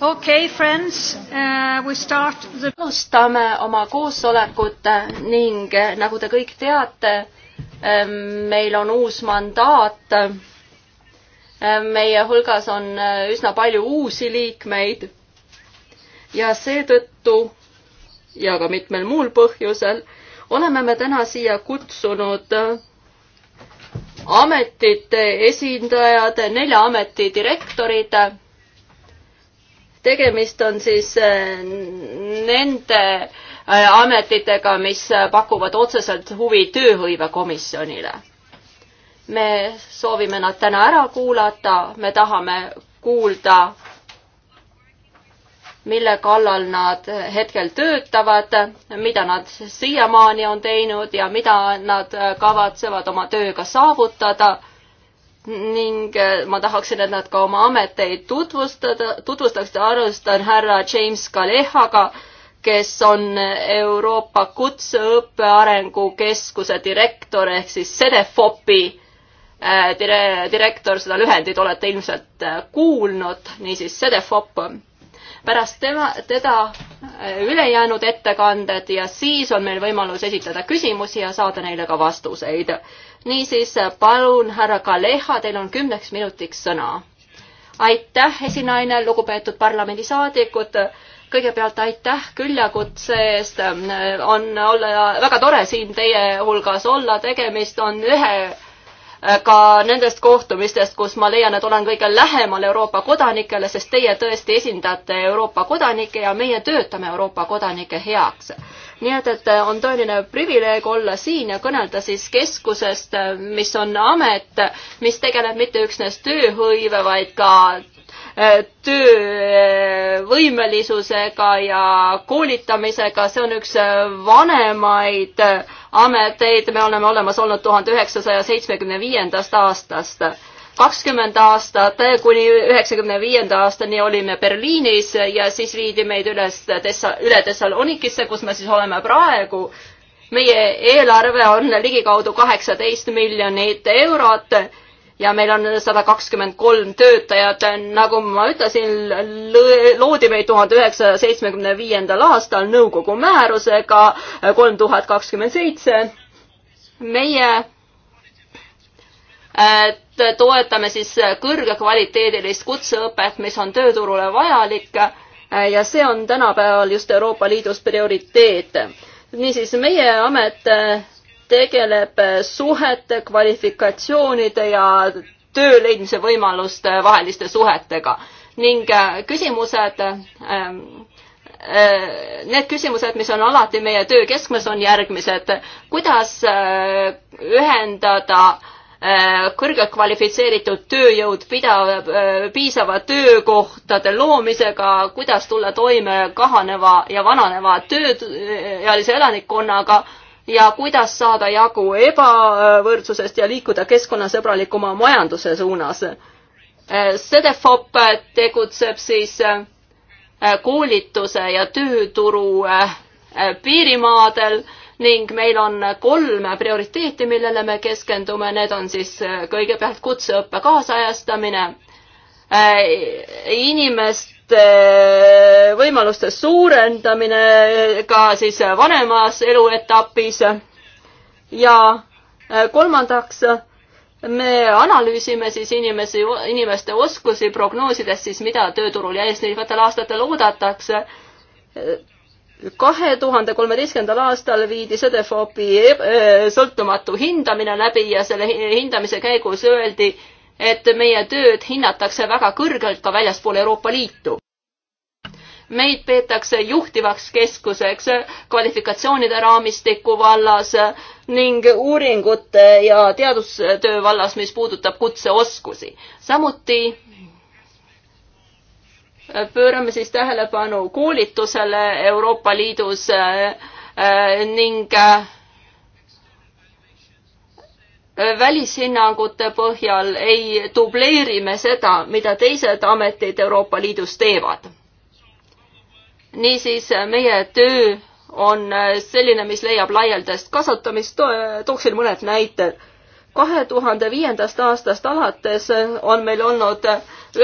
okei okay,, friends uh,, we start the. alustame oma koosolekut äh, ning äh, nagu te kõik teate, ähm, meil on uus mandaat. Äh, meie hulgas on üsna palju uusi liikmeid ja seetõttu ja ka mitmel muul põhjusel oleme me täna siia kutsunud ametite esindajad, nelja ameti direktorid tegemist on siis äh, nende äh, ametitega, mis äh, pakuvad otseselt huvi tööhõivekomisjonile. me soovime nad täna ära kuulata, me tahame kuulda, mille kallal nad hetkel töötavad, mida nad siiamaani on teinud ja mida nad kavatsevad oma tööga saavutada ning äh, ma tahaksin, et nad ka oma ameteid tutvustada, tutvustaksid, alustan härra James Kalehaga, kes on Euroopa Kutseõppe Arengukeskuse direktor ehk siis Cedefopi äh, dire-, direktor, seda lühendit olete ilmselt äh, kuulnud, niisiis Cedefop pärast tema, teda äh, ülejäänud ettekanded ja siis on meil võimalus esitada küsimusi ja saada neile ka vastuseid. niisiis, palun, härra Kaleha, teil on kümneks minutiks sõna. aitäh, esinaine, lugupeetud parlamendisaadikud kõigepealt aitäh küljakutse eest, äh, on olla väga tore siin teie hulgas olla, tegemist on ühe ka nendest kohtumistest, kus ma leian, et olen kõige lähemal Euroopa kodanikele, sest teie tõesti esindate Euroopa kodanikke ja meie töötame Euroopa kodanike heaks. nii et, et on tõeline privileeg olla siin ja kõnelda siis keskusest, mis on amet, mis tegeleb mitte üksnes tööhõive, vaid ka Äh, töövõimelisusega ja koolitamisega, see on üks äh, vanemaid äh, ameteid, me oleme olemas olnud tuhande üheksasaja seitsmekümne viiendast aastast kakskümmend aastat kuni üheksakümne viienda aastani olime Berliinis ja siis viidi meid üles Tessa-, üle Thessalonikisse, kus me siis oleme praegu meie eelarve on ligikaudu kaheksateist miljonit eurot ja meil on sada kakskümmend kolm töötajat, nagu ma ütlesin, loodi meid tuhande üheksasaja seitsmekümne viiendal aastal nõukogu määrusega kolm tuhat kakskümmend seitse. meie toetame siis kõrgekvaliteedilist kutseõpet, mis on tööturule vajalik ja see on tänapäeval just Euroopa Liidus prioriteet niisiis, meie amet tegeleb suhete, kvalifikatsioonide ja töö leidmise võimaluste vaheliste suhetega ning äh, küsimused ähm, äh, need küsimused, mis on alati meie töö keskmes, on järgmised. kuidas äh, ühendada kõrgelt kvalifitseeritud tööjõud pidav, piisava töökohtade loomisega, kuidas tulla toime kahaneva ja vananeva tööealise elanikkonnaga ja kuidas saada jagu ebavõrdsusest ja liikuda keskkonnasõbralikuma majanduse suunas. Sedefop tegutseb siis äh, koolituse ja tööturu äh, piirimaadel ning meil on kolm prioriteeti, millele me keskendume, need on siis äh, kõigepealt kutseõppe kaasajastamine, inimest, võimaluste suurendamine ka siis vanemas eluetapis. ja kolmandaks, me analüüsime siis inimesi, inimeste oskusi, prognoosides siis, mida tööturul ja eesnevatel aastatel oodatakse. kahe tuhande kolmeteistkümnendal aastal viidi Sedefopi eh, sõltumatu hindamine läbi ja selle hindamise käigus öeldi, et meie tööd hinnatakse väga kõrgelt ka väljaspool Euroopa Liitu. meid peetakse juhtivaks keskuseks kvalifikatsioonide raamistiku vallas ning uuringute ja teadustöö vallas, mis puudutab kutseoskusi. samuti pöörame siis tähelepanu koolitusele Euroopa Liidus eh, ning eh, Äh, välishinnangute põhjal ei dubleeri me seda, mida teised ametid Euroopa Liidus teevad. niisiis, äh, meie töö on äh, selline, mis leiab laialdast kasutamist, tooksin mõned näited. kahe tuhande viiendast aastast alates on meil olnud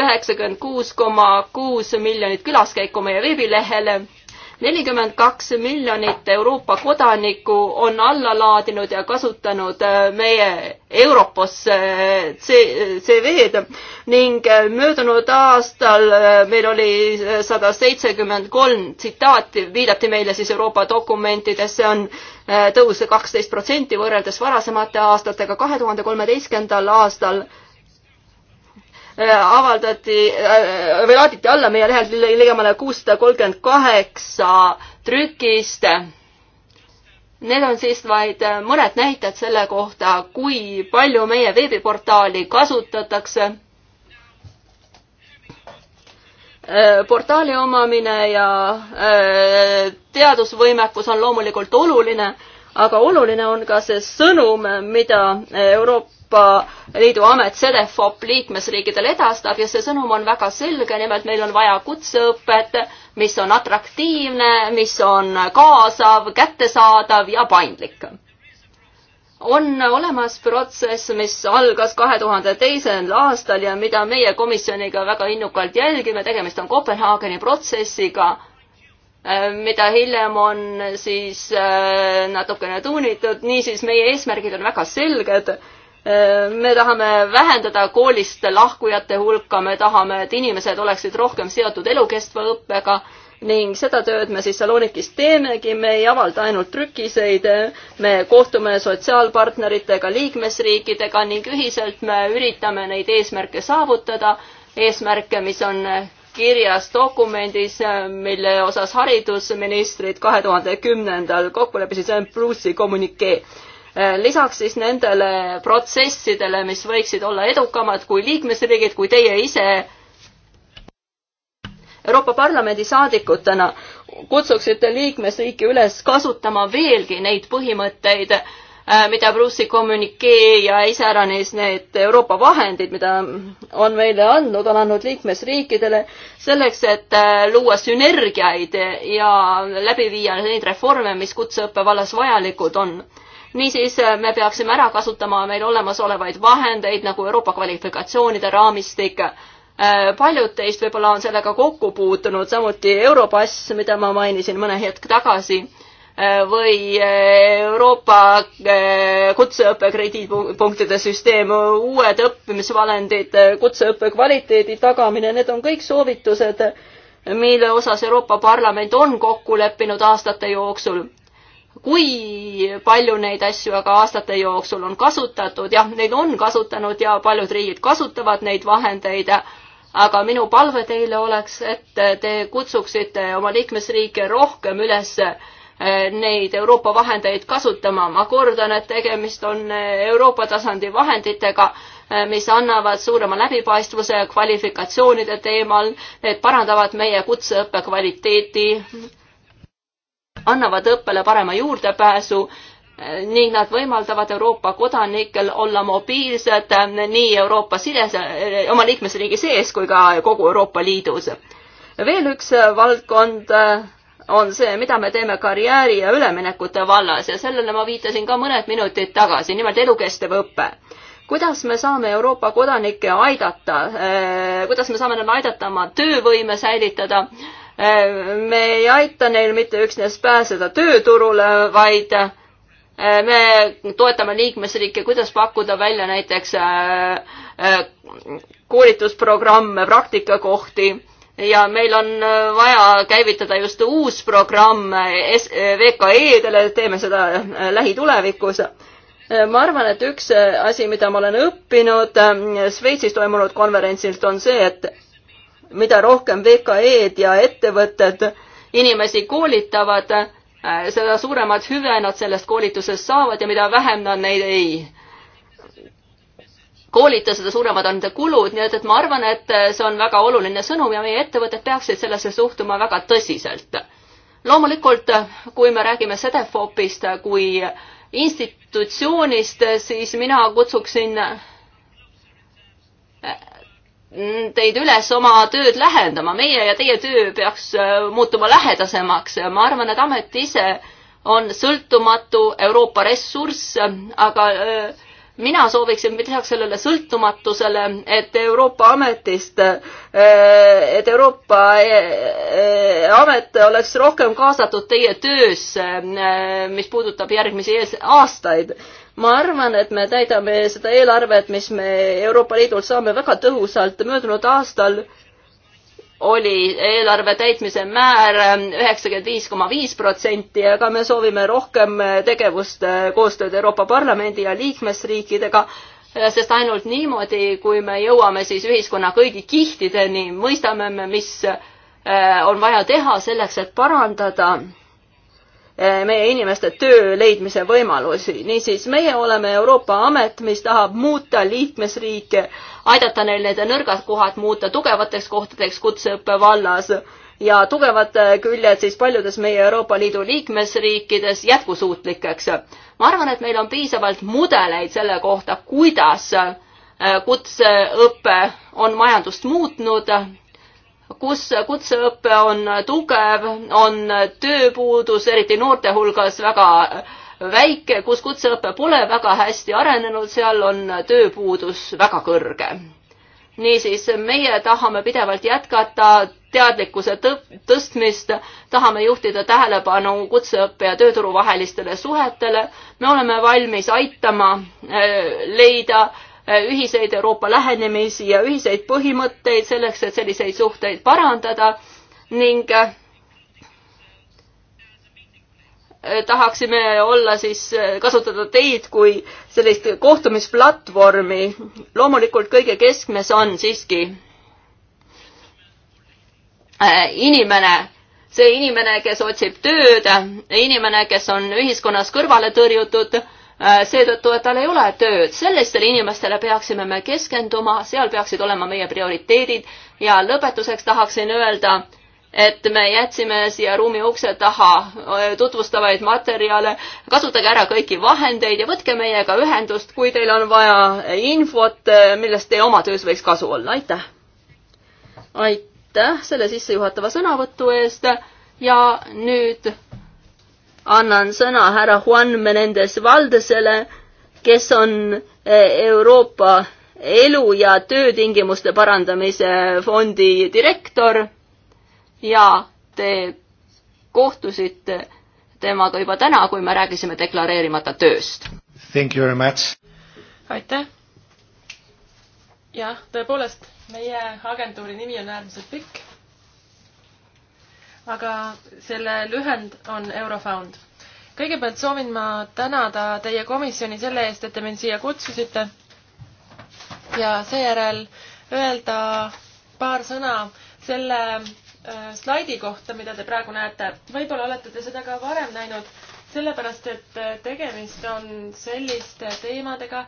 üheksakümmend kuus koma kuus miljonit külaskäiku meie veebilehele nelikümmend kaks miljonit Euroopa kodanikku on alla laadinud ja kasutanud äh, meie Europos äh, CV-d ning äh, möödunud aastal meil oli sada seitsekümmend kolm tsitaati, viidati meile siis Euroopa dokumentides, see on tõus kaksteist protsenti võrreldes varasemate aastatega, kahe tuhande kolmeteistkümnendal aastal Äh, avaldati äh, või laaditi alla meie lehelt ligemale kuussada kolmkümmend kaheksa trükist. Need on siis vaid äh, mõned näited selle kohta, kui palju meie veebiportaali kasutatakse. portaali omamine ja teadusvõimekus on loomulikult oluline, aga oluline on ka see sõnum, mida Euroopa Euroopa Liidu amet CEDEFOP liikmesriikidele edastab ja see sõnum on väga selge, nimelt meil on vaja kutseõpet, mis on atraktiivne, mis on kaasav, kättesaadav ja paindlik. on olemas protsess, mis algas kahe tuhande teisel aastal ja mida meie komisjoniga väga innukalt jälgime, tegemist on Kopenhaageni protsessiga mida hiljem on siis äh, natukene tuunitud, niisiis meie eesmärgid on väga selged me tahame vähendada koolist lahkujate hulka, me tahame, et inimesed oleksid rohkem seotud elukestva õppega ning seda tööd me siis Salonikis teemegi, me ei avalda ainult trükiseid, me kohtume sotsiaalpartneritega, liikmesriikidega ning ühiselt me üritame neid eesmärke saavutada, eesmärke, mis on kirjas dokumendis, mille osas haridusministrid kahe tuhande kümnendal kokku leppisid, see on Bruce'i kommünikee Eh, lisaks siis nendele protsessidele, mis võiksid olla edukamad kui liikmesriigid, kui teie ise Euroopa Parlamendi saadikutena kutsuksite liikmesriiki üles kasutama veelgi neid põhimõtteid, eh, mida Brüsseli kommünikee ja iseäranis need Euroopa vahendid, mida on meile andnud, on andnud liikmesriikidele selleks, et eh, luua sünergiaid ja läbi viia neid reforme, mis kutseõppe vallas vajalikud on niisiis äh, me peaksime ära kasutama meil olemasolevaid vahendeid nagu Euroopa kvalifikatsioonide raamistik. Äh, paljud teist võib-olla on sellega kokku puutunud, samuti Europass, mida ma mainisin mõne hetk tagasi äh, või Euroopa kutseõppekrediitpunktide süsteem, uued õppimisvalendid, kutseõppe kvaliteedi tagamine, need on kõik soovitused, mille osas Euroopa Parlament on kokku leppinud aastate jooksul kui palju neid asju aga aastate jooksul on kasutatud, jah, neid on kasutanud ja paljud riigid kasutavad neid vahendeid, aga minu palve teile oleks, et te kutsuksite oma liikmesriike rohkem üles eh, neid Euroopa vahendeid kasutama. ma kordan, et tegemist on eh, Euroopa tasandi vahenditega, eh, mis annavad suurema läbipaistvuse kvalifikatsioonide teemal, need parandavad meie kutseõppe kvaliteeti annavad õppele parema juurdepääsu eh, ning nad võimaldavad Euroopa kodanikel olla mobiilsed eh, nii Euroopa sides, eh, oma liikmesriigi sees kui ka kogu Euroopa Liidus. veel üks valdkond on see, mida me teeme karjääri ja üleminekute vallas ja sellele ma viitasin ka mõned minutid tagasi, nimelt elukestev õpe. kuidas me saame Euroopa kodanikke aidata, kuidas me saame neil aidata oma töövõime säilitada me ei aita neil mitte üksnes pääseda tööturule, vaid eh, me toetame liikmesriike, kuidas pakkuda välja näiteks eh, eh, koolitusprogramme, praktikakohti ja meil on vaja käivitada just uus programm VKE-dele, teeme seda lähitulevikus. ma arvan, et üks asi, mida ma olen õppinud Šveitsis toimunud konverentsilt, on see, et mida rohkem VKE-d ja ettevõtted inimesi koolitavad, äh, seda suuremat hüve nad sellest koolitusest saavad ja mida vähem nad neid ei koolita, seda suuremad on nende kulud, nii et, et ma arvan, et äh, see on väga oluline sõnum ja meie ettevõtted peaksid sellesse suhtuma väga tõsiselt. loomulikult, äh, kui me räägime Sedefopist kui institutsioonist, siis mina kutsuksin Mm, teid üles oma tööd lähendama, meie ja teie töö peaks äh, muutuma lähedasemaks, ma arvan, et amet ise on sõltumatu Euroopa ressurss, aga äh, mina sooviksin lisaks sellele sõltumatusele, et Euroopa ametist, äh, et Euroopa amet oleks rohkem kaasatud teie töösse, mis puudutab järgmisi aastaid ma arvan, et me täidame seda eelarvet, mis me Euroopa Liidult saame väga tõhusalt. möödunud aastal oli eelarve täitmise määr üheksakümmend viis koma viis protsenti, aga me soovime rohkem tegevust, eh, koostööd Euroopa Parlamendi ja liikmesriikidega, eh, sest ainult niimoodi, kui me jõuame siis ühiskonna kõigi kihtideni, mõistame me, mis eh, on vaja teha selleks, et parandada Eh, meie inimeste töö leidmise võimalusi. niisiis, meie oleme Euroopa amet, mis tahab muuta liikmesriike, aidata neil need nõrgad kohad muuta tugevateks kohtadeks kutseõppe vallas ja tugevad eh, küljed siis paljudes meie Euroopa Liidu liikmesriikides jätkusuutlikeks. ma arvan, et meil on piisavalt mudeleid selle kohta, kuidas eh, kutseõpe on majandust muutnud kus kutseõpe on tugev, on tööpuudus, eriti noorte hulgas, väga väike, kus kutseõpe pole väga hästi arenenud, seal on tööpuudus väga kõrge. niisiis, meie tahame pidevalt jätkata teadlikkuse tõ-, tõstmist, tahame juhtida tähelepanu kutseõppe ja tööturu vahelistele suhetele, me oleme valmis aitama eh, leida Äh, ühiseid Euroopa lähenemisi ja ühiseid põhimõtteid selleks, et selliseid suhteid parandada ning äh, tahaksime olla siis, äh, kasutada teid kui sellist kohtumisplatvormi. loomulikult kõige keskmes on siiski inimene, see inimene, kes otsib tööd, inimene, kes on ühiskonnas kõrvale tõrjutud Äh, seetõttu, et tal ei ole tööd. sellistele inimestele peaksime me keskenduma, seal peaksid olema meie prioriteedid ja lõpetuseks tahaksin öelda, et me jätsime siia ruumi ukse taha äh, tutvustavaid materjale, kasutage ära kõiki vahendeid ja võtke meiega ühendust, kui teil on vaja infot, äh, millest teie oma töös võiks kasu olla, aitäh! aitäh selle sissejuhatava sõnavõtu eest ja nüüd annan sõna härra Juan Menendez Valdesele, kes on eh, Euroopa elu- ja töötingimuste parandamise fondi direktor ja te kohtusite temaga juba täna, kui me rääkisime deklareerimata tööst. aitäh! jah, tõepoolest, meie agentuuri nimi on äärmiselt pikk aga selle lühend on Eurofound. kõigepealt soovin ma tänada teie komisjoni selle eest, et te mind siia kutsusite ja seejärel öelda paar sõna selle äh, slaidi kohta, mida te praegu näete. võib-olla olete te seda ka varem näinud, sellepärast et äh, tegemist on selliste teemadega,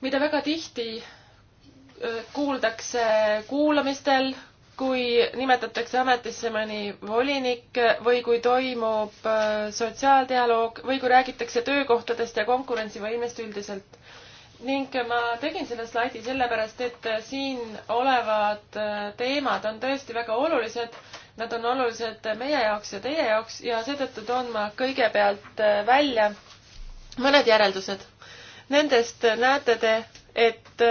mida väga tihti äh, kuuldakse kuulamistel, kui nimetatakse ametisse mõni volinik või kui toimub äh, sotsiaaldialoog või kui räägitakse töökohtadest ja konkurentsivõimest üldiselt. ning ma tegin selle slaidi sellepärast, et siin olevad äh, teemad on tõesti väga olulised. Nad on olulised meie jaoks ja teie jaoks ja seetõttu toon ma kõigepealt äh, välja mõned järeldused. Nendest näete te, et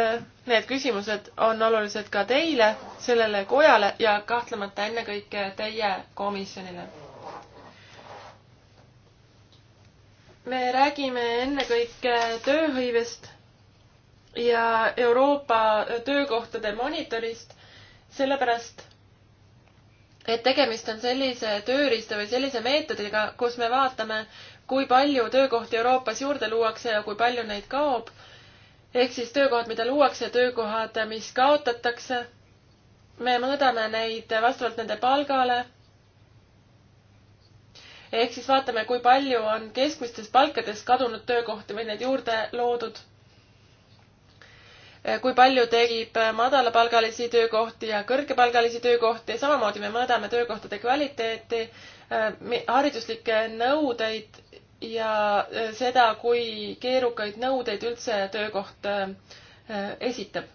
Need küsimused on olulised ka teile, sellele kojale ja kahtlemata ennekõike teie komisjonile. me räägime ennekõike tööhõivest ja Euroopa töökohtade monitorist, sellepärast et tegemist on sellise tööriista või sellise meetodiga, kus me vaatame, kui palju töökohti Euroopas juurde luuakse ja kui palju neid kaob ehk siis töökohad, mida luuakse, töökohad, mis kaotatakse. me mõõdame neid vastavalt nende palgale. ehk siis vaatame, kui palju on keskmistes palkades kadunud töökohti või neid juurde loodud. kui palju tekib madalapalgalisi töökohti ja kõrgepalgalisi töökohti ja samamoodi me mõõdame töökohtade kvaliteeti, hariduslikke nõudeid ja äh, seda, kui keerukaid nõudeid üldse töökoht äh, esitab.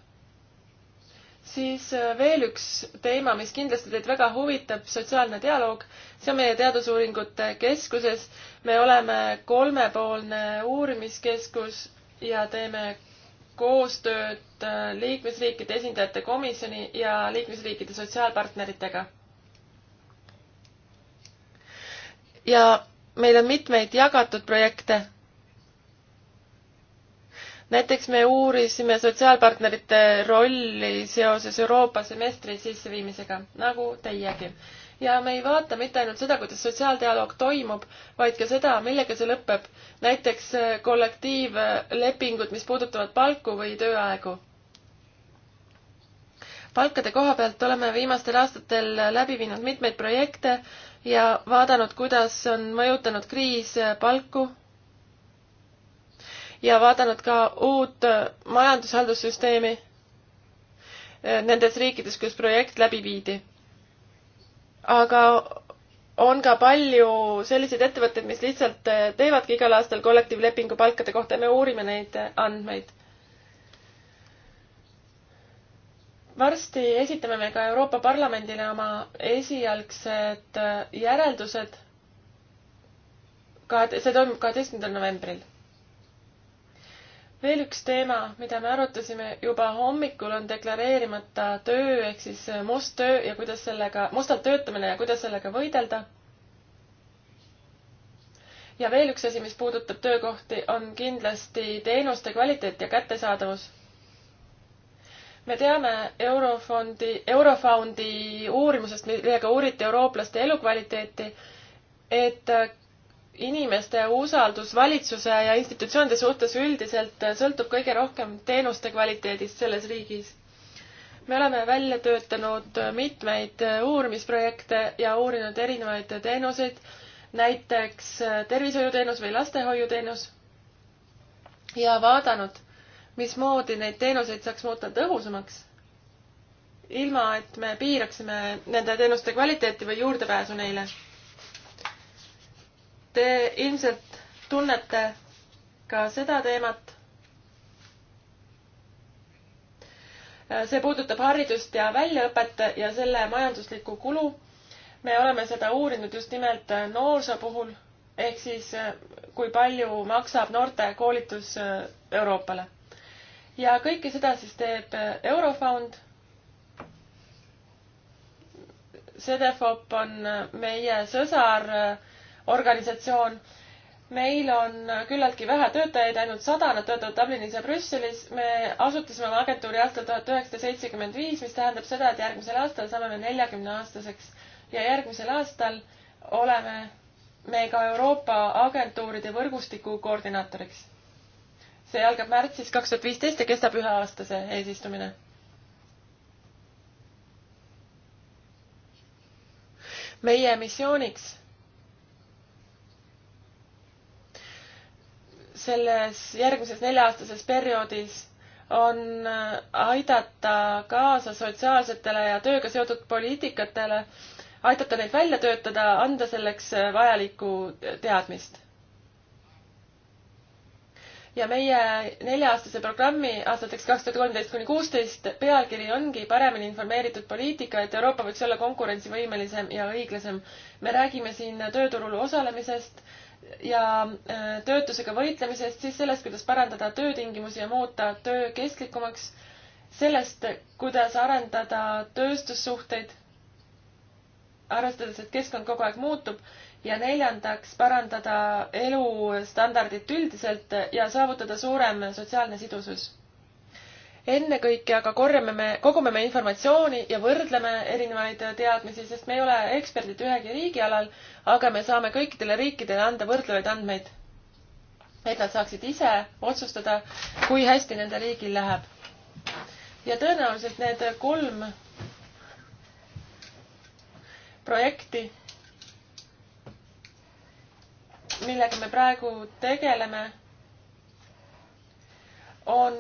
siis äh, veel üks teema, mis kindlasti teid väga huvitab, sotsiaalne dialoog. see on meie Teadusuuringute Keskuses. me oleme kolmepoolne uurimiskeskus ja teeme koostööd liikmesriikide esindajate komisjoni ja liikmesriikide sotsiaalpartneritega. ja meil on mitmeid jagatud projekte. näiteks me uurisime sotsiaalpartnerite rolli seoses Euroopa semestri sisseviimisega, nagu teiegi. ja me ei vaata mitte ainult seda, kuidas sotsiaaldialoog toimub, vaid ka seda, millega see lõpeb. näiteks eh, kollektiivlepingud, mis puudutavad palku või tööaegu palkade koha pealt oleme viimastel aastatel läbi viinud mitmeid projekte ja vaadanud, kuidas on mõjutanud kriis palku ja vaadanud ka uut majandushaldussüsteemi eh, nendes riikides, kus projekt läbi viidi. aga on ka palju selliseid ettevõtteid, mis lihtsalt eh, teevadki igal aastal kollektiivlepingu palkade kohta ja me uurime neid eh, andmeid. varsti esitame me ka Euroopa Parlamendile oma esialgsed äh, järeldused. kahe, see toimub kaheteistkümnendal novembril. veel üks teema, mida me arutasime juba hommikul, on deklareerimata töö ehk siis äh, must töö ja kuidas sellega, mustalt töötamine ja kuidas sellega võidelda. ja veel üks asi, mis puudutab töökohti, on kindlasti teenuste kvaliteet ja kättesaadavus me teame Eurofondi, Eurofondi uurimusest, millega uuriti eurooplaste elukvaliteeti, et äh, inimeste usaldus valitsuse ja institutsioonide suhtes üldiselt äh, sõltub kõige rohkem teenuste kvaliteedist selles riigis. me oleme välja töötanud äh, mitmeid uurimisprojekte ja uurinud erinevaid teenuseid, näiteks tervishoiuteenus või lastehoiuteenus ja vaadanud mismoodi neid teenuseid saaks muuta tõhusamaks, ilma et me piiraksime nende teenuste kvaliteeti või juurdepääsu neile. Te ilmselt tunnete ka seda teemat. see puudutab haridust ja väljaõpet ja selle majanduslikku kulu. me oleme seda uurinud just nimelt noorsoo puhul ehk siis kui palju maksab noorte koolitus Euroopale ja kõike seda siis teeb äh, Eurofond. Sedefop on äh, meie sõsarorganisatsioon. Äh, meil on küllaltki vähe töötajaid, ainult sada, nad töötavad Dublinis ja Brüsselis. me asutasime oma agentuuri aastal tuhat üheksasada seitsekümmend viis, mis tähendab seda, et järgmisel aastal saame me neljakümne aastaseks ja järgmisel aastal oleme me ka Euroopa agentuuride võrgustiku koordinaatoriks see algab märtsis kaks tuhat viisteist ja kestab üheaastase eesistumine. meie missiooniks selles järgmises nelja-aastases perioodis on aidata kaasa sotsiaalsetele ja tööga seotud poliitikatele, aidata neid välja töötada, anda selleks vajalikku teadmist ja meie nelja-aastase programmi aastateks kaks tuhat kolmteist kuni kuusteist pealkiri ongi paremini informeeritud poliitika, et Euroopa võiks olla konkurentsivõimelisem ja õiglasem. me räägime siin tööturul osalemisest ja äh, töötusega võitlemisest, siis sellest, kuidas parandada töötingimusi ja muuta töö kestlikumaks, sellest, kuidas arendada tööstussuhteid, arvestades, et keskkond kogu aeg muutub ja neljandaks parandada elustandardit üldiselt ja saavutada suurem sotsiaalne sidusus. ennekõike aga korjame me, kogume me informatsiooni ja võrdleme erinevaid teadmisi, sest me ei ole eksperdid ühegi riigi alal, aga me saame kõikidele riikidele anda võrdlevaid andmeid, et nad saaksid ise otsustada, kui hästi nende riigil läheb. ja tõenäoliselt need kolm projekti millega me praegu tegeleme, on,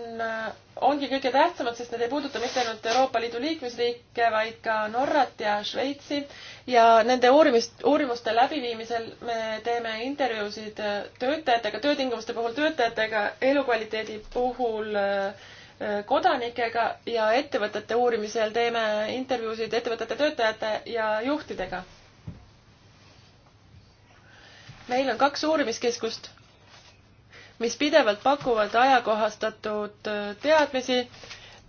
ongi kõige tähtsamad, sest need ei puuduta mitte ainult Euroopa Liidu liikmesriike, vaid ka Norrat ja Šveitsi ja nende uurimist, uurimuste läbiviimisel me teeme intervjuusid töötajatega, töötingimuste puhul töötajatega, elukvaliteedi puhul äh, kodanikega ja ettevõtete uurimisel teeme intervjuusid ettevõtete töötajate ja juhtidega meil on kaks uurimiskeskust, mis pidevalt pakuvad ajakohastatud äh, teadmisi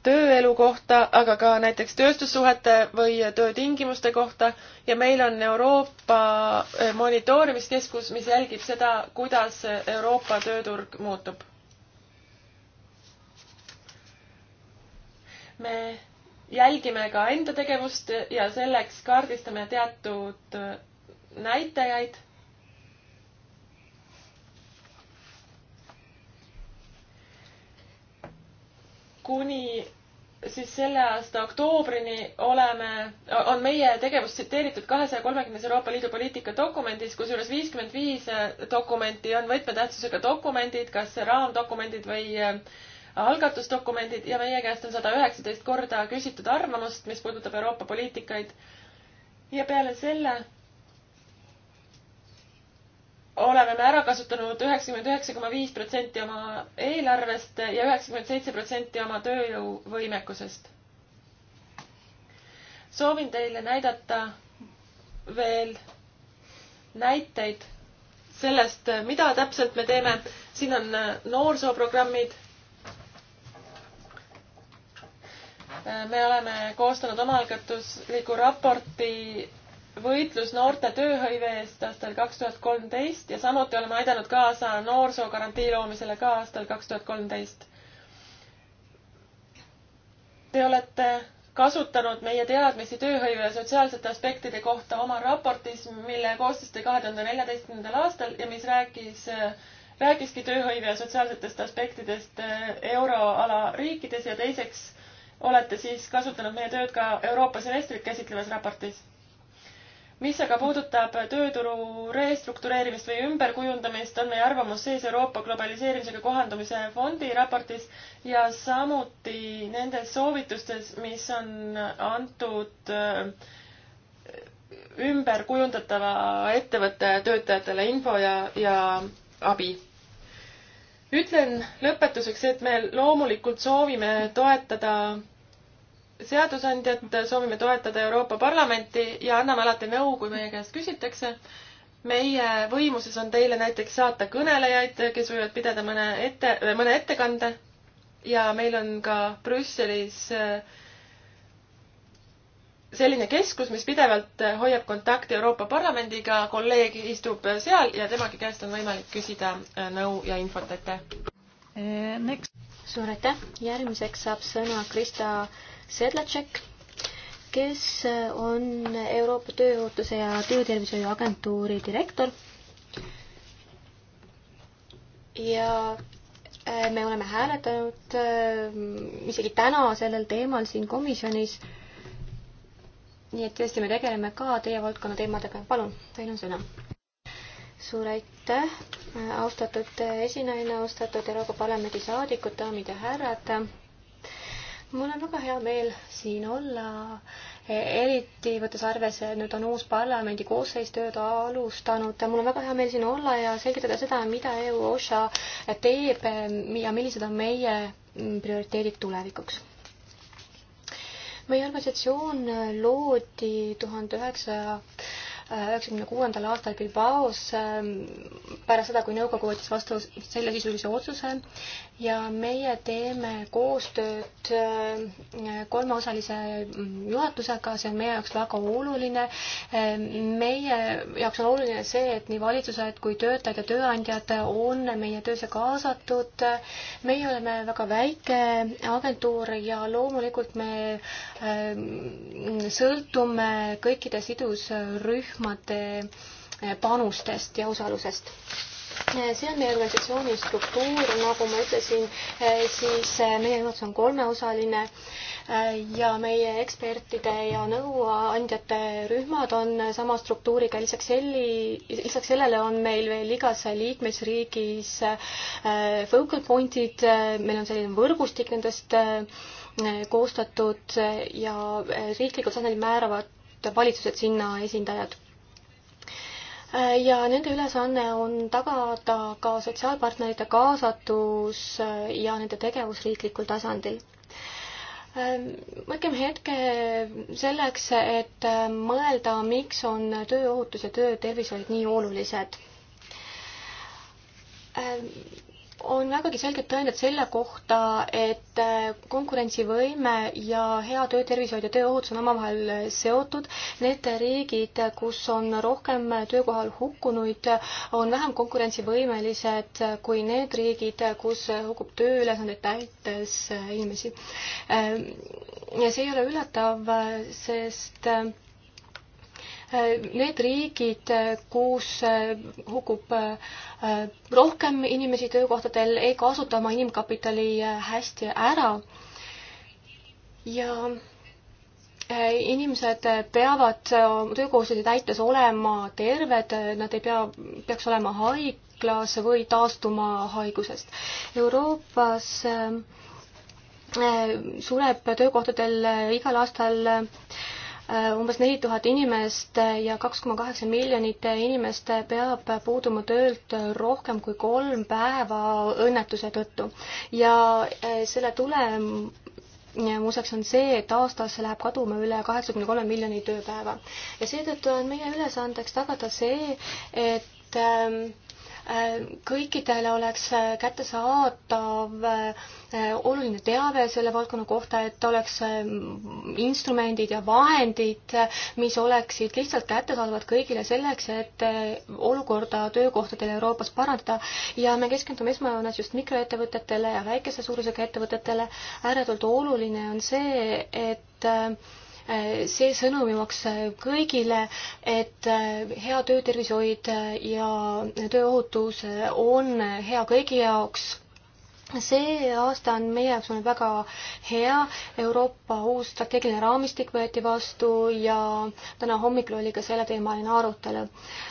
tööelu kohta, aga ka näiteks tööstussuhete või töötingimuste kohta ja meil on Euroopa äh, monitoorimiskeskus, mis jälgib seda, kuidas Euroopa tööturg muutub. me jälgime ka enda tegevust ja selleks kaardistame teatud äh, näitajaid kuni siis selle aasta oktoobrini oleme, on meie tegevus tsiteeritud kahesaja kolmekümnes Euroopa Liidu poliitika dokumendis, kusjuures viiskümmend viis dokumenti on võtmetähtsusega dokumendid, kas raamdokumendid või äh, algatusdokumendid ja meie käest on sada üheksateist korda küsitud arvamust, mis puudutab Euroopa poliitikaid. ja peale selle oleme me ära kasutanud üheksakümmend üheksa koma viis protsenti oma eelarvest ja üheksakümmend seitse protsenti oma tööjõuvõimekusest. soovin teile näidata veel näiteid sellest, mida täpselt me teeme. siin on noorsooprogrammid. me oleme koostanud omaalgatusliku raporti võitlus noorte tööhõive eest aastal kaks tuhat kolmteist ja samuti oleme aidanud kaasa noorsoogarantii loomisele ka aastal kaks tuhat kolmteist. Te olete kasutanud meie teadmisi tööhõive ja sotsiaalsete aspektide kohta oma raportis, mille koostasite kahe tuhande neljateistkümnendal aastal ja mis rääkis, rääkiski tööhõive ja sotsiaalsetest aspektidest eh, euroala riikides ja teiseks olete siis kasutanud meie tööd ka Euroopa semestrit käsitlevas raportis mis aga puudutab tööturu restruktureerimist või ümberkujundamist, on meie arvamus sees Euroopa globaliseerimisega kohandumise fondi raportis ja samuti nendes soovitustes, mis on antud äh, ümberkujundatava ettevõtte töötajatele info ja, ja abi ütlen lõpetuseks, et me loomulikult soovime toetada seadusandjat, soovime toetada Euroopa Parlamenti ja anname alati nõu, kui meie käest küsitakse. meie võimuses on teile näiteks saata kõnelejaid, kes võivad pidada mõne ette, mõne ettekande ja meil on ka Brüsselis äh, selline keskus, mis pidevalt hoiab kontakti Euroopa Parlamendiga, kolleeg istub seal ja temagi käest on võimalik küsida äh, nõu ja infot, aitäh! Äh, suur aitäh, järgmiseks saab sõna Krista Sedlacek, kes on Euroopa Tööohutuse ja Töötervishoiu Agentuuri direktor. ja äh, me oleme hääletanud äh, isegi täna sellel teemal siin komisjonis. nii et tõesti, me tegeleme ka teie valdkonna teemadega. palun, teil on sõna. suur aitäh, austatud esinaine, austatud Euroopa Parlamendi saadikud, daamid ja härrad mul on väga hea meel siin olla, e, eriti võttes arvesse, et nüüd on uus parlamendi koosseis tööd alustanud. mul on väga hea meel siin olla ja selgitada seda, mida EU OSHA teeb e, ja millised on meie prioriteedid tulevikuks. meie organisatsioon loodi tuhande üheksasaja e, üheksakümne kuuendal aastal Bilbaos pärast seda, kui nõukogu võttis vastu sellesisulise otsuse ja meie teeme koostööd äh, kolmeosalise juhatusega, see on meie jaoks väga oluline. Äh, meie jaoks on oluline see, et nii valitsused kui töötajad ja tööandjad on meie töösse kaasatud. meie oleme väga väike agentuur ja loomulikult me äh, sõltume kõikide sidusrühmade panustest ja osalusest Eh, see on meie organisatsiooni struktuur, nagu ma ütlesin, eh, siis eh, meie juhatus on kolmeosaline ja meie ekspertide ja nõuandjate rühmad on sama struktuuriga, lisaks selli, lisaks sellele on meil veel igas liikmesriigis focal point'id, meil on selline võrgustik nendest koostatud ja riiklikul tasandil määravad valitsused sinna esindajad Äh, ja nende ülesanne on tagada ka sotsiaalpartnerite kaasatus äh, ja nende tegevus riiklikul tasandil ähm, mõelgem hetke selleks, et äh, mõelda, miks on tööohutus ja töötervishoid nii olulised ähm, on vägagi selged tõendid selle kohta, et äh, konkurentsivõime ja hea töötervishoid ja tööohutus on omavahel äh, seotud. Need riigid, äh, kus on rohkem töökohal hukkunuid, on vähem konkurentsivõimelised kui need riigid, kus hukkub tööülesandeid täites inimesi. ja see ei ole üllatav, sest need riigid, kus eh, hukub eh, rohkem inimesi töökohtadel, ei kasuta oma inimkapitali eh, hästi ära ja inimesed peavad töökohustusi täites olema terved, nad ei pea, peaks olema haiglas või taastuma haigusest. Euroopas sureb töökohtadel igal aastal Äh, umbes neli tuhat inimest ja kaks koma kaheksa miljonit inimest peab puuduma töölt rohkem kui kolm päeva õnnetuse tõttu. ja äh, selle tulem-, muuseaks on see, et aastas läheb kaduma üle kaheksakümne kolme miljoni tööpäeva. ja seetõttu on meie ülesandeks tagada see, et ähm, kõikidele oleks kättesaadav äh, oluline teave selle valdkonna kohta, et oleks äh, instrumendid ja vahendid, mis oleksid lihtsalt kättesaadavad kõigile selleks, et äh, olukorda töökohtadel Euroopas parandada ja me keskendume esmajoones just mikroettevõtetele ja väikese suurusega ettevõtetele. ääretult oluline on see, et see sõnumimaks kõigile, et äh, hea töötervishoid äh, ja tööohutus äh, on hea kõigi jaoks see aasta on meie jaoks olnud väga hea, Euroopa uus strateegiline raamistik võeti vastu ja täna hommikul oli ka selleteemaline arutelu.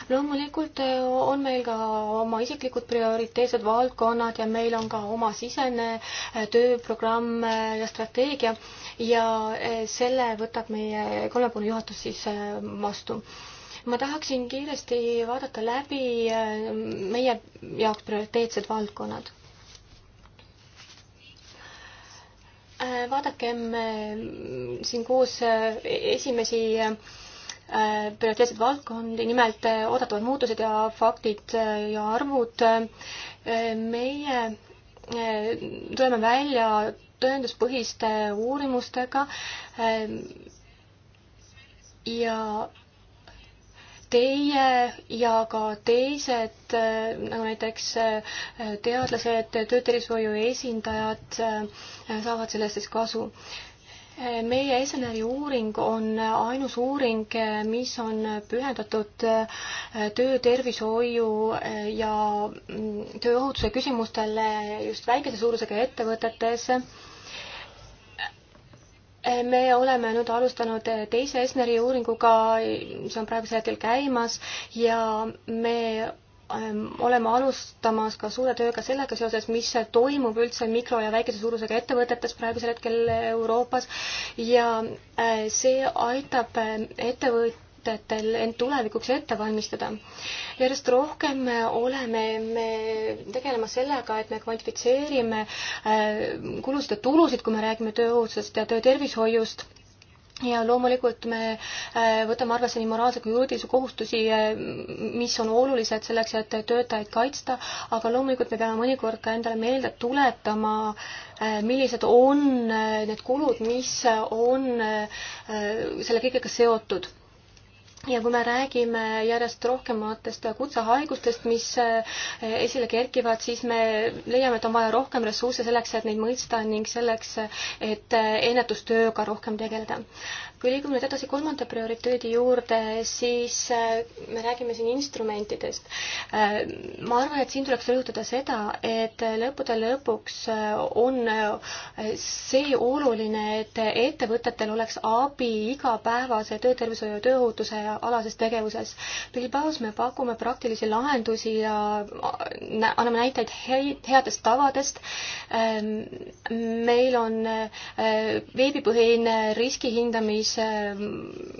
loomulikult eh, on meil ka oma isiklikud prioriteetsed valdkonnad ja meil on ka oma sisene eh, tööprogramm eh, ja strateegia ja selle võtab meie kolmepoolne juhatus siis vastu ma tahaksin kiiresti vaadata läbi meie jaoks prioriteetsed valdkonnad Äh, vaadakem äh, siin koos äh, esimesi prioriteetseid valdkondi, nimelt oodatavad muutused ja faktid ja arvud. meie tuleme välja tõenduspõhiste uurimustega ja teie ja ka teised, äh, nagu näiteks äh, teadlased, töötervishoiu esindajad äh, saavad sellest siis kasu. meie SNR-i uuring on ainus uuring, mis on pühendatud töötervishoiu ja mm, tööohutuse küsimustele just väikese suurusega ettevõtetes me oleme nüüd alustanud teise Esneri uuringuga, see on praegusel hetkel käimas ja me ähm, oleme alustamas ka suure tööga sellega seoses, mis toimub üldse mikro- ja väikese suurusega ettevõtetes praegusel hetkel Euroopas ja äh, see aitab äh, ettevõt-, ettevõtetel end tulevikuks ette valmistada. järjest rohkem oleme me tegelemas sellega, et me kvantifitseerime äh, kulusid ja tulusid, kui me räägime tööohutusest ja töötervishoiust ja loomulikult me äh, võtame arvesse nii moraalse kui juriidilisi kohustusi, äh, mis on olulised selleks, et töötajaid kaitsta, aga loomulikult me peame mõnikord ka endale meelde tuletama, millised on need kulud, mis on selle kõigega seotud ja kui me räägime järjest rohkematest kutsehaigustest, mis eh, esile kerkivad, siis me leiame, et on vaja rohkem ressursse selleks, et neid mõista ning selleks, et eh, ennetustööga rohkem tegeleda kui liigume nüüd edasi kolmanda prioriteedi juurde, siis äh, me räägime siin instrumentidest. Äh, ma arvan, et siin tuleks rõhutada seda, et lõppude lõpuks äh, on see oluline, et ettevõtetel oleks abi igapäevase töötervishoiu ja tööohutuse alases tegevuses. Bilbaos me pakume praktilisi lahendusi ja anname näiteid headest tavadest. Ähm, meil on veebipõhine riskihindamis Äh,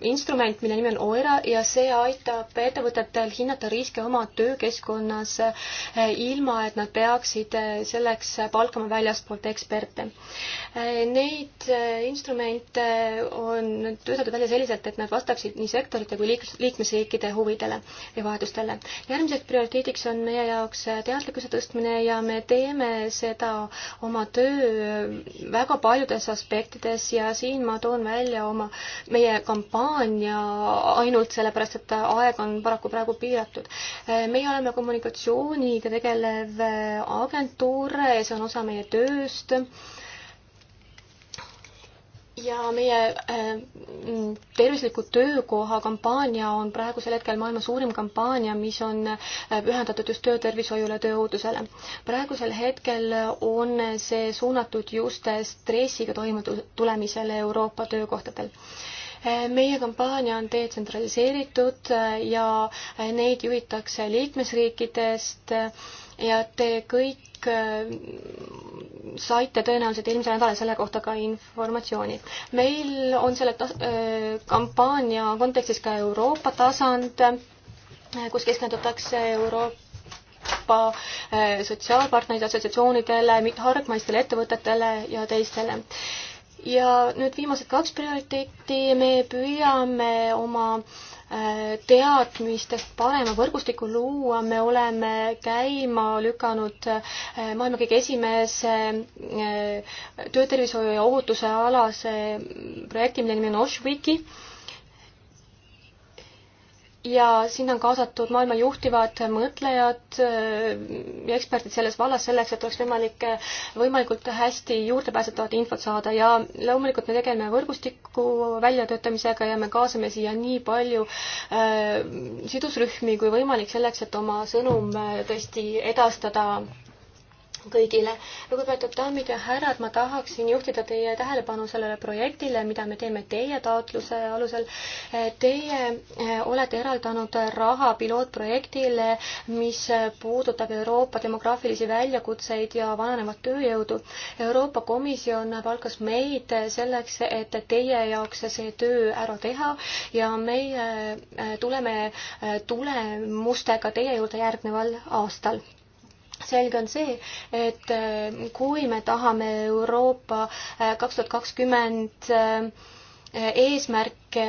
instrument, mille nimi on OERA ja see aitab ettevõtetel hinnata riske oma töökeskkonnas äh, ilma, et nad peaksid äh, selleks palkama väljastpoolt eksperte. Neid instrumente on töötatud välja selliselt, et nad vastaksid nii sektorite kui liikmesriikide huvidele ja vajadustele. järgmiseks prioriteediks on meie jaoks teadlikkuse tõstmine ja me teeme seda oma töö väga paljudes aspektides ja siin ma toon välja oma meie kampaania ainult sellepärast, et aeg on paraku praegu piiratud. meie oleme kommunikatsiooniga tegelev agentuur, see on osa meie tööst ja meie äh, tervisliku töökoha kampaania on praegusel hetkel maailma suurim kampaania, mis on äh, pühendatud just töötervishoiule, tööohutusele. praegusel hetkel on see suunatud just stressiga toimetulemisele Euroopa töökohtadel äh, meie kampaania on detsentraliseeritud ja neid juhitakse liikmesriikidest ja te kõik kõik äh, saite tõenäoliselt eelmisel nädalal selle kohta ka informatsiooni. meil on selle äh, kampaania kontekstis ka Euroopa tasand, äh, kus keskendutakse Euroopa Euroopa sotsiaalpartnerite assotsiatsioonidele, hargmaistele ettevõtetele ja teistele. ja nüüd viimased kaks prioriteeti, me püüame oma äh, teadmistest parema võrgustiku luua, me oleme käima lükanud eh, maailma kõige esimese eh, töötervishoiu ja ohutuse alase projekti, mille nimi on Oshwiki ja sinna on kaasatud maailma juhtivad mõtlejad äh, ja eksperdid selles vallas selleks, et oleks võimalik äh, võimalikult hästi juurdepääsetavat infot saada ja loomulikult me tegeleme võrgustiku väljatöötamisega ja me kaasame siia nii palju äh, sidusrühmi kui võimalik selleks, et oma sõnum äh, tõesti edastada kõigile. lugupeetud daamid ja härrad, ma tahaksin juhtida teie tähelepanu sellele projektile, mida me teeme teie taotluse alusel. Teie eh, olete eraldanud raha pilootprojektile, mis puudutab Euroopa demograafilisi väljakutseid ja vananevat tööjõudu. Euroopa Komisjon palkas meid selleks, et teie jaoks see töö ära teha ja meie eh, tuleme eh, tulemustega teie juurde järgneval aastal selge on see, et äh, kui me tahame Euroopa kaks äh, tuhat kakskümmend äh, eesmärke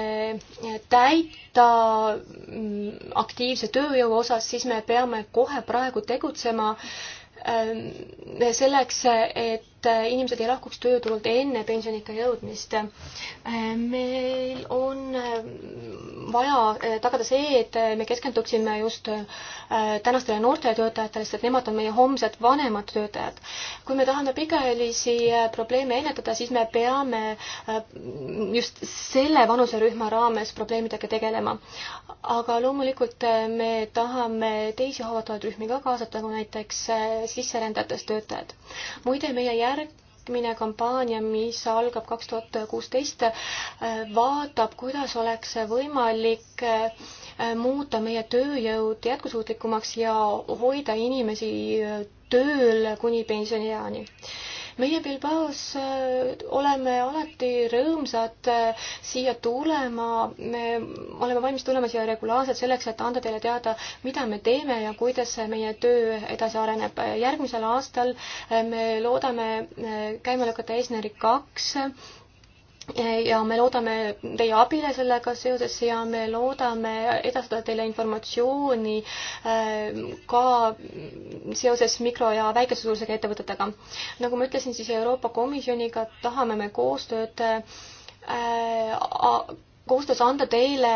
täita mm, aktiivse tööjõu osas, siis me peame kohe praegu tegutsema ähm, selleks, et et äh, inimesed ei lahkuks tööturult enne pensioniikka jõudmist. Äh, meil on äh, vaja tagada see, et me keskenduksime just tänastele noortele töötajatele, sest et nemad on meie homsed vanemad töötajad. kui me tahame pikaajalisi probleeme ennetada, siis me peame just selle vanuserühma raames probleemidega tegelema. aga loomulikult me tahame teisi haavatavaid rühmi ka kaasata, nagu näiteks sisserändajatest töötajad. muide, meie jää järgmine kampaania, mis algab kaks tuhat kuusteist, vaatab, kuidas oleks võimalik äh, muuta meie tööjõud jätkusuutlikumaks ja hoida inimesi äh, tööl kuni pensionieani meie Bilbaos äh, oleme alati rõõmsad äh, siia tulema, me oleme valmis tulema siia regulaarselt selleks, et anda teile teada, mida me teeme ja kuidas meie töö edasi areneb. järgmisel aastal äh, me loodame käima lükata Eesneri kaks ja me loodame teie abile sellega seoses ja me loodame edastada teile informatsiooni äh, ka seoses mikro- ja väikesesuurusega ettevõtetega. nagu ma ütlesin, siis Euroopa Komisjoniga tahame me koostööd äh, kohustus anda teile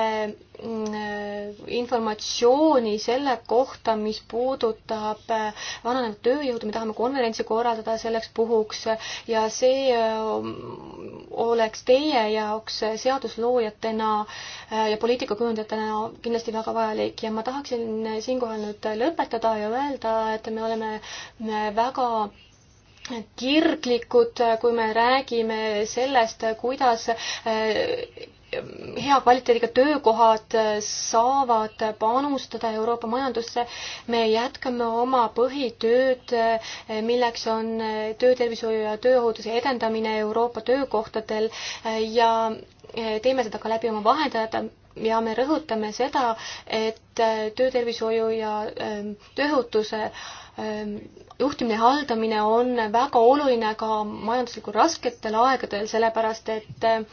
mm, äh, informatsiooni selle kohta, mis puudutab äh, vananenud tööjõudu, me tahame konverentsi korraldada selleks puhuks ja see äh, oleks teie jaoks seadusloojatena ja poliitikakujundajatena kindlasti väga vajalik ja ma tahaksin siinkohal nüüd lõpetada ja öelda, et me oleme väga kirglikud, kui me räägime sellest, kuidas hea kvaliteediga töökohad äh, saavad panustada Euroopa majandusse. me jätkame oma põhitööd, äh, milleks on äh, töötervishoiu ja tööohutuse edendamine Euroopa töökohtadel ja teeme seda ka läbi oma vahendajate ja me rõhutame seda, et töötervishoiu ja ähm, tööohutuse Ehm, juhtimine ja haldamine on väga oluline ka majanduslikult rasketel aegadel, sellepärast et eh,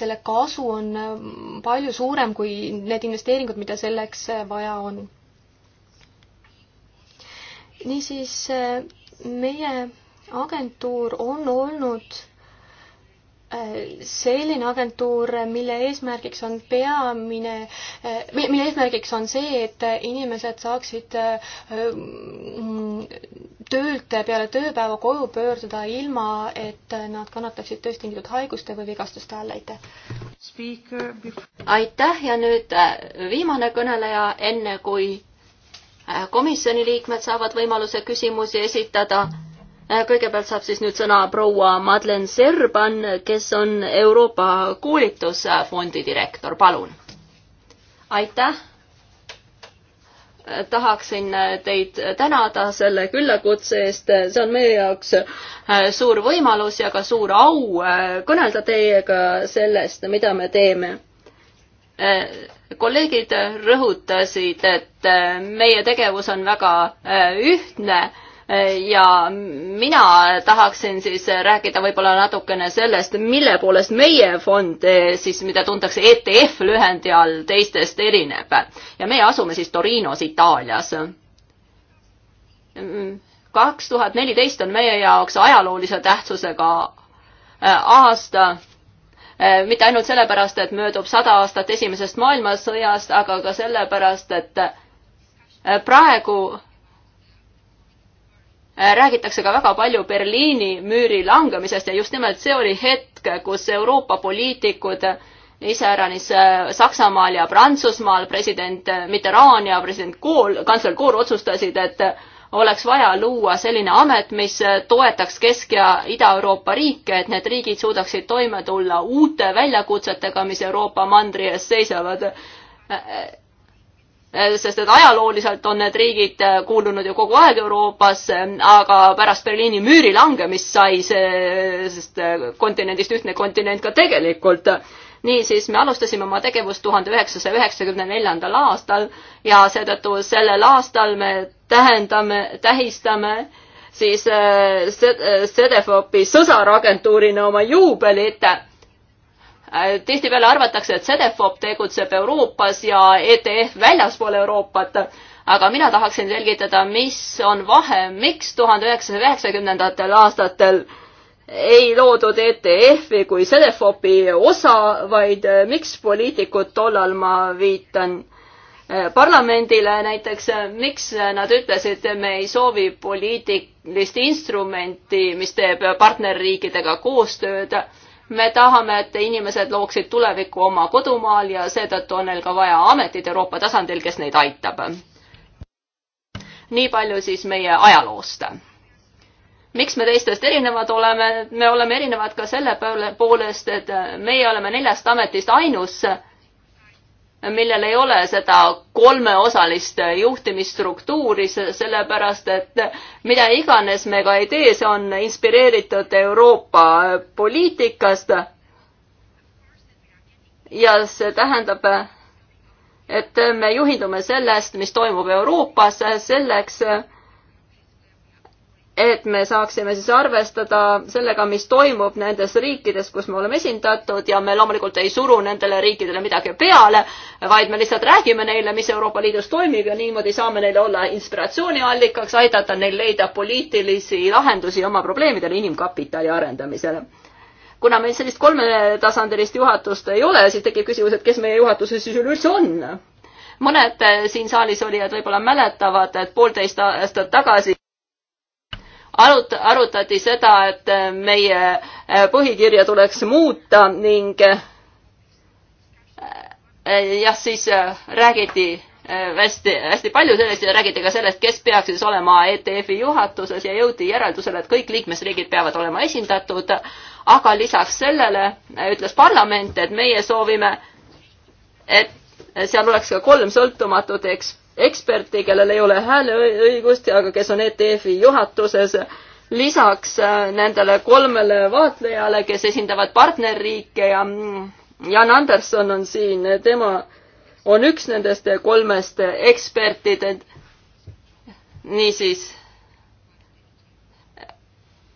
selle kasu on mm, palju suurem kui need investeeringud, mida selleks eh, vaja on. niisiis, eh, meie agentuur on olnud Äh, selline agentuur, mille eesmärgiks on peamine, äh, mille eesmärgiks on see, et inimesed saaksid äh, mm, töölt peale tööpäeva koju pöörduda ilma, et nad kannataksid tööst tingitud haiguste või vigastuste all, aitäh! aitäh ja nüüd viimane kõneleja, enne kui komisjoni liikmed saavad võimaluse küsimusi esitada Äh, kõigepealt saab siis nüüd sõna proua Madlen Serban, kes on Euroopa koolitusfondi direktor, palun. aitäh. tahaksin äh, teid tänada selle küllakutse eest, see on meie jaoks äh, suur võimalus ja ka suur au kõnelda teiega sellest, mida me teeme kolleegid rõhutasid, et meie tegevus on väga ühtne ja mina tahaksin siis rääkida võib-olla natukene sellest, mille poolest meie fond eh, siis, mida tuntakse ETF lühendi all, teistest erineb. ja meie asume siis Torinos, Itaalias. Mm, kaks tuhat neliteist on meie jaoks ajaloolise tähtsusega eh, aasta eh, mitte ainult sellepärast, et möödub sada aastat Esimesest maailmasõjast, aga ka sellepärast, et praegu Äh, räägitakse ka väga palju Berliini müüri langemisest ja just nimelt see oli hetk, kus Euroopa poliitikud iseäranis äh, Saksamaal ja Prantsusmaal president äh, Mitterrand ja president Kohl, kantsler Kohl otsustasid, et oleks vaja luua selline amet, mis toetaks Kesk- ja Ida-Euroopa riike, et need riigid suudaksid toime tulla uute väljakutsetega, mis Euroopa mandri ees seisavad sest et ajalooliselt on need riigid kuulunud ju kogu aeg Euroopasse, aga pärast Berliini müüri langemist sai sellest kontinendist ühtne kontinent ka tegelikult. niisiis, me alustasime oma tegevust tuhande üheksasaja üheksakümne neljandal aastal ja seetõttu sellel aastal me tähendame, tähistame siis Sedefopi sõsaragentuurina oma juubelit Äh, tihtipeale arvatakse, et Cedefop tegutseb Euroopas ja ETF väljaspool Euroopat, aga mina tahaksin selgitada, mis on vahe, miks tuhande üheksasaja üheksakümnendatel aastatel ei loodud ETF-i kui Cedefopi osa, vaid äh, miks poliitikud tollal, ma viitan äh, parlamendile näiteks, miks nad ütlesid, me ei soovi poliitilist instrumenti, mis teeb partnerriikidega koostööd me tahame, et inimesed looksid tulevikku oma kodumaal ja seetõttu on neil ka vaja ametit Euroopa tasandil, kes neid aitab. nii palju siis meie ajaloost. miks me teistest erinevad oleme, me oleme erinevad ka selle poolest, et meie oleme neljast ametist ainus, millel ei ole seda kolmeosalist juhtimisstruktuuri, sellepärast et mida iganes me ka ei tee, see on inspireeritud Euroopa poliitikast. ja see tähendab, et me juhindume sellest, mis toimub Euroopas, selleks et me saaksime siis arvestada sellega, mis toimub nendes riikides, kus me oleme esindatud ja me loomulikult ei suru nendele riikidele midagi peale, vaid me lihtsalt räägime neile, mis Euroopa Liidus toimib ja niimoodi saame neile olla inspiratsiooniallikaks, aidata neil leida poliitilisi lahendusi oma probleemidele inimkapitali arendamisele. kuna meil sellist kolmetasandilist juhatust ei ole, siis tekib küsimus, et kes meie juhatuses siis üleüldse on mõned siin saalis olijad võib-olla mäletavad, et poolteist aastat tagasi arut-, arutati seda, et äh, meie äh, põhikirja tuleks muuta ning äh, jah, siis räägiti hästi, hästi palju sellest ja räägiti ka sellest, kes peaks siis olema ETF-i juhatuses ja jõuti järeldusele, et kõik liikmesriigid peavad olema esindatud, aga lisaks sellele ütles parlament, et meie soovime, et seal oleks ka kolm sõltumatut eks-, eksperti, kellel ei ole hääleõigust ja aga kes on ETF-i juhatuses. lisaks äh, nendele kolmele vaatlejale, kes esindavad partnerriike ja mm, Jan Anderson on siin, tema on üks nendest kolmest ekspertidest. niisiis,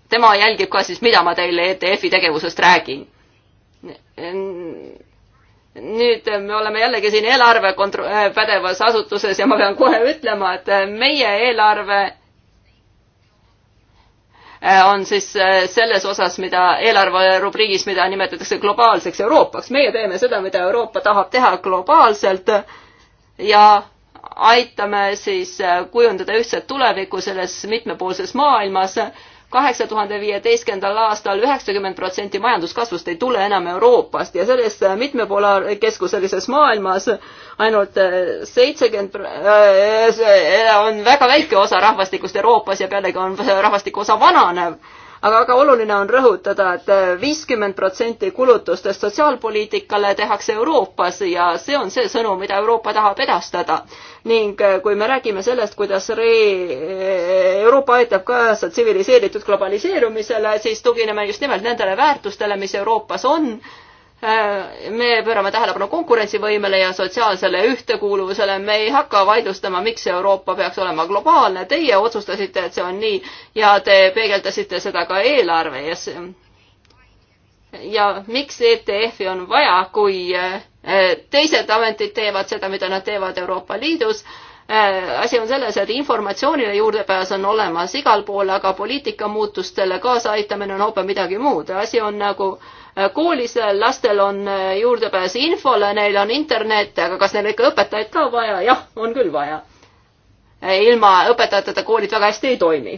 tema jälgib ka siis, mida ma teile ETF-i tegevusest räägin nüüd eh, me oleme jällegi siin eelarve kontro-, eh, pädevas asutuses ja ma pean kohe ütlema, et eh, meie eelarve on siis selles osas, mida eelarve rubriigis, mida nimetatakse globaalseks Euroopaks. meie teeme seda, mida Euroopa tahab teha globaalselt ja aitame siis kujundada ühtset tulevikku selles mitmepoolses maailmas kaheksa tuhande viieteistkümnendal aastal üheksakümmend protsenti majanduskasvust ei tule enam Euroopast ja selles mitmepolaarkeskuselises maailmas ainult seitsekümmend äh, on väga väike osa rahvastikust Euroopas ja pealegi on rahvastiku osa vananev aga väga oluline on rõhutada et, et viiskümmend protsenti kulutustest sotsiaalpoliitikale tehakse Euroopas ja see on see sõnum, mida Euroopa tahab edastada. ning eh, kui me räägime sellest, kuidas re-, Euroopa aitab kaasa tsiviliseeritud globaliseerumisele, siis tugineme just nimelt nendele väärtustele, mis Euroopas on Äh, me pöörame tähelepanu konkurentsivõimele ja sotsiaalsele ühtekuuluvusele, me ei hakka vaidlustama, miks Euroopa peaks olema globaalne, teie otsustasite, et see on nii ja te peegeldasite seda ka eelarve ees. ja miks ETF-i on vaja, kui äh, teised ametid teevad seda, mida nad teevad Euroopa Liidus äh, asi on selles, et informatsioonile juurdepääs on olemas igal pool, aga poliitikamuutustele kaasaaitamine on hoopis midagi muud. asi on nagu äh, Äh, koolis äh, lastel on äh, juurdepääs infole, neil on internet, aga kas neil ikka õpetajaid ka vaja? jah, on küll vaja. ilma õpetajateta koolid väga hästi ei toimi.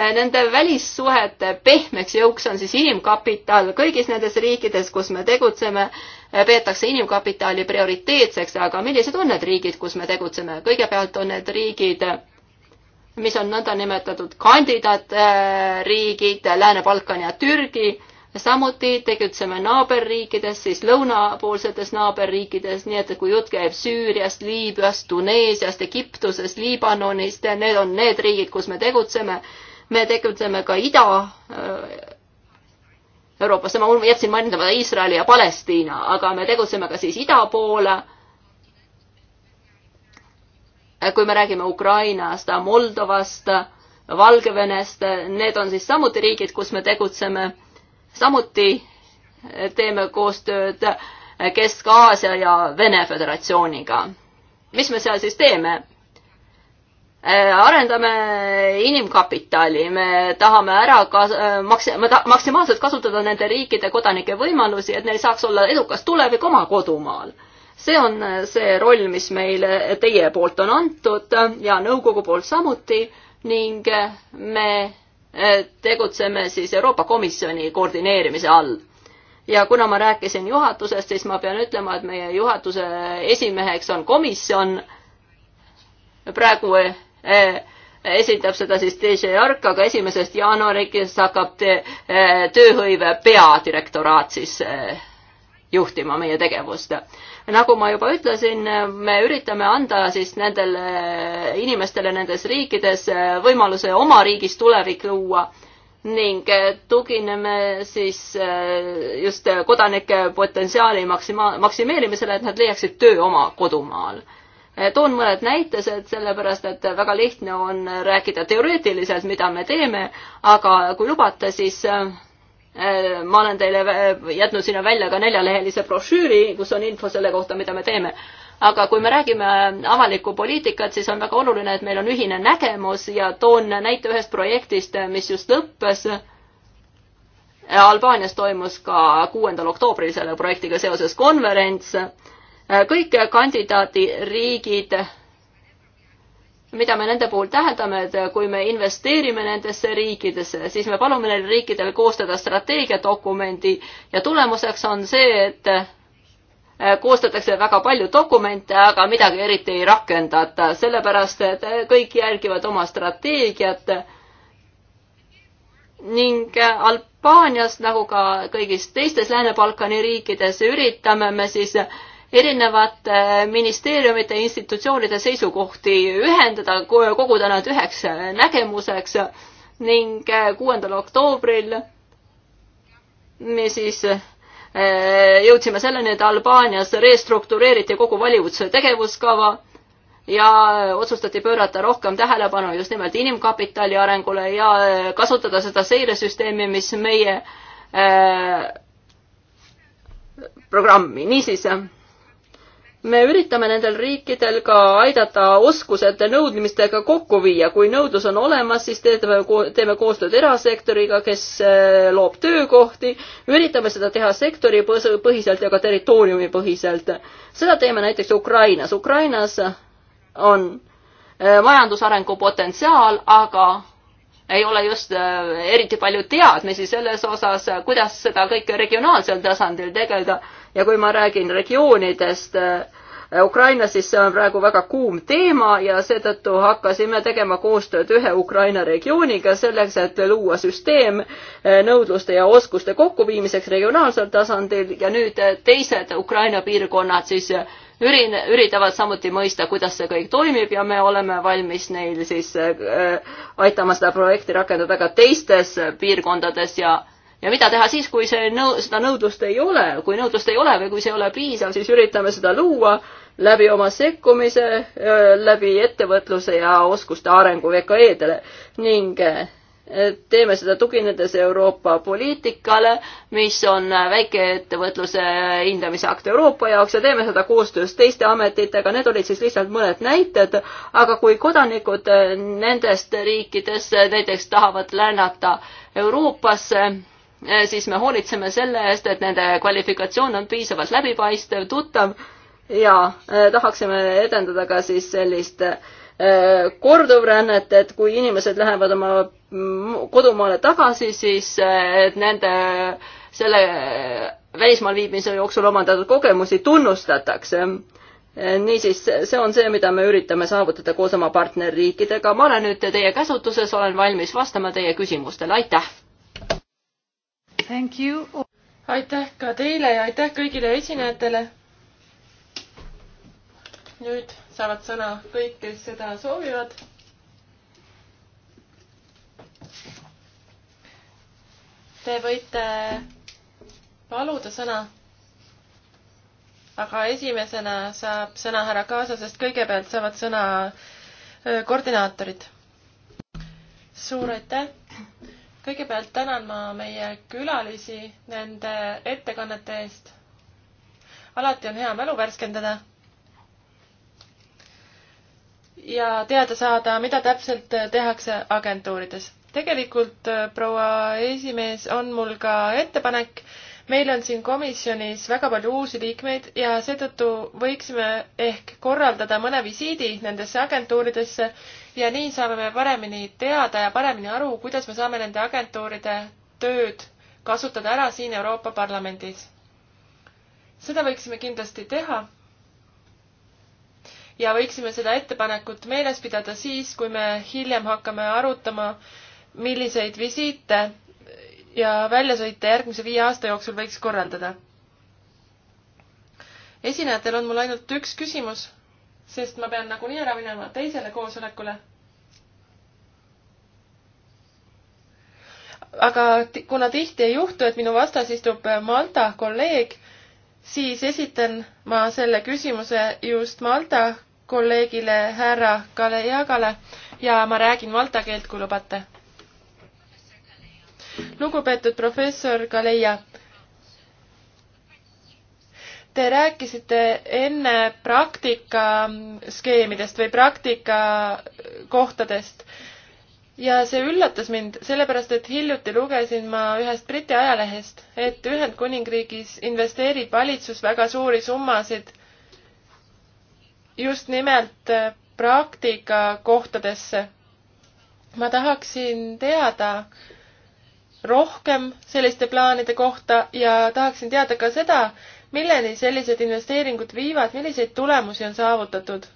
Nende välissuhete pehmeks jõuks on siis inimkapital. kõigis nendes riikides, kus me tegutseme, peetakse inimkapitali prioriteetseks, aga millised on need riigid, kus me tegutseme? kõigepealt on need riigid mis on nõndanimetatud kandidaatriigid Lääne-Balkan ja Türgi. samuti tegutseme naaberriikides, siis lõunapoolsetes naaberriikides, nii et kui jutt käib Süüriast, Liibüast, Tuneesiast, Egiptusest, Liibanonist, need on need riigid, kus me tegutseme. me tegutseme ka Ida äh, Euroopasse, ma jätsin mainimata Iisraeli ja Palestiina, aga me tegutseme ka siis ida poole kui me räägime Ukrainast, Moldovast, Valgevenest, need on siis samuti riigid, kus me tegutseme. samuti teeme koostööd Kesk-Aasia ja Vene Föderatsiooniga. mis me seal siis teeme? arendame inimkapitali, me tahame ära kas-, maks-, maksimaalselt kasutada nende riikide kodanike võimalusi, et neil saaks olla edukas tulevik oma kodumaal see on äh, see roll, mis meile äh, teie poolt on antud ja nõukogu poolt samuti ning äh, me tegutseme siis Euroopa Komisjoni koordineerimise all. ja kuna ma rääkisin juhatusest, siis ma pean ütlema, et meie juhatuse esimeheks on komisjon. praegu esindab seda siis DJ Ark, aga esimesest jaanuarist hakkab tööhõive peadirektoraat siis juhtima meie tegevust nagu ma juba ütlesin, me üritame anda siis nendele inimestele nendes riikides võimaluse oma riigis tulevik luua ning tugineme siis eh, just kodanike potentsiaali maksima-, maksimeerimisele, et nad leiaksid töö oma kodumaal. Eh, toon mõned näitesed, sellepärast et väga lihtne on rääkida teoreetiliselt, mida me teeme, aga kui lubate, siis eh, Äh, ma olen teile äh, jätnud sinna välja ka neljalehelise brošüüri, kus on info selle kohta, mida me teeme. aga kui me räägime äh, avalikku poliitikat, siis on väga oluline, et meil on ühine nägemus ja toon näite ühest projektist, mis just lõppes. Albaanias toimus ka kuuendal oktoobril selle projektiga seoses konverents. kõik kandidaadiriigid mida me nende puhul tähendame, et kui me investeerime nendesse riikidesse, siis me palume neil riikidel koostada strateegiadokumendi ja tulemuseks on see, et eh, koostatakse väga palju dokumente, aga midagi eriti ei rakendata, sellepärast et eh, kõik järgivad oma strateegiat. ning eh, Albaanias nagu ka kõigis teistes Lääne-Balkani riikides üritame me siis äh, erinevate ministeeriumite ja institutsioonide seisukohti ühendada, koguda nad üheks nägemuseks ning kuuendal oktoobril me siis eh, jõudsime selleni, et Albaanias restruktureeriti kogu valitsuse tegevuskava ja otsustati pöörata rohkem tähelepanu just nimelt inimkapitali arengule ja eh, kasutada seda seiresüsteemi, mis meie eh, programmi, niisiis me üritame nendel riikidel ka aidata oskused nõudmistega kokku viia, kui nõudlus on olemas, siis teeme, teeme koostööd erasektoriga, kes eh, loob töökohti, üritame seda teha sektoripõhiselt ja ka territooriumipõhiselt. seda teeme näiteks Ukrainas, Ukrainas on eh, majandusarengu potentsiaal, aga ei ole just äh, eriti palju teadmisi selles osas, kuidas seda kõike regionaalsel tasandil tegeleda ja kui ma räägin regioonidest, äh, Ukrainas, siis see on praegu väga kuum teema ja seetõttu hakkasime tegema koostööd ühe Ukraina regiooniga selleks, et luua süsteem äh, nõudluste ja oskuste kokkuviimiseks regionaalsel tasandil ja nüüd teised Ukraina piirkonnad siis ürin-, üritavad samuti mõista, kuidas see kõik toimib ja me oleme valmis neil siis äh, aitama seda projekti rakendada ka teistes piirkondades ja ja mida teha siis, kui see nõu-, seda nõudlust ei ole, kui nõudlust ei ole või kui see ei ole piisav, siis üritame seda luua läbi oma sekkumise, äh, läbi ettevõtluse ja oskuste arengu VKE-dele ning äh, teeme seda tuginedes Euroopa poliitikale, mis on väikeettevõtluse hindamise akt Euroopa jaoks ja teeme seda koostöös teiste ametitega, need olid siis lihtsalt mõned näited, aga kui kodanikud nendest riikidest näiteks tahavad läänata Euroopasse, siis me hoolitseme selle eest, et nende kvalifikatsioon on piisavalt läbipaistev, tuttav ja äh, tahaksime edendada ka siis sellist äh, korduvrännet, et kui inimesed lähevad oma kodumaale tagasi, siis eh, nende selle välismaal viibimise jooksul omandatud kogemusi tunnustatakse. Eh, niisiis, see on see, mida me üritame saavutada koos oma partnerriikidega. ma olen nüüd teie käsutuses, olen valmis vastama teie küsimustele, aitäh! aitäh ka teile ja aitäh kõigile esinejatele! nüüd saavad sõna kõik, kes seda soovivad Te võite paluda sõna. aga esimesena saab sõna härra Kaasa, sest kõigepealt saavad sõna koordinaatorid. suur aitäh! kõigepealt tänan ma meie külalisi nende ettekannete eest. alati on hea mälu värskendada ja teada saada, mida täpselt tehakse agentuurides tegelikult, äh, proua esimees, on mul ka ettepanek. meil on siin komisjonis väga palju uusi liikmeid ja seetõttu võiksime ehk korraldada mõne visiidi nendesse agentuuridesse ja nii saame me paremini teada ja paremini aru, kuidas me saame nende agentuuride tööd kasutada ära siin Euroopa Parlamendis. seda võiksime kindlasti teha ja võiksime seda ettepanekut meeles pidada siis, kui me hiljem hakkame arutama äh, milliseid visiite ja väljasõite järgmise viie aasta jooksul võiks korraldada? esinejatel on mul ainult üks küsimus, sest ma pean nagunii ära minema teisele koosolekule. aga kuna tihti ei juhtu, et minu vastas istub Malta kolleeg, siis esitan ma selle küsimuse just Malta kolleegile härra Kalejagale ja ma räägin malta keelt, kui lubate lugupeetud professor Kaleia, te rääkisite enne praktikaskeemidest või praktikakohtadest ja see üllatas mind, sellepärast et hiljuti lugesin ma ühest Briti ajalehest, et Ühendkuningriigis investeerib valitsus väga suuri summasid just nimelt äh, praktikakohtadesse. ma tahaksin teada, rohkem selliste plaanide kohta ja tahaksin teada ka seda, milleni sellised investeeringud viivad, milliseid tulemusi on saavutatud?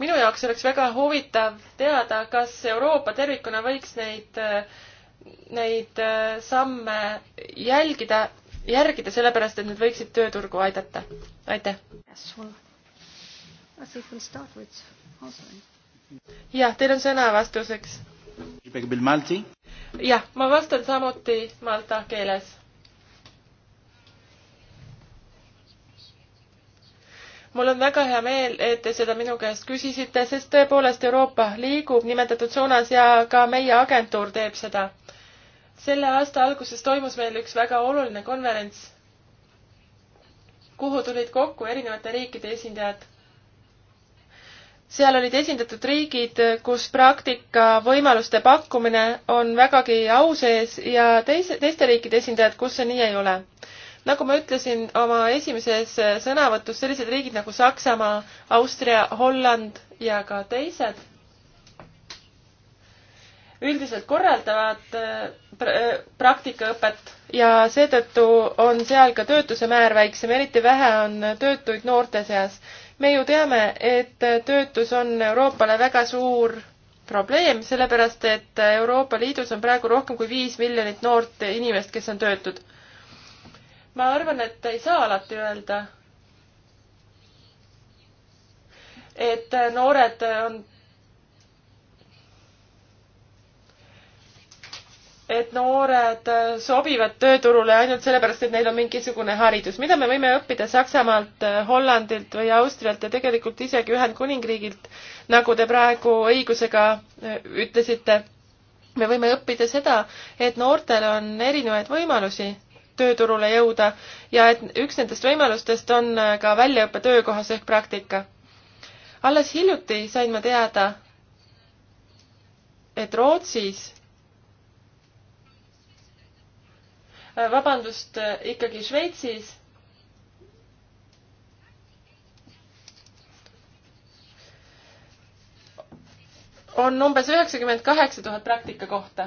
minu jaoks oleks väga huvitav teada, kas Euroopa tervikuna võiks neid, neid äh, samme jälgida, järgida, sellepärast et need võiksid tööturgu aidata. aitäh! jah, teil on sõna vastuseks jah, ma vastan samuti malta keeles. mul on väga hea meel, et te seda minu käest küsisite, sest tõepoolest Euroopa liigub nimetatud suunas ja ka meie agentuur teeb seda. selle aasta alguses toimus meil üks väga oluline konverents, kuhu tulid kokku erinevate riikide esindajad seal olid esindatud riigid, kus praktika võimaluste pakkumine on vägagi au sees ja teise, teiste riikide esindajad, kus see nii ei ole. nagu ma ütlesin oma esimeses sõnavõtus, sellised riigid nagu Saksamaa, Austria, Holland ja ka teised üldiselt korraldavad äh, äh, praktikaõpet ja seetõttu on seal ka töötuse määr väiksem, eriti vähe on töötuid noorte seas me ju teame, et töötus on Euroopale väga suur probleem, sellepärast et Euroopa Liidus on praegu rohkem kui viis miljonit noort inimest, kes on töötud. ma arvan, et ei saa alati öelda, et noored on et noored sobivad tööturule ainult sellepärast, et neil on mingisugune haridus, mida me võime õppida Saksamaalt, Hollandilt või Austrialt ja tegelikult isegi Ühendkuningriigilt, nagu te praegu õigusega äh, ütlesite. me võime õppida seda, et noortel on erinevaid võimalusi tööturule jõuda ja et üks nendest võimalustest on äh, ka väljaõppe töökohas ehk praktika. alles hiljuti sain ma teada, et Rootsis Äh, vabandust, äh, ikkagi Šveitsis. on umbes üheksakümmend kaheksa tuhat praktikakohta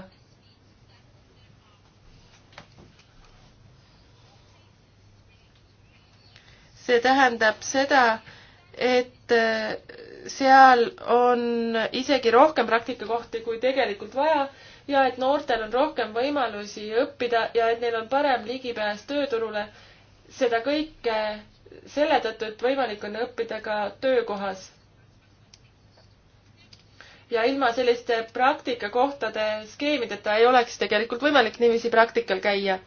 see tähendab seda, et äh, seal on isegi rohkem praktikakohti, kui tegelikult vaja ja et noortel on rohkem võimalusi õppida ja et neil on parem ligipääs tööturule. seda kõike selle tõttu, et võimalik on õppida ka töökohas. ja ilma selliste praktikakohtade skeemideta ei oleks tegelikult võimalik niiviisi praktikal käia.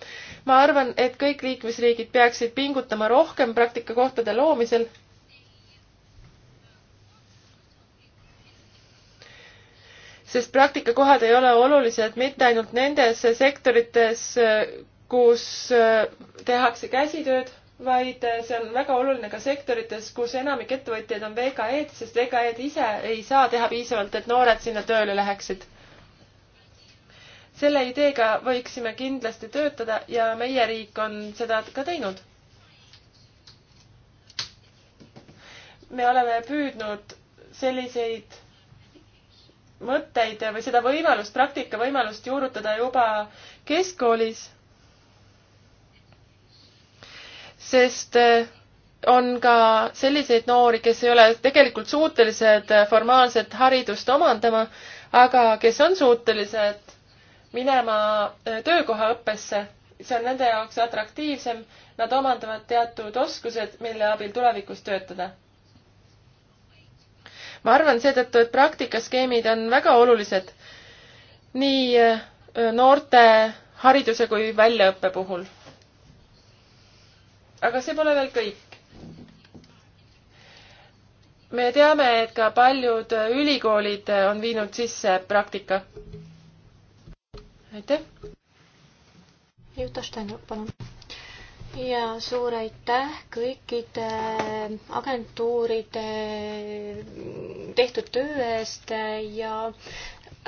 ma arvan, et kõik liikmesriigid peaksid pingutama rohkem praktikakohtade loomisel sest praktikakohad ei ole olulised mitte ainult nendes sektorites, kus äh, tehakse käsitööd, vaid äh, see on väga oluline ka sektorites, kus enamik ettevõtjaid on VKE-d, sest VKE-d ise ei saa teha piisavalt, et noored sinna tööle läheksid. selle ideega võiksime kindlasti töötada ja meie riik on seda ka teinud. me oleme püüdnud selliseid mõtteid või seda võimalust, praktika võimalust juurutada juba keskkoolis. sest eh, on ka selliseid noori, kes ei ole tegelikult suutelised formaalset haridust omandama, aga kes on suutelised minema eh, töökohaõppesse, see on nende jaoks atraktiivsem, nad omandavad teatud oskused, mille abil tulevikus töötada ma arvan seetõttu, et praktikaskeemid on väga olulised nii äh, noorte hariduse kui väljaõppe puhul. aga see pole veel kõik. me teame, et ka paljud ülikoolid äh, on viinud sisse praktika. aitäh. Juta Steinrup, palun ja suur aitäh kõikide agentuuride tehtud töö eest ja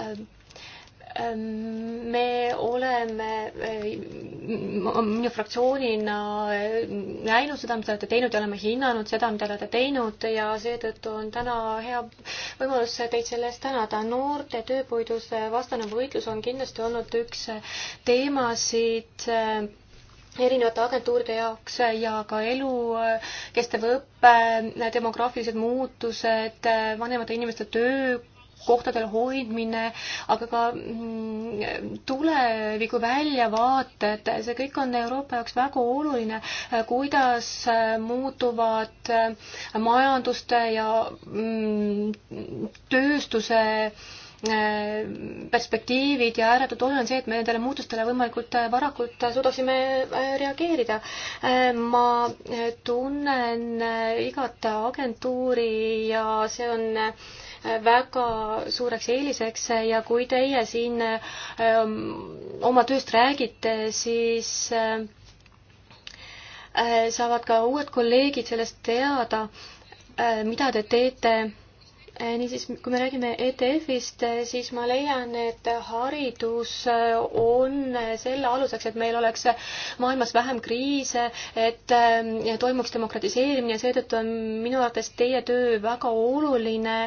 ähm, ähm, me oleme äh, minu fraktsioonina äh, näinud seda, mida te olete teinud ja oleme hinnanud seda, mida te olete teinud ja seetõttu on täna hea võimalus teid selle eest tänada. noorte tööpuiduse vastane võitlus on kindlasti olnud üks teemasid äh, erinevate agentuuride jaoks ja ka elukestev õpe, demograafilised muutused, vanemate inimeste töökohtadel hoidmine, aga ka mm, tuleviku väljavaated, see kõik on Euroopa jaoks väga oluline, kuidas muutuvad majanduste ja mm, tööstuse Äh, perspektiivid ja ääretult oluline on see, et me nendele muutustele võimalikult äh, varakult äh, suudaksime reageerida. ma tunnen igat agentuuri ja see on väga suureks eeliseks ja kui teie siin ähm, oma tööst räägite, siis saavad ka uued kolleegid sellest teada, mida te teete Äh, niisiis, kui me räägime ETF-ist, äh, siis ma leian, et haridus äh, on selle aluseks, et meil oleks maailmas vähem kriise, et ähm, toimuks demokratiseerimine ja seetõttu on minu arvates teie töö väga oluline.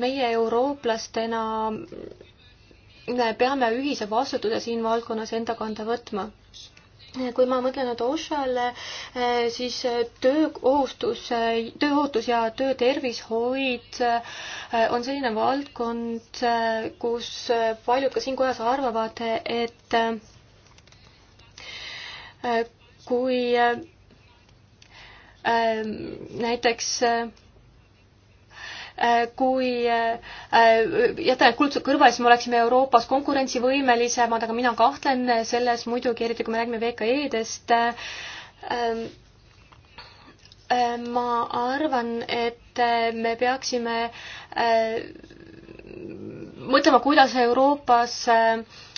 meie eurooplastena peame ühise vastutuse siin valdkonnas enda kanda võtma kui ma mõtlen nüüd OSHA-le, eh, siis eh, töökohustus, eh, tööohutus ja töötervishoid on selline valdkond, kus paljud ka siin kojas arvavad, et kui näiteks Äh, kui äh, jätame kuldsed kõrvale, siis me oleksime Euroopas konkurentsivõimelisemad, aga mina kahtlen selles muidugi, eriti kui me räägime VKE-dest. Ähm, äh, ma arvan, et me peaksime mõtlema, kuidas Euroopas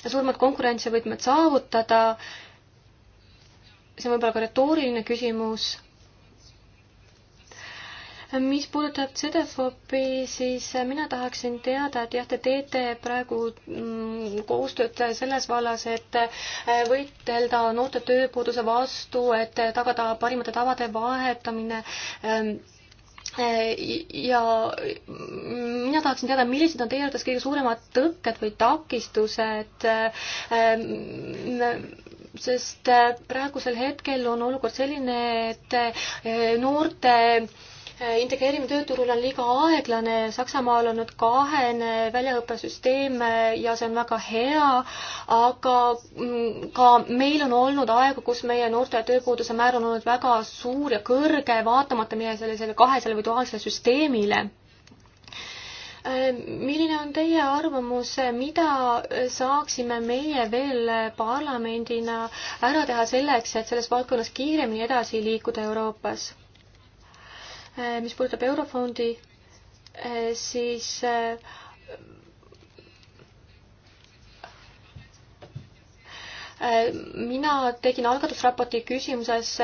suuremat konkurentsivõtmet saavutada. see on võib-olla ka retooriline küsimus mis puudutab CDFOP-i, siis mina tahaksin teada, et jah, te teete praegu mm, koostööd selles vallas, et äh, võitelda noorte tööpuuduse vastu, et tagada parimate tavade vahetamine ähm, äh, ja mina tahaksin teada, millised on teie arvates kõige suuremad tõkked või takistused, äh, sest praegusel hetkel on olukord selline, et noorte Äh, integreerimine tööturul on liiga aeglane, Saksamaal on nüüd kahene väljaõppesüsteem äh, ja see on väga hea, aga mm, ka meil on olnud aegu, kus meie noorte tööpuuduse määr on olnud väga suur ja kõrge, vaatamata meie sellisele kahesele või tuhandesele süsteemile äh, milline on teie arvamus, mida saaksime meie veel parlamendina ära teha selleks, et selles valdkonnas kiiremini edasi liikuda Euroopas? Eh, mis puudutab Eurofondi, eh, siis eh, mina tegin algatusraporti küsimuses,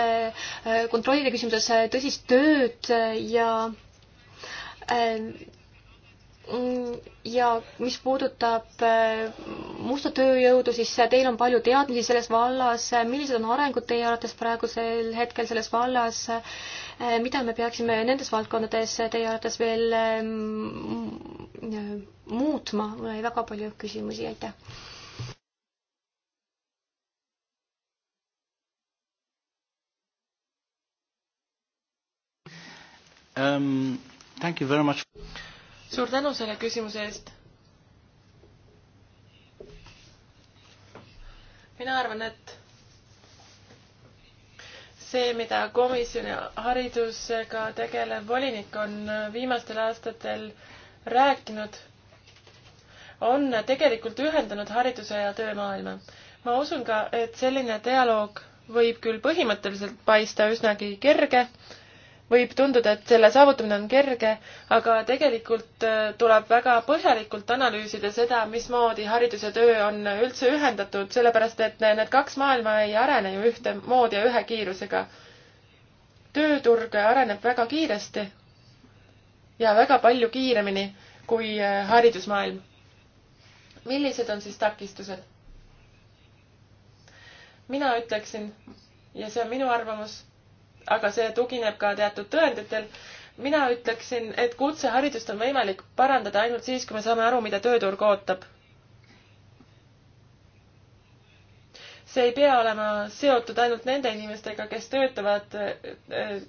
kontrollide küsimuses tõsist tööd ja Mm, ja mis puudutab äh, musta tööjõudu, siis äh, teil on palju teadmisi selles vallas. Äh, millised on arengud teie arvates praegusel hetkel selles vallas? mida me peaksime nendes valdkondades teie arvates veel ähm, muutma? mul oli väga palju küsimusi, aitäh. Um, thank you very much suur tänu selle küsimuse eest. mina arvan, et see, mida komisjoni haridusega tegelev volinik on viimastel aastatel rääkinud, on tegelikult ühendanud hariduse ja töömaailma. ma usun ka, et selline dialoog võib küll põhimõtteliselt paista üsnagi kerge, võib tunduda, et selle saavutamine on kerge, aga tegelikult äh, tuleb väga põhjalikult analüüsida seda, mismoodi haridus ja töö on üldse ühendatud, sellepärast et need kaks maailma ei arene ju ühtemoodi ja ühe kiirusega. tööturg areneb väga kiiresti ja väga palju kiiremini kui äh, haridusmaailm. millised on siis takistused? mina ütleksin ja see on minu arvamus aga see tugineb ka teatud tõenditel. mina ütleksin, et kutseharidust on võimalik parandada ainult siis, kui me saame aru, mida tööturg ootab. see ei pea olema seotud ainult nende inimestega, kes töötavad,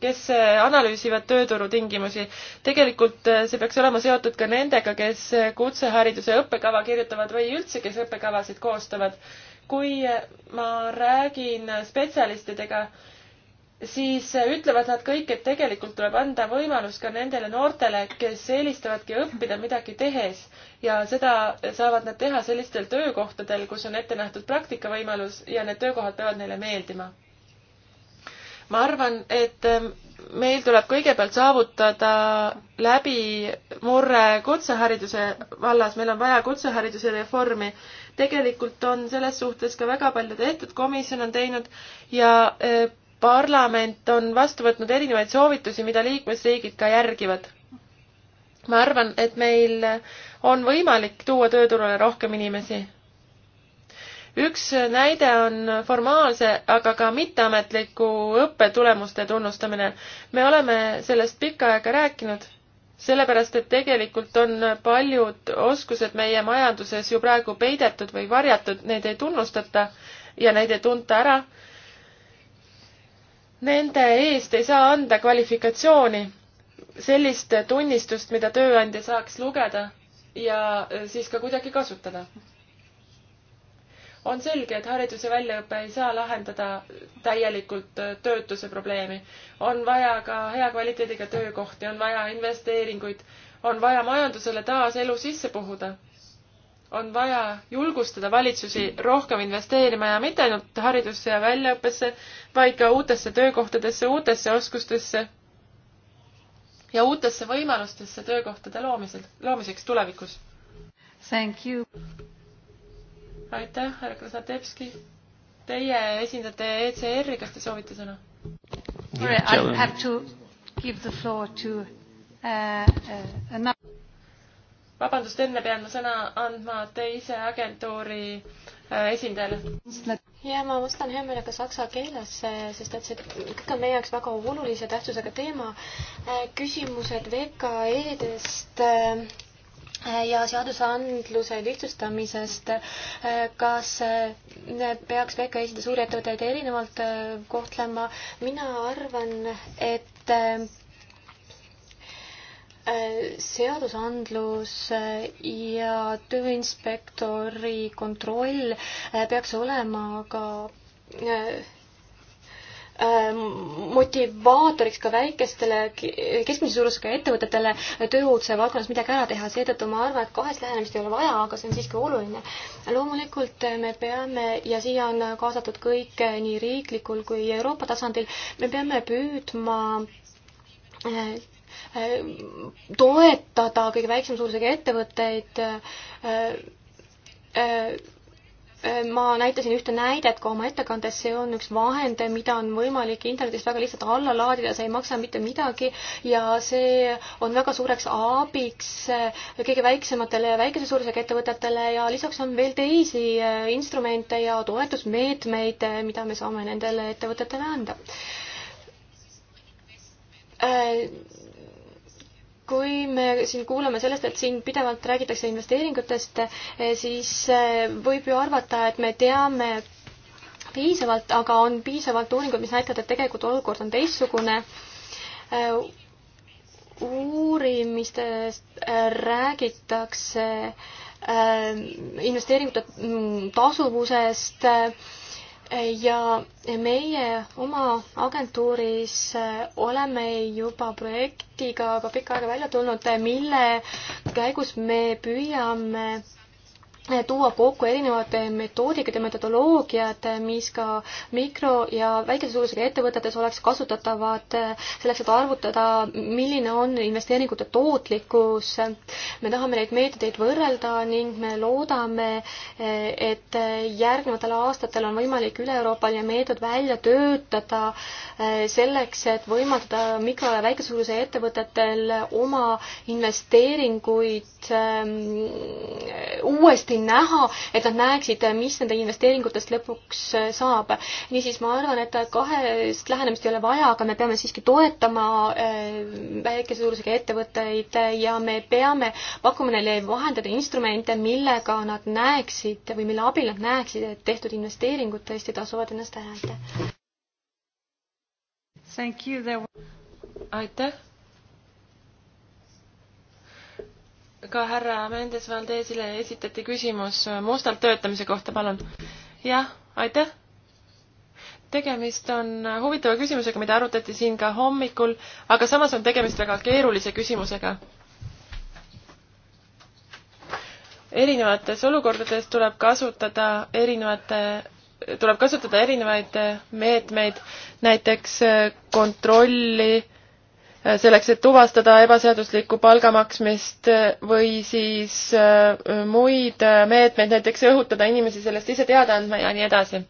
kes analüüsivad tööturu tingimusi. tegelikult see peaks olema seotud ka nendega, kes kutsehariduse õppekava kirjutavad või üldse, kes õppekavasid koostavad kui ma räägin spetsialistidega, siis äh, ütlevad nad kõik, et tegelikult tuleb anda võimalus ka nendele noortele, kes eelistavadki õppida midagi tehes ja seda saavad nad teha sellistel töökohtadel, kus on ette nähtud praktikavõimalus ja need töökohad peavad neile meeldima. ma arvan, et ähm, meil tuleb kõigepealt saavutada läbimurre kutsehariduse vallas, meil on vaja kutsehariduse reformi. tegelikult on selles suhtes ka väga palju tehtud, komisjon on teinud ja äh, parlament on vastu võtnud erinevaid soovitusi, mida liikmesriigid ka järgivad. ma arvan, et meil on võimalik tuua tööturule rohkem inimesi. üks näide on formaalse, aga ka mitteametliku õppe tulemuste tunnustamine. me oleme sellest pikka aega rääkinud, sellepärast et tegelikult on paljud oskused meie majanduses ju praegu peidetud või varjatud, neid ei tunnustata ja neid ei tunta ära Nende eest ei saa anda kvalifikatsiooni, sellist tunnistust, mida tööandja saaks lugeda ja äh, siis ka kuidagi kasutada. on selge, et haridus ja väljaõpe ei saa lahendada täielikult äh, töötuse probleemi. on vaja ka hea kvaliteediga töökohti, on vaja investeeringuid, on vaja majandusele taas elu sisse puhuda on vaja julgustada valitsusi rohkem investeerima ja mitte ainult haridusse ja väljaõppesse, vaid ka uutesse töökohtadesse, uutesse oskustesse ja uutesse võimalustesse töökohtade loomisel, loomiseks tulevikus. aitäh, härra Krasnodebski. Teie esindate ECR-i, kas te soovite sõna? Sorry, I have to give the floor to uh, uh, another vabandust, enne pean ma sõna andma teise agentuuri äh, esindajale. ja ma vastan hea meelega saksa keeles, äh, sest et see kõik on meie jaoks väga olulise tähtsusega teema. Äh, küsimused VKE-dest ja seadusandluse lihtsustamisest, kas peaks VKE-sid ja suurettevõtteid erinevalt kohtlema? mina arvan, et Äh, seadusandlus äh, ja tööinspektori kontroll äh, peaks olema ka motivaatoriks ka väikestele, keskmise suurusega ettevõtetele tööohutuse valdkonnas midagi ära teha, seetõttu ma arvan, et kahest lähenemist ei ole vaja, aga see on siiski oluline. loomulikult me peame ja siia on kaasatud kõik nii riiklikul kui Euroopa tasandil, me peame püüdma toetada kõige väiksema suurusega ettevõtteid. ma näitasin ühte näidet ka oma ettekandes, see on üks vahend, mida on võimalik internetist väga lihtsalt alla laadida, see ei maksa mitte midagi ja see on väga suureks abiks kõige väiksematele ja väikese suurusega ettevõtetele ja lisaks on veel teisi instrumente ja toetusmeetmeid, mida me saame nendele ettevõtetele anda kui me siin kuuleme sellest, et siin pidevalt räägitakse investeeringutest, eh, siis eh, võib ju arvata, et me teame piisavalt, aga on piisavalt uuringuid, mis näitavad, et tegelikult olukord on teistsugune. Eh, uurimistest räägitakse investeeringute mm, tasuvusest ja meie oma agentuuris eh, oleme juba projektiga ka pikka aega välja tulnud, mille käigus me püüame tuua kokku erinevad metoodikad ja metodoloogiad, mis ka mikro- ja väikese suurusega ettevõtetes oleks kasutatavad selleks, et arvutada, milline on investeeringute tootlikkus. me tahame neid meetodeid võrrelda ning me loodame, et järgnevatel aastatel on võimalik üle-Euroopaline meetod välja töötada selleks, et võimaldada mikro- ja väikese suurusega ettevõtetel oma investeeringuid ehm, uuesti inimesi näha, et nad näeksid, mis nende investeeringutest lõpuks äh, saab. niisiis, ma arvan, et kahest lähenemist ei ole vaja, aga me peame siiski toetama äh, väikese suurusega ettevõtteid ja me peame pakkuma neile vahendada instrumente, millega nad näeksid või mille abil nad näeksid, et tehtud investeeringud tõesti tasuvad ennast ära, aitäh! aitäh! ka härra Mendes Valdesile esitati küsimus mustalt töötamise kohta, palun. jah, aitäh. tegemist on huvitava küsimusega, mida arutati siin ka hommikul, aga samas on tegemist väga keerulise küsimusega. erinevates olukordades tuleb kasutada erinevate tuleb kasutada erinevaid meetmeid, näiteks kontrolli äh, selleks, et tuvastada ebaseaduslikku palga maksmist või siis äh, muid äh, meetmeid, näiteks õhutada inimesi sellest ise teada andma ja nii edasi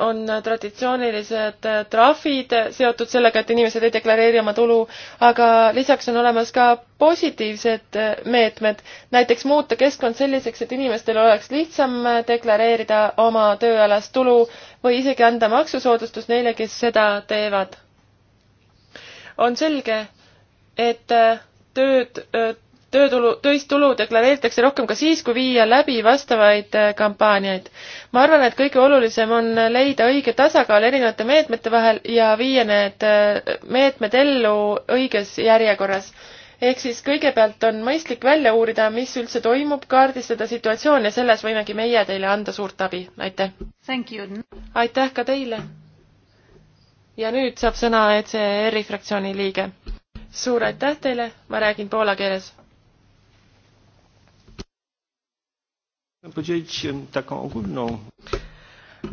on traditsioonilised äh, trahvid seotud sellega, et inimesed ei deklareeri oma tulu, aga lisaks on olemas ka positiivsed äh, meetmed, näiteks muuta keskkond selliseks, et inimestel oleks lihtsam äh, deklareerida oma tööalast tulu või isegi anda maksusoodustus neile, kes seda teevad. on selge, et tööd töötulu, töist tulu deklareeritakse rohkem ka siis, kui viia läbi vastavaid äh, kampaaniaid. ma arvan, et kõige olulisem on leida õige tasakaal erinevate meetmete vahel ja viia need äh, meetmed ellu õiges järjekorras ehk siis kõigepealt on mõistlik välja uurida, mis üldse toimub, kaardistada situatsioon ja selles võimegi meie teile anda suurt abi, aitäh! aitäh ka teile! ja nüüd saab sõna ECR-i fraktsiooni liige. suur aitäh teile, ma räägin poola keeles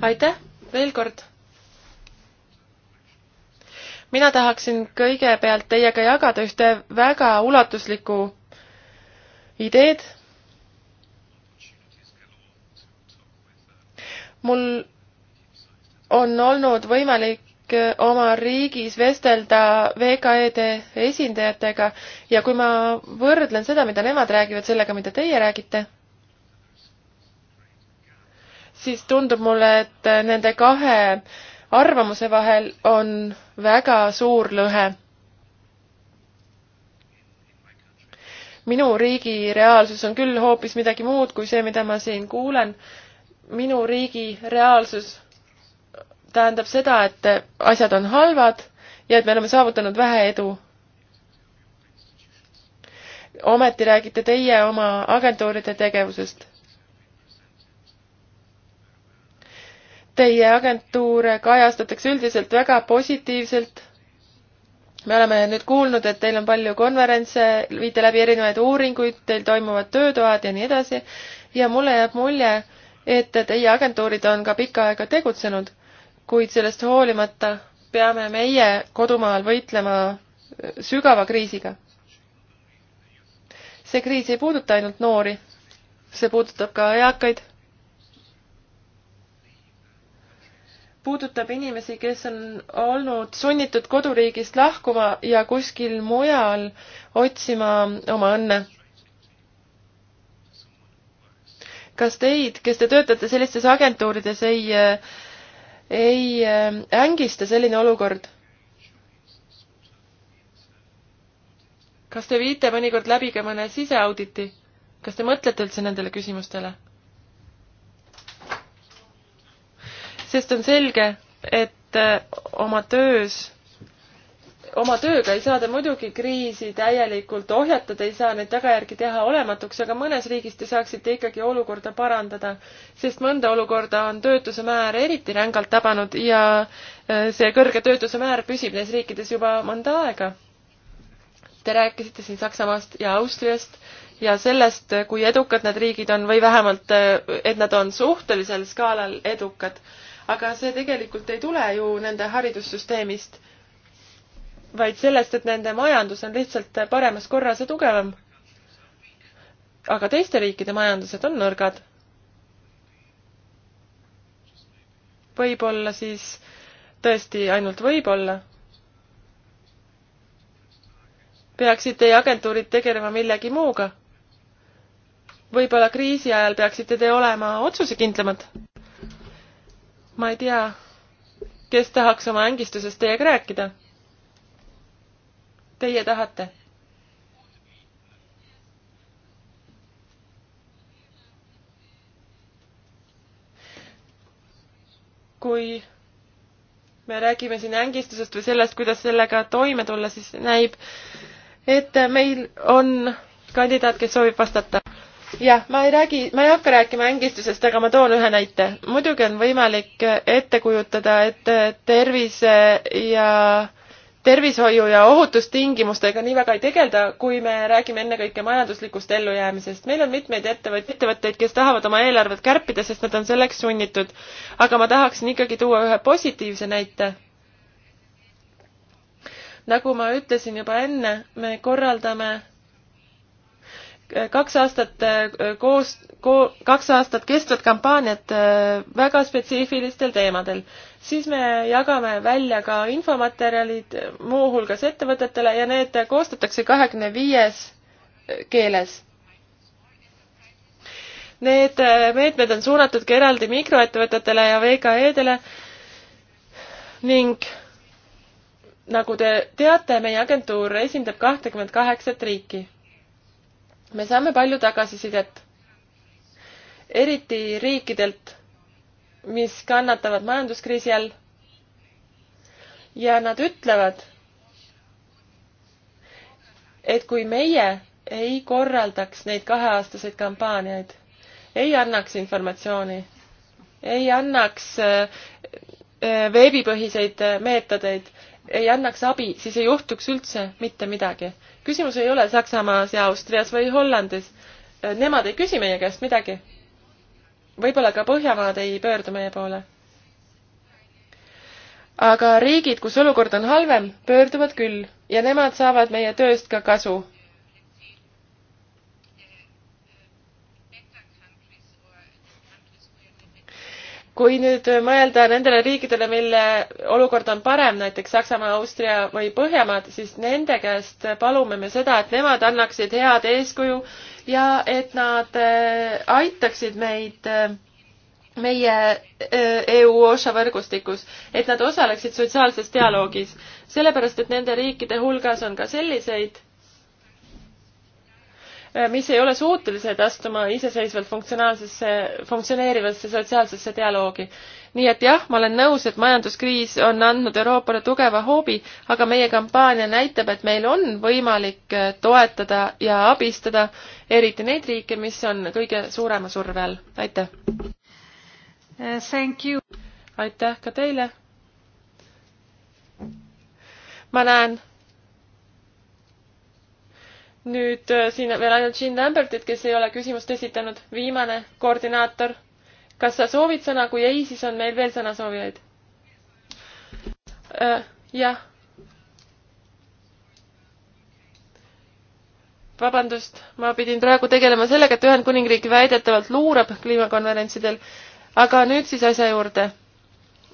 aitäh veel kord. mina tahaksin kõigepealt teiega jagada ühte väga ulatuslikku ideed. mul on olnud võimalik oma riigis vestelda VKE-de esindajatega ja kui ma võrdlen seda, mida nemad räägivad, sellega, mida teie räägite siis tundub mulle, et nende kahe arvamuse vahel on väga suur lõhe. minu riigi reaalsus on küll hoopis midagi muud kui see, mida ma siin kuulen. minu riigi reaalsus tähendab seda, et asjad on halvad ja et me oleme saavutanud vähe edu. ometi räägite teie oma agentuuride tegevusest teie agentuure kajastatakse üldiselt väga positiivselt. me oleme nüüd kuulnud, et teil on palju konverentse, viite läbi erinevaid uuringuid, teil toimuvad töötoad ja nii edasi ja mulle jääb mulje, et teie agentuurid on ka pikka aega tegutsenud, kuid sellest hoolimata peame meie kodumaal võitlema sügava kriisiga. see kriis ei puuduta ainult noori, see puudutab ka eakaid puudutab inimesi, kes on olnud sunnitud koduriigist lahkuma ja kuskil mujal otsima oma õnne. kas teid, kes te töötate sellistes agentuurides, ei, ei äh, ängista selline olukord? kas te viite mõnikord läbi ka mõne siseauditi? kas te mõtlete üldse nendele küsimustele? sest on selge, et äh, oma töös oma tööga ei saa te muidugi kriisi täielikult ohjata, te ei saa neid tagajärgi teha olematuks, aga mõnes riigis te saaksite ikkagi olukorda parandada, sest mõnda olukorda on töötuse määr eriti rängalt tabanud ja äh, see kõrge töötuse määr püsib neis riikides juba mõnda aega. Te rääkisite siin Saksamaast ja Austriast ja sellest, kui edukad need riigid on või vähemalt, äh, et nad on suhtelisel skaalal edukad aga see tegelikult ei tule ju nende haridussüsteemist, vaid sellest, et nende majandus on lihtsalt paremas korras ja tugevam. aga teiste riikide majandused on nõrgad. võib-olla siis tõesti ainult võib-olla peaksid teie agentuurid tegelema millegi muuga? võib-olla kriisi ajal peaksite te olema otsusekindlamad? ma ei tea, kes tahaks oma ängistusest teiega rääkida. Teie tahate? kui me räägime siin ängistusest või sellest, kuidas sellega toime tulla, siis näib, et meil on kandidaat, kes soovib vastata jah, ma ei räägi, ma ei hakka rääkima ängistusest, aga ma toon ühe näite. muidugi on võimalik ette kujutada, et tervise ja tervishoiu ja ohutustingimustega nii väga ei tegelda, kui me räägime ennekõike majanduslikust ellujäämisest. meil on mitmeid ettevõt-, ettevõtteid, kes tahavad oma eelarvet kärpida, sest nad on selleks sunnitud. aga ma tahaksin ikkagi tuua ühe positiivse näite. nagu ma ütlesin juba enne, me korraldame kaks aastat äh, koos ko,, kaks aastat kestvat kampaaniat äh, väga spetsiifilistel teemadel. siis me jagame välja ka infomaterjalid äh, muuhulgas ettevõtetele ja need koostatakse kahekümne viies keeles. Need meetmed on suunatud ka eraldi mikroettevõtetele ja VKE-dele ning nagu te teate, meie agentuur esindab kahtekümmet kaheksat riiki me saame palju tagasisidet, eriti riikidelt, mis kannatavad majanduskriisi all. ja nad ütlevad, et kui meie ei korraldaks neid kaheaastaseid kampaaniaid, ei annaks informatsiooni, ei annaks äh, äh, veebipõhiseid meetodeid, ei annaks abi, siis ei juhtuks üldse mitte midagi. küsimus ei ole Saksamaas ja Austrias või Hollandis. Äh, nemad ei küsi meie käest midagi. võib-olla ka Põhjamaad ei pöördu meie poole. aga riigid, kus olukord on halvem, pöörduvad küll ja nemad saavad meie tööst ka kasu kui nüüd mõelda nendele riikidele, mille olukord on parem, näiteks Saksamaa, Austria või Põhjamaad, siis nende käest palume me seda, et nemad annaksid head eeskuju ja et nad äh, aitaksid meid äh, meie äh, EU OSHA võrgustikus, et nad osaleksid sotsiaalses dialoogis, sellepärast et nende riikide hulgas on ka selliseid Äh, mis ei ole suutelised astuma iseseisvalt funktsionaalsesse, funktsioneerivasse sotsiaalsesse dialoogi. nii et jah, ma olen nõus, et majanduskriis on andnud Euroopale tugeva hoobi, aga meie kampaania näitab, et meil on võimalik äh, toetada ja abistada eriti neid riike, mis on kõige suurema surve all. aitäh! Uh, thank you! aitäh ka teile! ma näen, nüüd äh, siin veel ainult Jean Lambertit, kes ei ole küsimust esitanud. viimane koordinaator. kas sa soovid sõna, kui ei, siis on meil veel sõnasoovijaid. Äh, jah. vabandust, ma pidin praegu tegelema sellega, et Ühendkuningriik väidetavalt luurab kliimakonverentsidel. aga nüüd siis asja juurde.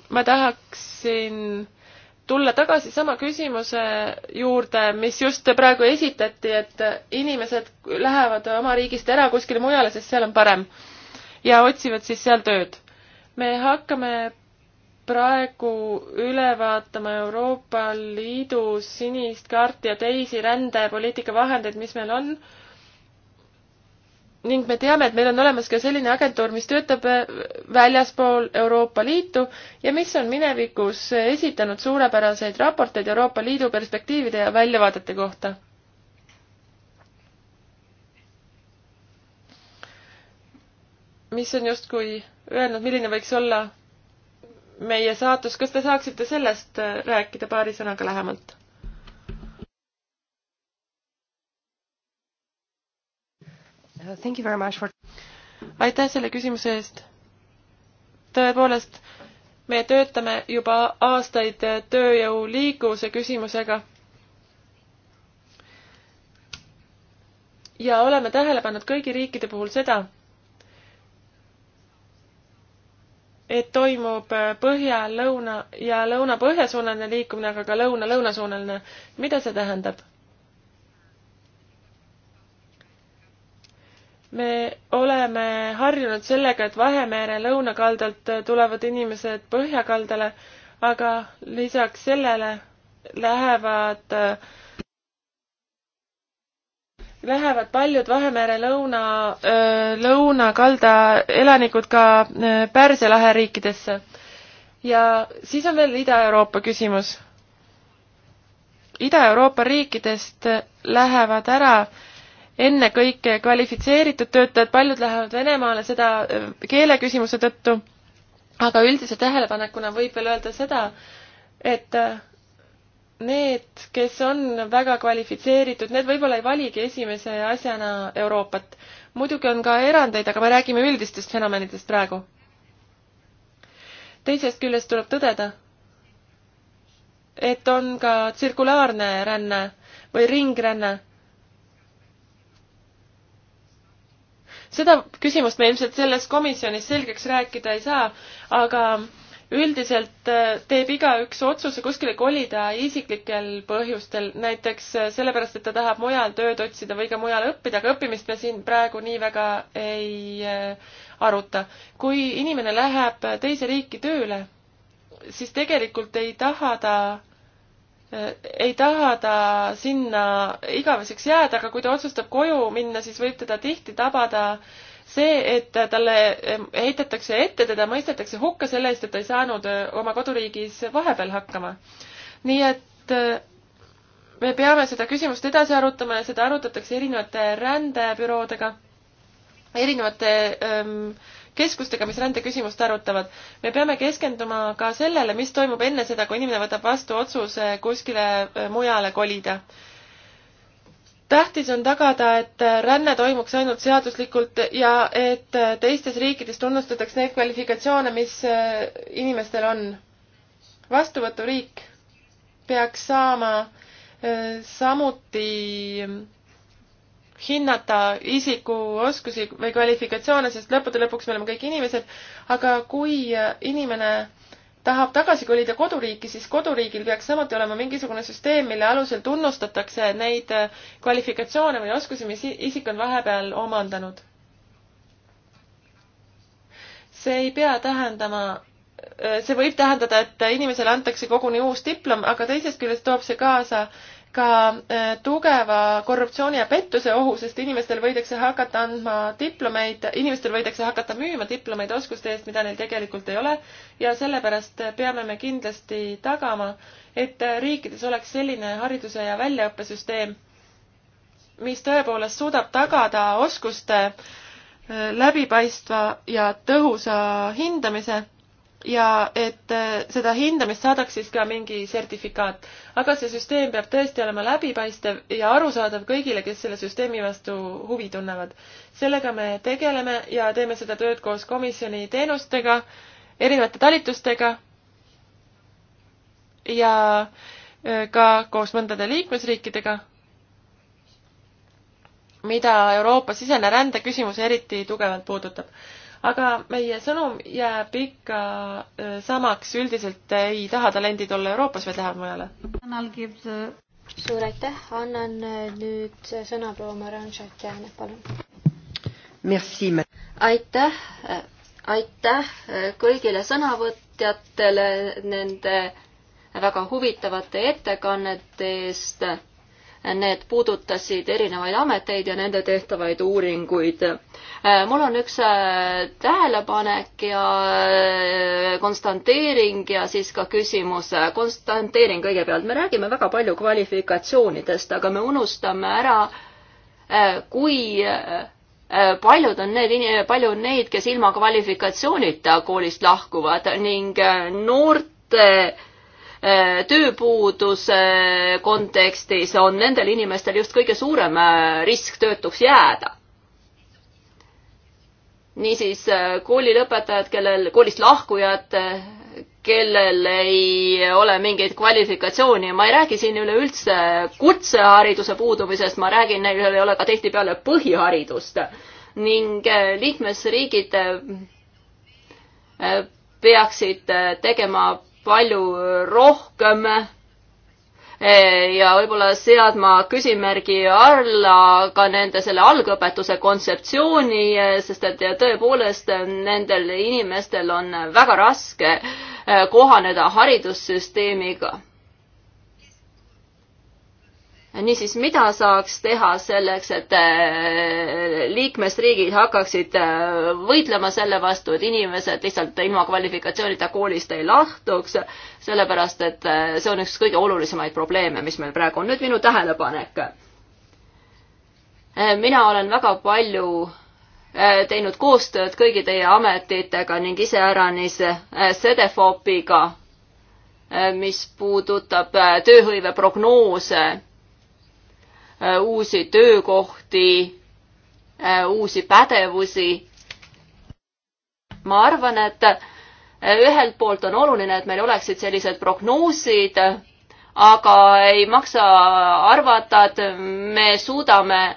ma tahaksin tulla tagasi sama küsimuse juurde, mis just praegu esitati, et inimesed lähevad oma riigist ära kuskile mujale, sest seal on parem ja otsivad siis seal tööd. me hakkame praegu üle vaatama Euroopa Liidu sinist kaarti ja teisi rändepoliitika vahendeid, mis meil on ning me teame, et meil on olemas ka selline agentuur, mis töötab äh, väljaspool Euroopa Liitu ja mis on minevikus esitanud suurepäraseid raporteid Euroopa Liidu perspektiivide ja väljavaadete kohta. mis on justkui öelnud, milline võiks olla meie saatus, kas te saaksite sellest äh, rääkida paari sõnaga lähemalt? Thank you very much for aitäh selle küsimuse eest. tõepoolest, me töötame juba aastaid tööjõu liikuvuse küsimusega. ja oleme tähele pannud kõigi riikide puhul seda, et toimub põhja-lõuna ja lõuna-põhjasuunaline liikumine, aga ka lõuna-lõunasuunaline. mida see tähendab? me oleme harjunud sellega, et Vahemere lõunakaldalt tulevad inimesed põhjakaldale, aga lisaks sellele lähevad, lähevad paljud Vahemere lõuna, lõunakalda elanikud ka äh, Pärsia lahe riikidesse. ja siis on veel Ida-Euroopa küsimus Ida-Euroopa riikidest lähevad ära ennekõike kvalifitseeritud töötajad, paljud lähevad Venemaale seda äh, keeleküsimuse tõttu, aga üldise tähelepanekuna võib veel öelda seda, et äh, need, kes on väga kvalifitseeritud, need võib-olla ei valigi esimese asjana Euroopat. muidugi on ka erandeid, aga me räägime üldistest fenomenidest praegu. teisest küljest tuleb tõdeda, et on ka tsirkulaarne ränne või ringränne seda küsimust me ilmselt selles komisjonis selgeks rääkida ei saa, aga üldiselt äh, teeb igaüks otsuse kuskile kolida isiklikel põhjustel, näiteks äh, sellepärast, et ta tahab mujal tööd otsida või ka mujal õppida, aga õppimist me siin praegu nii väga ei äh, aruta. kui inimene läheb teise riiki tööle, siis tegelikult ei taha ta ei taha ta sinna igaveseks jääda, aga kui ta otsustab koju minna, siis võib teda tihti tabada see, et talle heitetakse ette, teda mõistetakse hukka selle eest, et ta ei saanud oma koduriigis vahepeal hakkama. nii et äh, me peame seda küsimust edasi arutama ja seda arutatakse erinevate rändebüroodega, erinevate öö, ähm, keskustega, mis rändeküsimust arutavad. me peame keskenduma ka sellele, mis toimub enne seda, kui inimene võtab vastu otsuse kuskile äh, mujale kolida. tähtis on tagada, et äh, ränne toimuks ainult seaduslikult ja et äh, teistes riikides tunnustataks neid kvalifikatsioone, mis inimestel on. vastuvõturiik peaks saama samuti hinnata isiku oskusi või kvalifikatsioone, sest lõppude lõpuks me oleme kõik inimesed, aga kui inimene tahab tagasi kolida koduriiki, siis koduriigil peaks samuti olema mingisugune süsteem, mille alusel tunnustatakse neid äh, kvalifikatsioone või oskusi, mis isik on vahepeal omandanud. see ei pea tähendama, äh, see võib tähendada, et inimesele antakse koguni uus diplom, aga teisest küljest toob see kaasa äh, ka äh, tugeva korruptsiooni ja pettuse ohu, sest inimestel võidakse hakata andma diplomeid, inimestel võidakse hakata müüma diplomeid oskuste eest, mida neil tegelikult ei ole ja sellepärast peame me kindlasti tagama, et riikides oleks selline hariduse ja väljaõppesüsteem, mis tõepoolest suudab tagada oskuste äh, läbipaistva ja tõhusa hindamise ja et äh, seda hindamist saadaks siis ka mingi sertifikaat. aga see süsteem peab tõesti olema läbipaistev ja arusaadav kõigile, kes selle süsteemi vastu huvi tunnevad. sellega me tegeleme ja teeme seda tööd koos komisjoni teenustega, erinevate talitustega ja äh, ka koos mõndade liikmesriikidega, mida Euroopa sisene rändeküsimus eriti tugevalt puudutab aga meie sõnum jääb ikka samaks, üldiselt ei taha talendid olla Euroopas, vaid lähevad mujale. suur aitäh, annan nüüd sõna proua Maran Šatjane, palun. aitäh, aitäh kõigile sõnavõtjatele nende väga huvitavate ettekannete eest Need puudutasid erinevaid ameteid ja nende tehtavaid uuringuid. Äh, mul on üks äh, tähelepanek ja äh, konstanteering ja siis ka küsimus. konstanteering kõigepealt, me räägime väga palju kvalifikatsioonidest, aga me unustame ära, kui paljud on need, palju on neid, kes ilma kvalifikatsioonita koolist lahkuvad ning noorte Äh, tööpuuduse kontekstis on nendel inimestel just kõige suurem äh, risk töötuks jääda. niisiis äh, koolilõpetajad, kellel, koolist lahkujad, kellel ei ole mingeid kvalifikatsiooni, ma ei räägi siin üleüldse kutsehariduse puudumisest, ma räägin, neil ei ole ka tihtipeale põhiharidust ning liikmesriigid peaksid tegema palju rohkem ja võib-olla seadma küsimärgi alla ka nende selle algõpetuse kontseptsiooni, sest et tõepoolest nendel inimestel on väga raske kohaneda haridussüsteemiga niisiis, mida saaks teha selleks, et äh, liikmesriigid hakkaksid äh, võitlema selle vastu, et inimesed lihtsalt ilma kvalifikatsioonita koolist ei lahtuks, sellepärast et äh, see on üks kõige olulisemaid probleeme, mis meil praegu on. nüüd minu tähelepanek. mina olen väga palju teinud koostööd kõigi teie ametitega ning iseäranis Sedefopiga, mis puudutab tööhõive prognoose Äh, uusi töökohti, äh, uusi pädevusi. ma arvan, et äh, ühelt poolt on oluline, et meil oleksid sellised prognoosid, aga ei maksa arvata, et me suudame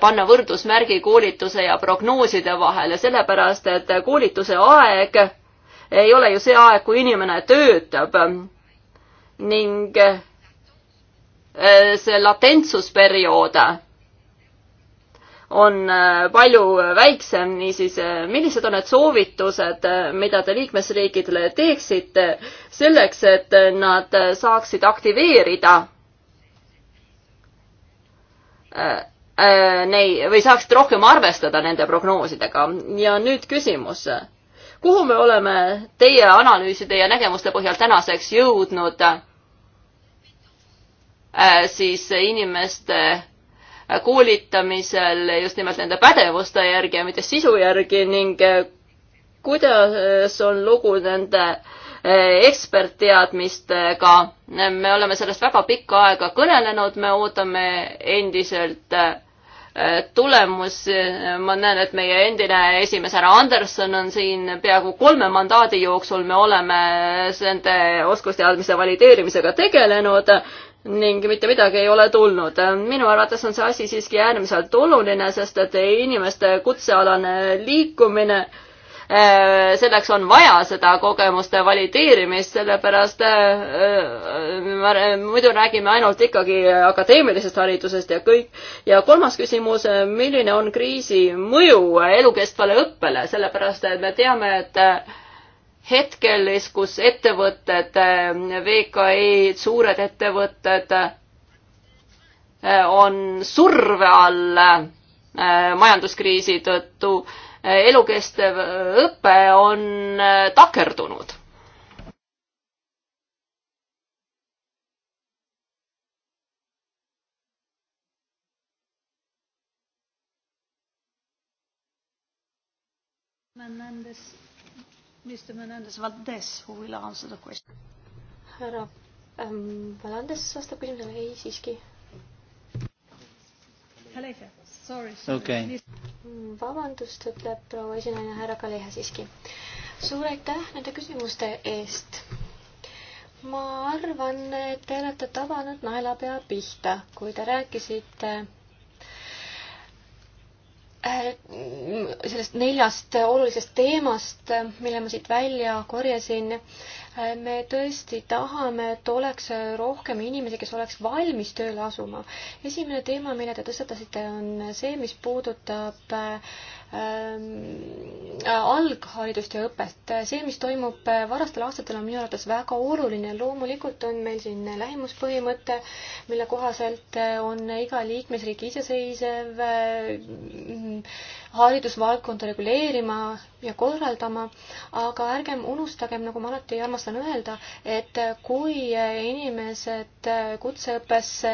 panna võrdusmärgi koolituse ja prognooside vahele, sellepärast et koolituse aeg ei ole ju see aeg, kui inimene töötab ning Äh, see latentsusperiood on äh, palju väiksem, niisiis äh, millised on need soovitused, mida te liikmesriikidele teeksite selleks, et nad saaksid aktiveerida nei- või saaksid rohkem arvestada nende prognoosidega ja nüüd küsimus. kuhu me oleme teie analüüside ja nägemuste põhjal tänaseks jõudnud äh, Äh, siis inimeste koolitamisel just nimelt nende pädevuste järgi ja mitte sisu järgi ning äh, kuidas on lugu nende äh, ekspertteadmistega. me oleme sellest väga pikka aega kõnelenud, me ootame endiselt tulemusi. ma näen, et meie endine esimees härra Anderson on siin peaaegu kolme mandaadi jooksul, me oleme nende oskusteadmise valideerimisega tegelenud ning mitte midagi ei ole tulnud. minu arvates on see asi siiski äärmiselt oluline, sest et inimeste kutsealane liikumine äh, selleks on vaja seda kogemuste valideerimist, sellepärast äh, äh, muidu räägime ainult ikkagi akadeemilisest haridusest ja kõik. ja kolmas küsimus, milline on kriisi mõju elukestvale õppele, sellepärast et me teame, et hetkel, kus ettevõtted, eh, VKE-d, suured ettevõtted eh, on surve all eh, majanduskriisi tõttu, elukestev õpe on takerdunud Fernandes Mr Menendez Valdes, who will answer the question. härra ähm, Valdes vastab küsimusele, ei siiski. Okay. Mm, vabandust, ütleb proua esinaine härra Kaleha siiski. suur aitäh nende küsimuste eest. ma arvan, et te olete tabanud naelapea pihta, kui te rääkisite äh, Äh, sellest neljast olulisest teemast, äh, mille ma siit välja korjasin. Äh, me tõesti tahame, et oleks rohkem inimesi, kes oleks valmis tööle asuma. esimene teema, mille te tõstatasite, on see, mis puudutab äh, Ehm, äh, algharidust ja õpet. see, mis toimub äh, varastel aastatel, on minu arvates väga oluline. loomulikult on meil siin lähimuspõhimõte, mille kohaselt äh, on iga liikmesriik iseseisev haridusvaldkonda reguleerima ja korraldama, aga ärgem unustagem, nagu ma alati armastan öelda, et kui inimesed kutseõppesse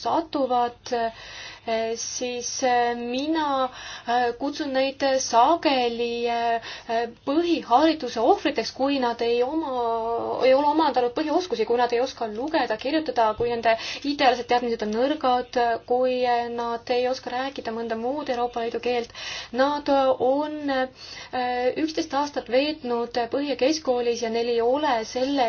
satuvad, siis mina äh, kutsun neid sageli äh, põhihariduse ohvriteks, kui nad ei oma, ei ole omandanud põhioskusi, kui nad ei oska lugeda, kirjutada, kui nende ideaalsed teadmised on nõrgad, kui nad ei oska rääkida mõnda muud Euroopa Liidu keelt, poolt. Nad on äh, üksteist aastat veetnud põhi- ja keskkoolis ja neil ei ole selle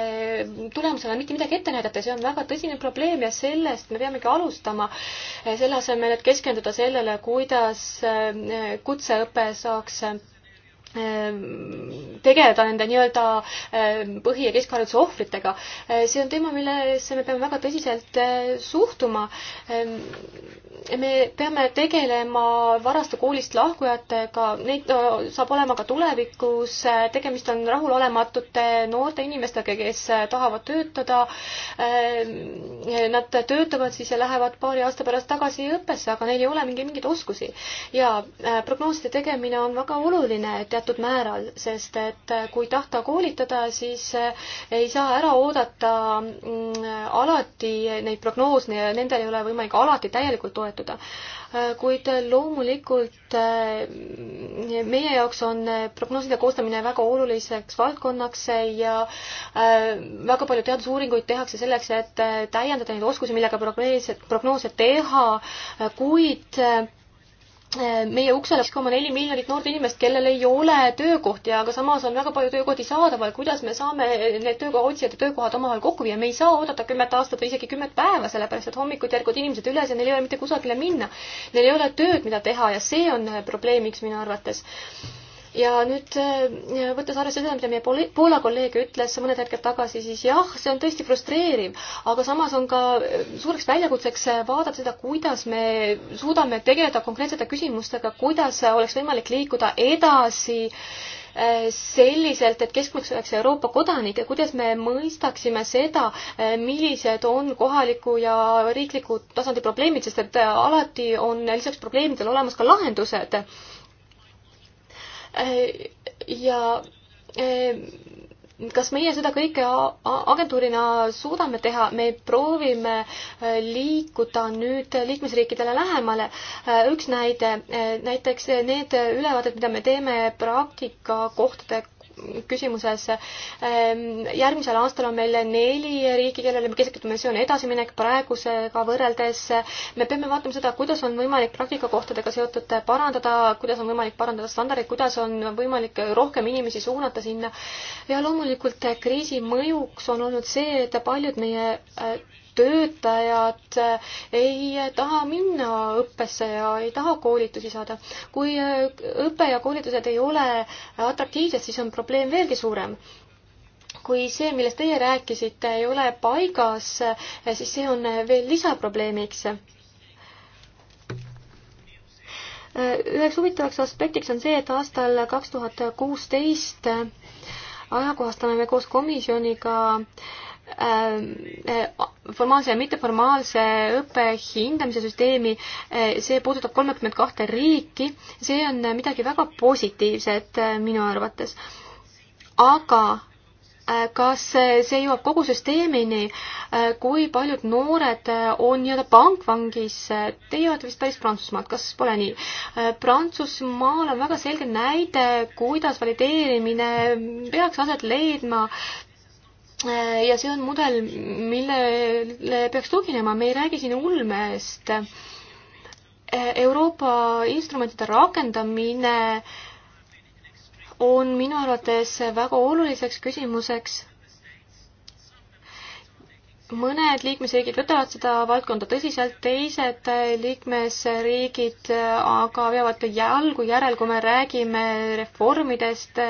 tulemusena mitte midagi ette näidata, see on väga tõsine probleem ja sellest me peamegi alustama, äh, selle asemel, et keskenduda sellele, kuidas äh, kutseõpe saaks Ehm, tegeleda nende nii-öelda ehm, põhi- ja keskhariduse ohvritega. Ehm, see on teema, millesse me peame väga tõsiselt suhtuma. me peame tegelema varaste koolist lahkujatega, neid saab olema ka tulevikus. tegemist on rahulolematute noorte inimestega, kes tahavad töötada. Nad töötavad siis ja lähevad paari aasta pärast tagasi õppesse, aga neil ei ole mingeid, mingeid oskusi. ja prognooside tegemine on väga oluline, et teatud määral, sest et kui tahta koolitada, siis ei saa ära oodata mm, alati neid prognoose ja nendel ei ole võimalik alati täielikult toetuda. kuid loomulikult mm, meie jaoks on prognooside koostamine väga oluliseks valdkonnaks ja mm, väga palju teadusuuringuid tehakse selleks, et täiendada neid oskusi, millega prognoose, prognoose teha, kuid Äh, meie uksele üks koma neli miljonit noort inimest, kellel ei ole töökohti, aga samas on väga palju töökohti saadaval, kuidas me saame need töökoha otsijad ja töökohad omavahel kokku viia, me ei saa oodata kümmet aastat või isegi kümmet päeva, sellepärast et hommikuti ärkavad inimesed üles ja neil ei ole mitte kusagile minna. Neil ei ole tööd, mida teha ja see on probleemiks minu arvates ja nüüd eh, võttes arvesse seda, mida meie Poola kolleeg ütles mõned hetked tagasi, siis jah, see on tõesti frustreeriv, aga samas on ka eh, suureks väljakutseks eh, vaadata seda, kuidas me suudame tegeleda konkreetsete küsimustega, kuidas oleks võimalik liikuda edasi selliselt, et keskmiseks oleks Euroopa kodanik ja kuidas me mõistaksime seda, millised on kohaliku ja riikliku tasandi probleemid, sest et alati on lisaks probleemidele olemas ka lahendused Äh, ja äh, kas meie seda kõike agentuurina suudame teha, me proovime äh, liikuda nüüd liikmesriikidele lähemale. üks näide, näiteks need ülevaated, mida me teeme praktikakohtade küsimuses. Ehm, järgmisel aastal on meil neli riiki, kellele me keskendume, see on edasiminek praegusega võrreldes. me peame vaatama seda, kuidas on võimalik praktikakohtadega seotud parandada, kuidas on võimalik parandada standardeid, kuidas on võimalik rohkem inimesi suunata sinna. ja loomulikult kriisi mõjuks on olnud see, et paljud meie äh, töötajad ei taha minna õppesse ja ei taha koolitusi saada. kui õpe ja koolitused ei ole atraktiivsed, siis on probleem veelgi suurem. kui see, millest teie rääkisite, ei ole paigas, siis see on veel lisaprobleemiks. üheks huvitavaks aspektiks on see, et aastal kaks tuhat kuusteist ajakohastame me koos komisjoniga äh, Ähm, äh, formaalse ja mitteformaalse õppe hindamise süsteemi, äh, see puudutab kolmekümmet kahte riiki, see on midagi väga positiivset äh, minu arvates. aga kas see jõuab kogu süsteemini, kui paljud noored on nii-öelda pantvangis, teie olete vist päris Prantsusmaalt, kas pole nii? Prantsusmaal on väga selge näide, kuidas valideerimine peaks aset leidma Äh, ja see on mudel, millele peaks tuginema, me ei räägi siin ulmest. Äh, Euroopa instrumentide rakendamine on minu arvates väga oluliseks küsimuseks mõned liikmesriigid võtavad seda valdkonda tõsiselt, teised liikmesriigid aga veavad jalgu järel, kui me räägime reformidest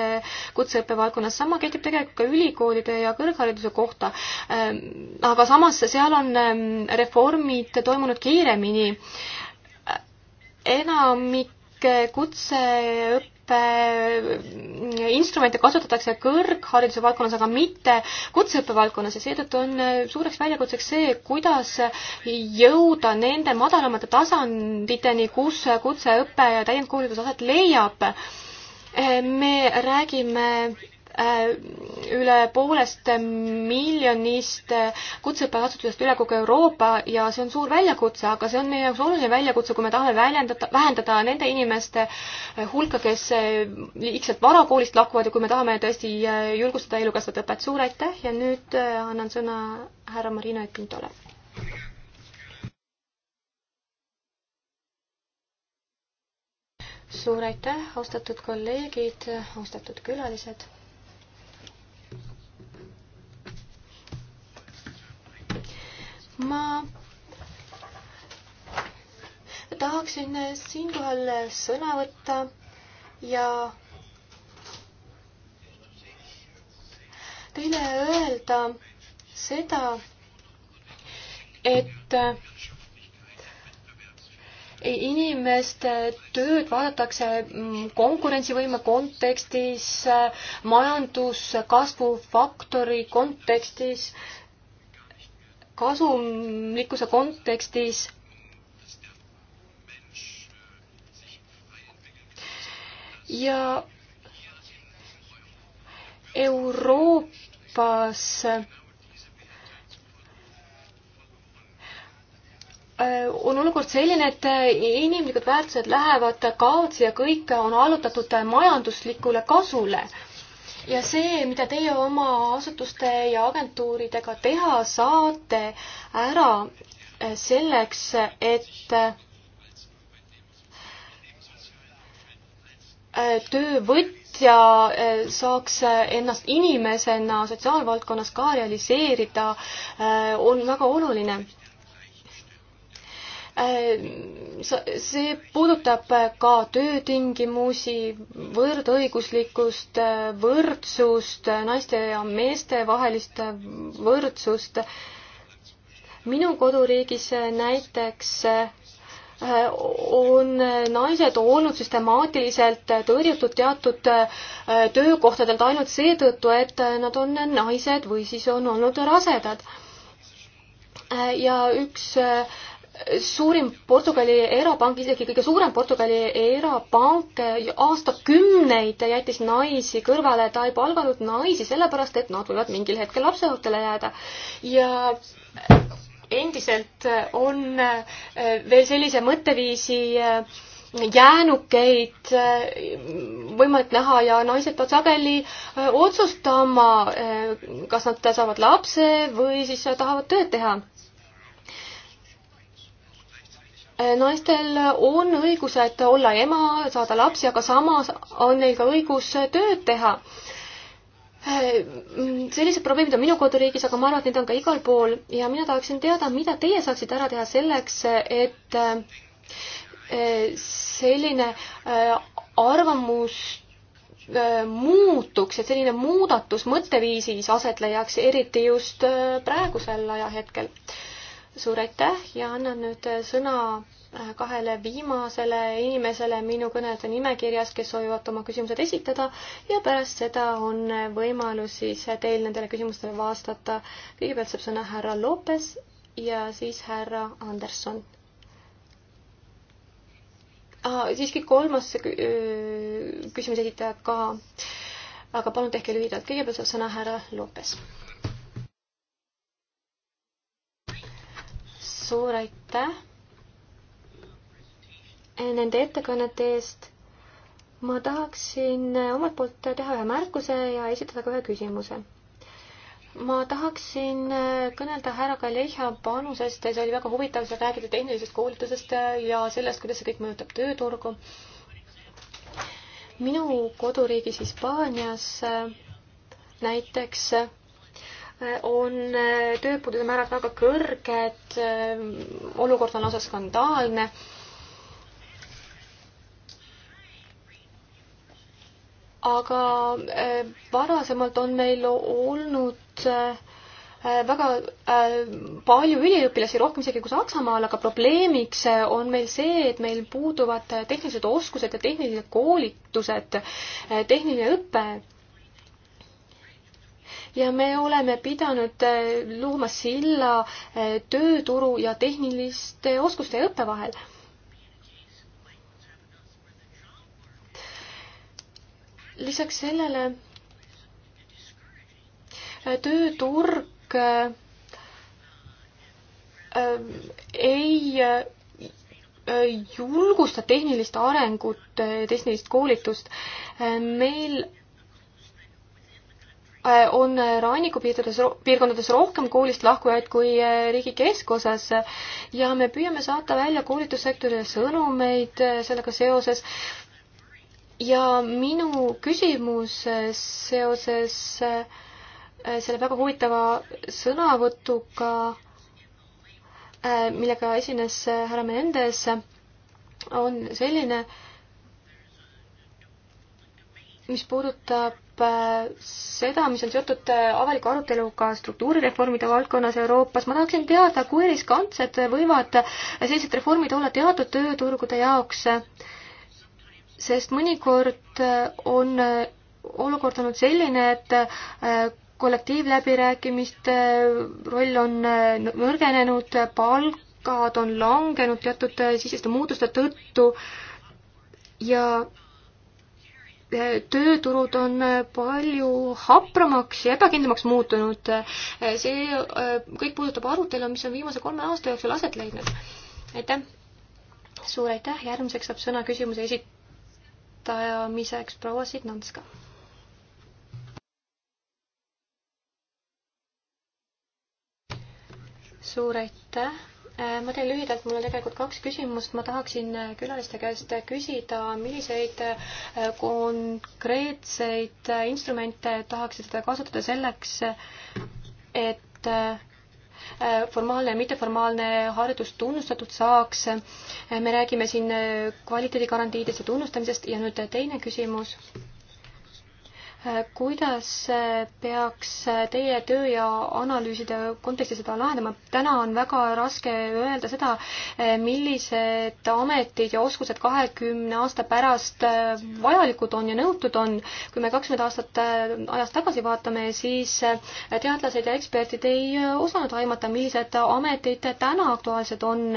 kutseõppe valdkonnas. sama kehtib tegelikult ka ülikoolide ja kõrghariduse kohta. Ähm, aga samas seal on ähm, reformid toimunud kiiremini. Äh, enamik kutseõppe Äh, instrumente kasutatakse kõrghariduse valdkonnas, aga mitte kutseõppe valdkonnas ja seetõttu on äh, suureks väljakutseks see, kuidas jõuda nende madalamate tasanditeni, kus kutseõpe ja täiendkoolitus aset leiab. Äh, me räägime Äh, üle poolest miljonist kutseõppeasutusest üle kogu Euroopa ja see on suur väljakutse, aga see on meie jaoks oluline väljakutse, kui me tahame väljendada, vähendada nende inimeste hulka, kes liigselt varakoolist lahkuvad ja kui me tahame tõesti äh, julgustada elukestvat õpet. suur aitäh ja nüüd äh, annan sõna härra Marina Epintole. suur aitäh, austatud kolleegid, austatud külalised ma tahaksin siinkohal sõna võtta ja teile öelda seda, et inimeste tööd vaadatakse konkurentsivõime kontekstis, majanduskasvu faktori kontekstis kasumlikkuse kontekstis ja Euroopas äh, on olukord selline, et inimlikud väärtused lähevad kaotsi ja kõik on allutatud majanduslikule kasule ja see, mida teie oma asutuste ja agentuuridega teha saate ära eh, selleks, et eh, töövõtja eh, saaks ennast inimesena sotsiaalvaldkonnas ka realiseerida, on väga oluline see puudutab äh, ka töötingimusi, võrdõiguslikkust, äh, võrdsust, äh, naiste ja meeste vahelist võrdsust. minu koduriigis näiteks on naised olnud süstemaatiliselt tõrjutud teatud töökohtadelt ainult seetõttu, et nad on naised või siis on olnud rasedad. ja üks äh, suurim Portugali erapank, isegi kõige suurem Portugali erapank aastakümneid jättis naisi kõrvale, ta ei palganud naisi sellepärast, et nad võivad mingil hetkel lapseootele jääda. ja endiselt on äh, veel sellise mõtteviisi äh, jäänukeid äh, võimalik näha ja naised peavad sageli otsustama, kas nad saavad lapse või siis tahavad tööd teha Äh, naistel on õigused olla ema, saada lapsi, aga samas on neil ka õigus tööd teha. Äh, sellised probleemid on minu koduriigis, aga ma arvan, et need on ka igal pool ja mina tahaksin teada, mida teie saaksite ära teha selleks, et äh, selline arvamus muutuks, et selline muudatus mõtteviisis aset leiaks, eriti just praegusel ajahetkel suur aitäh ja annan nüüd äh, sõna äh, kahele viimasele inimesele minu kõnede nimekirjas, kes soovivad oma küsimused esitada ja pärast seda on äh, võimalus siis teil nendele küsimustele vastata. kõigepealt saab sõna härra Lopes ja siis härra Anderson ah,. siiski kolmas küsimuse esitaja ka. aga palun tehke lühidalt, kõigepealt saab sõna härra Lopes suur aitäh nende ettekannete eest. ma tahaksin omalt poolt teha ühe märkuse ja esitada ka ühe küsimuse. ma tahaksin kõnelda härra Kalehha panusest, see oli väga huvitav, seal räägiti tehnilisest koolitusest ja sellest, kuidas see kõik mõjutab tööturgu. minu koduriigis Hispaanias näiteks on äh, tööpuuduse määrad väga kõrged, äh, olukord on lausa skandaalne. aga äh, varasemalt on meil olnud väga palju üliõpilasi, rohkem isegi kui Saksamaal, aga probleemiks on meil see, et meil puuduvad tehnilised oskused ja tehnilised koolitused, tehniline õpe ja me oleme pidanud äh, looma silla äh, tööturu ja tehniliste oskuste ja õppe vahel. lisaks sellele äh, tööturg ei julgusta tehnilist arengut, tehnilist koolitust. meil Äh, on rannikupiirkondades, piirkondades rohkem koolist lahkujaid kui äh, riigi keskosas ja me püüame saata välja koolitussektorile sõnumeid äh, sellega seoses. ja minu küsimus seoses selle väga huvitava sõnavõtuga, millega esines härra Menendez, on selline, mis puudutab Äh, seda, mis on seotud äh, avaliku aruteluga struktuurireformide valdkonnas Euroopas. ma tahaksin teada, kui riskantsed võivad sellised reformid olla teatud tööturgude jaoks, sest mõnikord äh, on olukord olnud selline, et kollektiivläbirääkimiste roll on nõrgenenud, palgad on langenud teatud siseste muutuste tõttu ja tööturud on palju hapramaks ja ebakindlamaks muutunud. see äh, kõik puudutab arutelu, mis on viimase kolme aasta jooksul aset leidnud. aitäh! suur aitäh, järgmiseks saab sõna küsimuse esitamiseks proua Sidnanska. suur aitäh! Äh, ma teen lühidalt, mul on tegelikult kaks küsimust, ma tahaksin äh, külaliste käest küsida, milliseid äh, konkreetseid instrumente tahaksite kasutada selleks, et formaalne ja mitteformaalne haridus tunnustatud saaks. me räägime siin kvaliteedigarantiidest ja tunnustamisest ja nüüd teine küsimus kuidas peaks teie töö ja analüüside kontekstis seda lahendama? täna on väga raske öelda seda, millised ametid ja oskused kahekümne aasta pärast vajalikud on ja nõutud on. kui me kakskümmend aastat ajas tagasi vaatame, siis teadlased ja eksperdid ei osanud aimata, millised ametid täna aktuaalsed on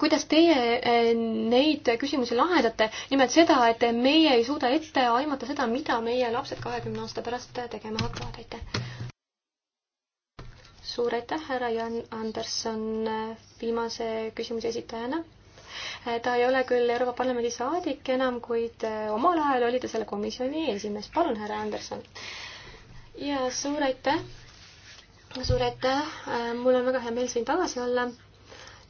kuidas teie eh, neid küsimusi lahendate, nimelt seda, et meie ei suuda ette aimata seda, mida meie lapsed kahekümne aasta pärast tegema hakkavad, aitäh. suur aitäh, härra Jan Anderson viimase küsimuse esitajana. Eh, ta ei ole küll Euroopa Parlamendi saadik enam, kuid eh, omal ajal oli ta selle komisjoni esimees. palun, härra Anderson. ja suur aitäh, suur aitäh, mul on väga hea meel siin tagasi olla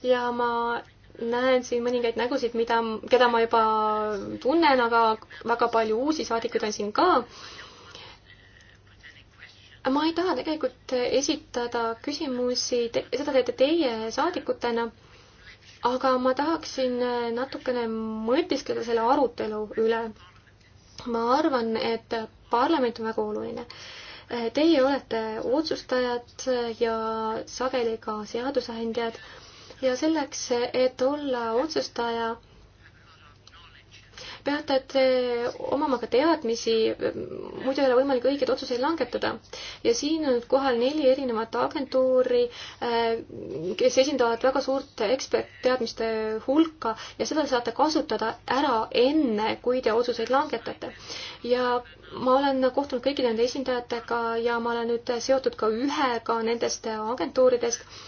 ja ma näen siin mõningaid nägusid, mida, keda ma juba tunnen, aga väga palju uusi saadikuid on siin ka. ma ei taha tegelikult esitada küsimusi te,, seda teete teie saadikutena, aga ma tahaksin natukene mõtiskleda selle arutelu üle. ma arvan, et parlament on väga oluline Teie olete otsustajad ja sageli ka seadusandjad ja selleks, et olla otsustaja, peate te omama ka teadmisi, muidu ei ole võimalik õigeid otsuseid langetada. ja siin on kohal neli erinevat agentuuri, kes esindavad väga suurt ekspertteadmiste hulka ja seda saate kasutada ära enne, kui te otsuseid langetate. ja ma olen kohtunud kõigi nende esindajatega ja ma olen nüüd seotud ka ühega nendest agentuuridest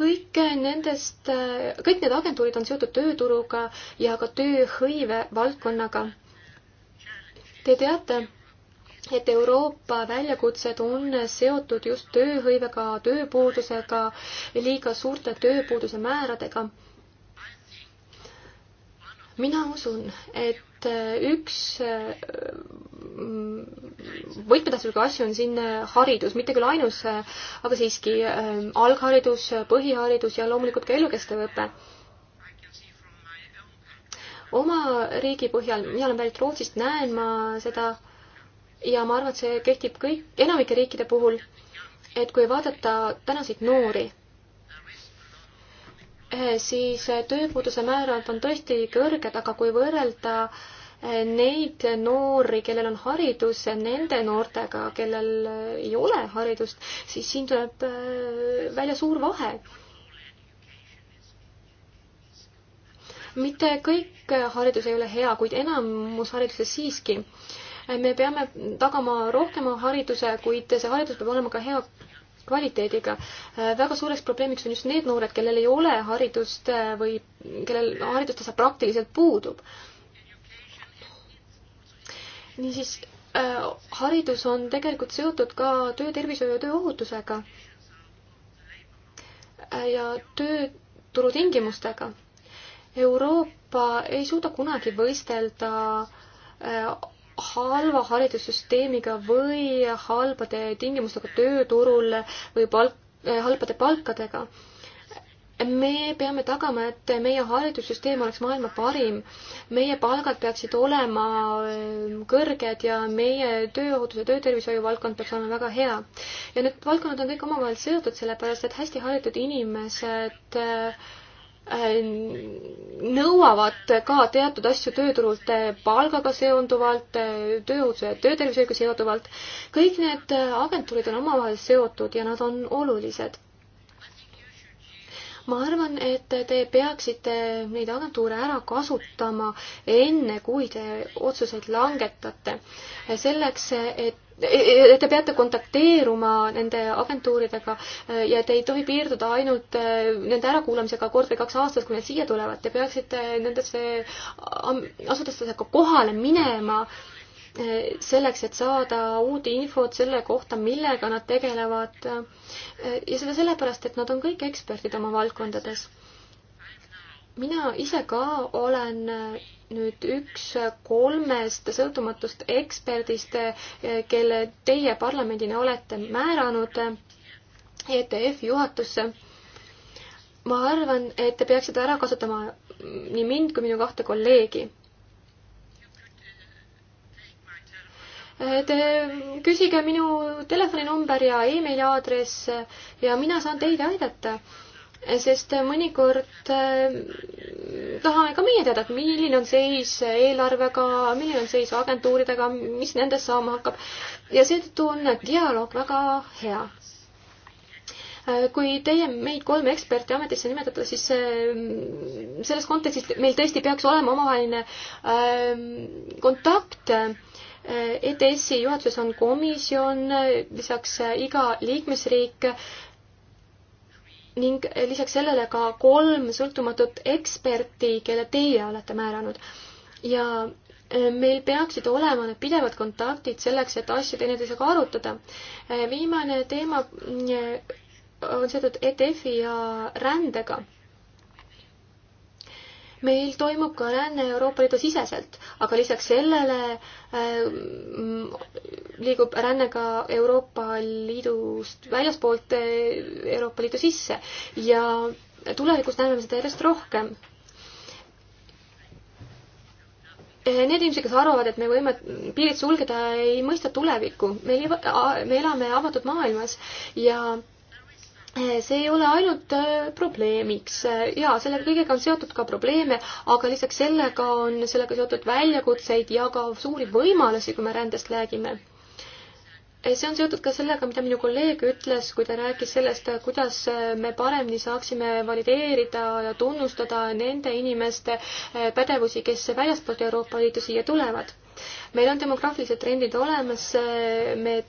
kõik nendest, kõik need agentuurid on seotud tööturuga ja ka tööhõive valdkonnaga. Te teate, et Euroopa väljakutsed on seotud just tööhõivega, tööpuudusega, liiga suurte tööpuuduse määradega. mina usun, et et äh, üks äh, võtmetähtsusega asju on siin äh, haridus, mitte küll ainus, aga siiski algharidus, põhiharidus ja loomulikult ka elukestev õpe. oma riigi põhjal, mina olen pärit Rootsist, näen ma seda ja ma arvan, et see kehtib kõik, enamike riikide puhul, et kui vaadata tänaseid noori Eh, siis eh, tööpuuduse määrad on tõesti kõrged, aga kui võrrelda eh, neid noori, kellel on haridus, nende noortega, kellel ei ole haridust, siis siin tuleb välja suur vahe. mitte kõik haridus ei ole hea, kuid enamus hariduses siiski me peame tagama rohkema hariduse, kuid see haridus peab olema ka hea kvaliteediga. Äh, väga suureks probleemiks on just need noored, kellel ei ole haridust äh, või kellel haridustasa praktiliselt puudub. niisiis, äh, haridus on tegelikult seotud ka töötervishoiu ja tööohutusega ja tööturutingimustega. Euroopa ei suuda kunagi võistelda halva haridussüsteemiga või halbade tingimustega tööturul või palk, äh, halbade palkadega. me peame tagama, et meie haridussüsteem oleks maailma parim. meie palgad peaksid olema äh, kõrged ja meie tööohutuse, töötervishoiu valdkond peaks olema väga hea. ja need valdkonnad on kõik omavahel seotud, sellepärast et hästi haritud inimesed äh, Äh, nõuavad ka teatud asju tööturult äh, palgaga seonduvalt, äh, tööohutuse ja töötervishoiuga seonduvalt. kõik need agentuurid on omavahel seotud ja nad on olulised. ma arvan, et te peaksite neid agentuure ära kasutama enne, kui te otsuseid langetate, selleks et te peate kontakteeruma nende agentuuridega äh, ja te ei tohi piirduda ainult äh, nende ärakuulamisega kord või kaks aastas, kui nad siia tulevad. Te peaksite nendesse asutustesse ka kohale minema äh, selleks, et saada uut infot selle kohta, millega nad tegelevad. ja seda sellepärast, et nad on kõik eksperdid oma valdkondades. mina ise ka olen nüüd üks kolmest sõltumatust eksperdist, kelle teie parlamendina olete määranud ETF juhatusse. ma arvan, et te peaksite ära kasutama nii mind kui minu kahte kolleegi Te küsige minu telefoninumber ja emaili aadress ja mina saan teid aidata sest mõnikord äh, tahame ka meie teada, milline on seis eelarvega, milline on seis agentuuridega, mis nendest saama hakkab. ja seetõttu on dialoog väga hea äh, kui teie meid kolme eksperti ametisse nimetate, siis äh, selles kontekstis meil tõesti peaks olema omavaheline kontakt. ETS-i juhatuses on komisjon, lisaks iga liikmesriik ning lisaks sellele ka kolm sõltumatut eksperti, kelle teie olete määranud. ja eh, meil peaksid olema need pidevad kontaktid selleks, et asju teineteisega arutada. Eh, viimane teema eh, on seotud ETF-i ja rändega meil toimub ka ränne Euroopa Liidu siseselt, aga lisaks sellele äh, liigub ränne ka Euroopa Liidust väljaspoolt äh, Euroopa Liidu sisse ja tulevikus näeme seda järjest rohkem. Äh, need inimesed, kes arvavad, et me võime piirid sulgeda, ei mõista tulevikku. me elame avatud maailmas ja Eh, see ei ole ainult eh, probleemiks eh, ja selle kõigega on seotud ka probleeme, aga lisaks sellega on sellega seotud väljakutseid ja ka suuri võimalusi, kui me rändest räägime. see on seotud ka sellega, mida minu kolleeg ütles, kui ta rääkis sellest, kuidas me paremini saaksime valideerida ja tunnustada nende inimeste pädevusi, kes väljastpoolt Euroopa Liitu siia tulevad. meil on demograafilised trendid olemas, me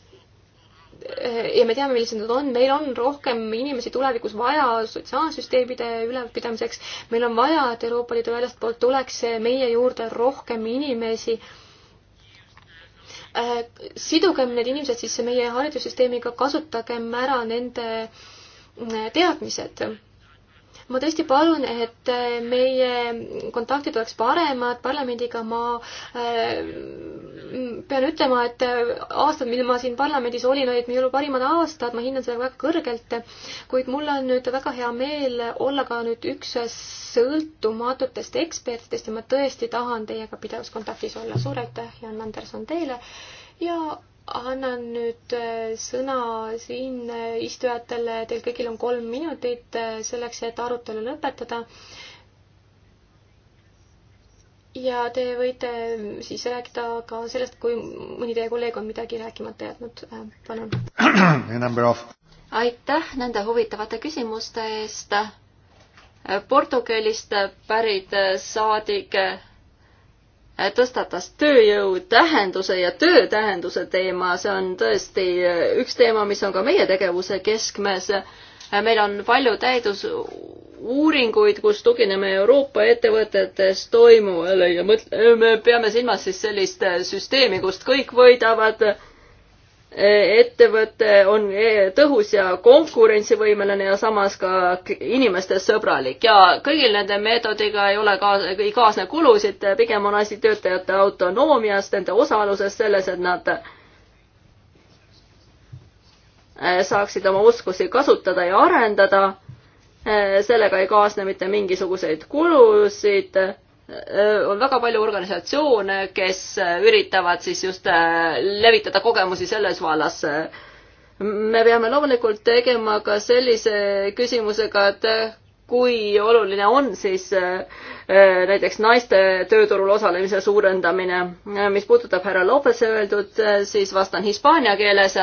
Eh, ja me teame, millised nad on, meil on rohkem inimesi tulevikus vaja sotsiaalsüsteemide ülalpidamiseks, meil on vaja, et Euroopa Liidu väljastpoolt tuleks meie juurde rohkem inimesi. Eh, sidugem need inimesed siis meie haridussüsteemiga, kasutagem ära nende eh, teadmised ma tõesti palun, et äh, meie kontaktid oleks paremad parlamendiga, ma äh, pean ütlema, et äh, aastad, mil ma siin parlamendis olin, olid minu parimad aastad, ma hindan seda väga kõrgelt, kuid mul on nüüd väga hea meel olla ka nüüd üks sõltumatutest ekspertidest ja ma tõesti tahan teiega pidevas kontaktis olla. suur aitäh, Jan Anderson, teile ja annan nüüd äh, sõna siin äh, istujatele, teil kõigil on kolm minutit äh, selleks, et arutelu lõpetada. ja te võite siis rääkida ka sellest, kui mõni teie kolleeg on midagi rääkimata jätnud, palun. aitäh nende huvitavate küsimuste eest. Portugalist pärit saadik Äh, tõstatas tööjõu tähenduse ja töö tähenduse teema, see on tõesti äh, üks teema, mis on ka meie tegevuse keskmes. Äh, meil on palju täidusuuringuid, kus tugineme Euroopa ettevõtetes toimuvale ja mõtle, me peame silmas siis sellist süsteemi, kust kõik võidavad ettevõte on tõhus ja konkurentsivõimeline ja samas ka inimeste sõbralik ja kõigil nende meetodiga ei ole ka, ei kaasne kulusid, pigem on asi töötajate autonoomias, nende osaluses selles, et nad äh, saaksid oma oskusi kasutada ja arendada. Äh, sellega ei kaasne mitte mingisuguseid kulusid Äh, on väga palju organisatsioone, kes äh, üritavad siis just äh, levitada kogemusi selles vallas. me peame loomulikult tegema ka sellise küsimusega, et kui oluline on siis näiteks naiste tööturul osalemise suurendamine. mis puudutab härra Lopese öeldud, siis vastan hispaania keeles.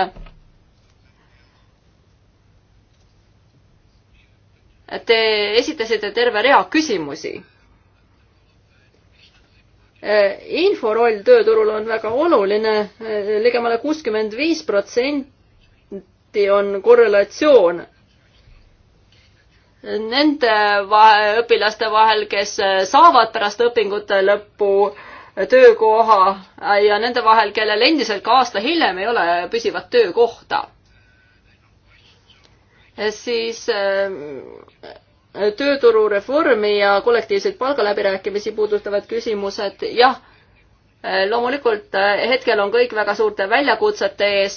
Te esitasite terve rea küsimusi Eh, info roll tööturul on väga oluline ligemale, eh, ligemale kuuskümmend viis protsenti on korrelatsioon nende vahe, õpilaste vahel, kes eh, saavad pärast õpingute lõppu töökoha ja nende vahel, kellel endiselt ka aasta hiljem ei ole püsivat töökohta siis tööturureformi ja kollektiivseid palgaläbirääkimisi puudutavad küsimused, jah, äh, loomulikult äh, hetkel on kõik väga suurte väljakutsete ees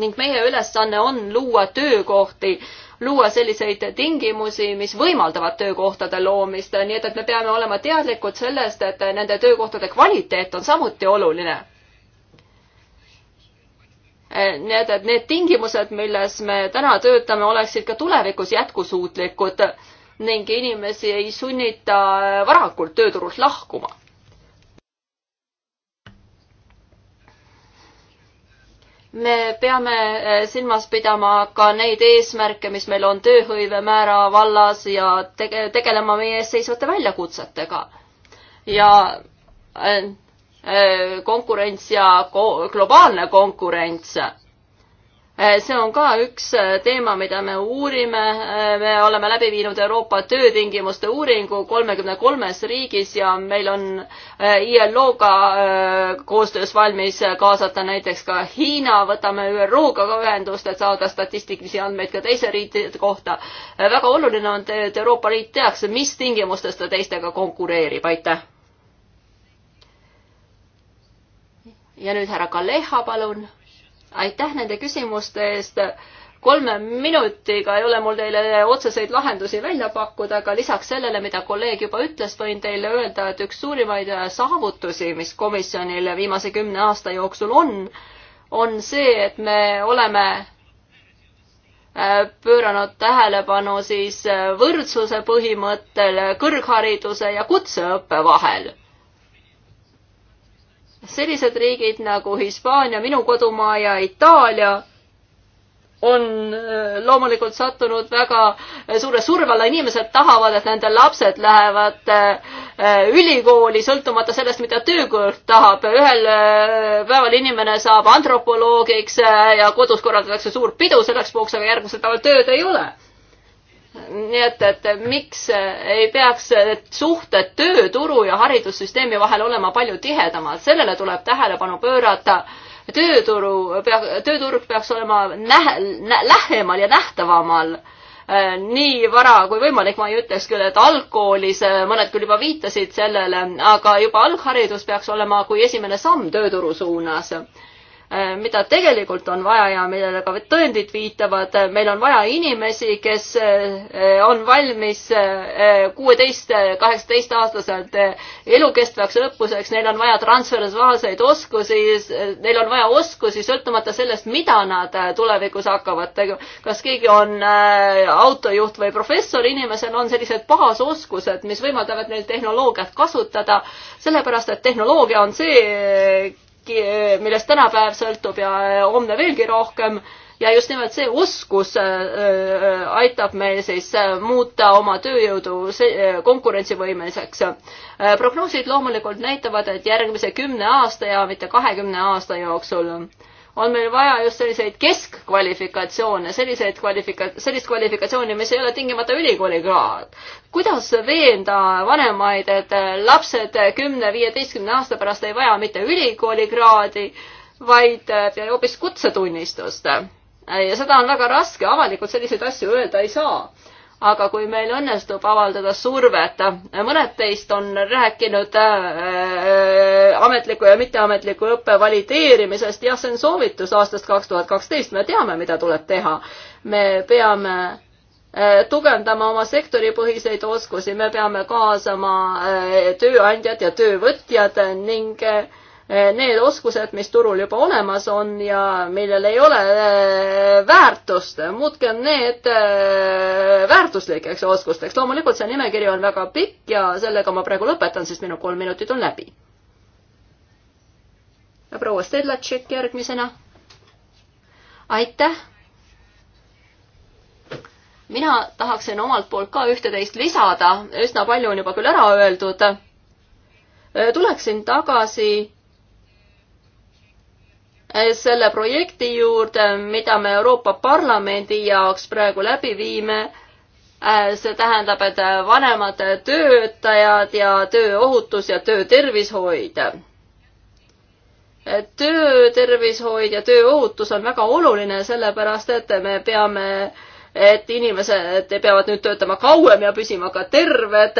ning meie ülesanne on luua töökohti, luua selliseid tingimusi, mis võimaldavad töökohtade loomist, nii et, et me peame olema teadlikud sellest, et nende töökohtade kvaliteet on samuti oluline Eh, nii et, et need tingimused, milles me täna töötame, oleksid ka tulevikus jätkusuutlikud ning inimesi ei sunnita varakult tööturult lahkuma. me peame eh, silmas pidama ka neid eesmärke, mis meil on tööhõive määra vallas ja tege-, tegelema meie ees seisvate väljakutsetega. ja eh, Äh, konkurents ja ko globaalne konkurents. Äh, see on ka üks äh, teema, mida me uurime. me oleme läbi viinud Euroopa töötingimuste uuringu kolmekümne kolmes riigis ja meil on ILO-ga koostöös valmis kaasata näiteks ka Hiina, võtame ÜRO-ga ka ühendust, et saada statistilisi andmeid ka teise riikide kohta. väga oluline on, et Euroopa Liit teaks, mis tingimustes ta teistega konkureerib, aitäh ja nüüd härra Kaleha, palun. aitäh nende küsimuste eest. kolme minutiga ei ole mul teile otseseid lahendusi välja pakkuda, aga lisaks sellele, mida kolleeg juba ütles, võin teile öelda, et üks suurimaid saavutusi, mis komisjonil viimase kümne aasta jooksul on, on see, et me oleme äh, pööranud tähelepanu siis äh, võrdsuse põhimõttele kõrghariduse ja kutseõppe vahel sellised riigid nagu Hispaania, minu kodumaa ja Itaalia on äh, loomulikult sattunud väga äh, suure surve alla, inimesed tahavad, et nende lapsed lähevad äh, ülikooli, sõltumata sellest, mida töökord tahab. ühel päeval inimene saab antropoloogiks ja kodus korraldatakse suur pidu selleks puhuks, aga järgmisel päeval tööd ei ole nii et, et miks ei peaks suhted tööturu ja haridussüsteemi vahel olema palju tihedamad, sellele tuleb tähelepanu pöörata. tööturu, tööturg peaks olema nähe, nä, lähemal ja nähtavamal nii vara kui võimalik, ma ei ütleks küll, et algkoolis, mõned küll juba viitasid sellele, aga juba algharidus peaks olema kui esimene samm tööturu suunas Äh, mida tegelikult on vaja ja millele ka tõendid viitavad. Äh, meil on vaja inimesi, kes äh, on valmis kuueteist, kaheksateist aastaselt elukestvaks õppuseks, neil on vaja transversaalseid oskusi, neil on vaja oskusi sõltumata sellest, mida nad tulevikus hakkavad tegema. kas keegi on autojuht või professor, inimesel on sellised baasoskused, mis võimaldavad neil tehnoloogiat kasutada, sellepärast et tehnoloogia on see, millest tänapäev sõltub ja äh, homne veelgi rohkem. ja just nimelt see oskus äh, äh, aitab meil siis muuta oma tööjõudu konkurentsivõimeliseks. prognoosid loomulikult näitavad, et järgmise kümne aasta ja mitte kahekümne aasta jooksul on meil vaja just selliseid keskkvalifikatsioone, selliseid kvalifika-, sellist kvalifikatsiooni, mis ei ole tingimata ülikoolikraad. kuidas veenda vanemaid, et lapsed kümne-viieteistkümne aasta pärast ei vaja mitte ülikoolikraadi, vaid äh, hoopis kutsetunnistust? ja seda on väga raske, avalikult selliseid asju öelda ei saa aga kui meil õnnestub avaldada survet, mõned teist on rääkinud äh, äh, ametliku ja mitteametliku õppe valideerimisest, jah, see on soovitus aastast kaks tuhat kaksteist, me teame, mida tuleb teha. me peame äh, tugevdama oma sektoripõhiseid oskusi, me peame kaasama äh, tööandjad ja töövõtjad ning äh, Eh, need oskused, mis turul juba olemas on ja millel ei ole eh, väärtust, muutke need eh, väärtuslikeks oskusteks. loomulikult see nimekiri on väga pikk ja sellega ma praegu lõpetan, sest minu kolm minutit on läbi. proua Stedlatšik järgmisena. aitäh. mina tahaksin omalt poolt ka üht-teist lisada, üsna palju on juba küll ära öeldud. tuleksin tagasi Eh, selle projekti juurde, mida me Euroopa Parlamendi jaoks praegu läbi viime. Eh, see tähendab, et vanemad töötajad ja tööohutus ja töötervishoid. Eh, töötervishoid ja tööohutus on väga oluline, sellepärast et me peame, et inimesed peavad nüüd töötama kauem ja püsima ka terved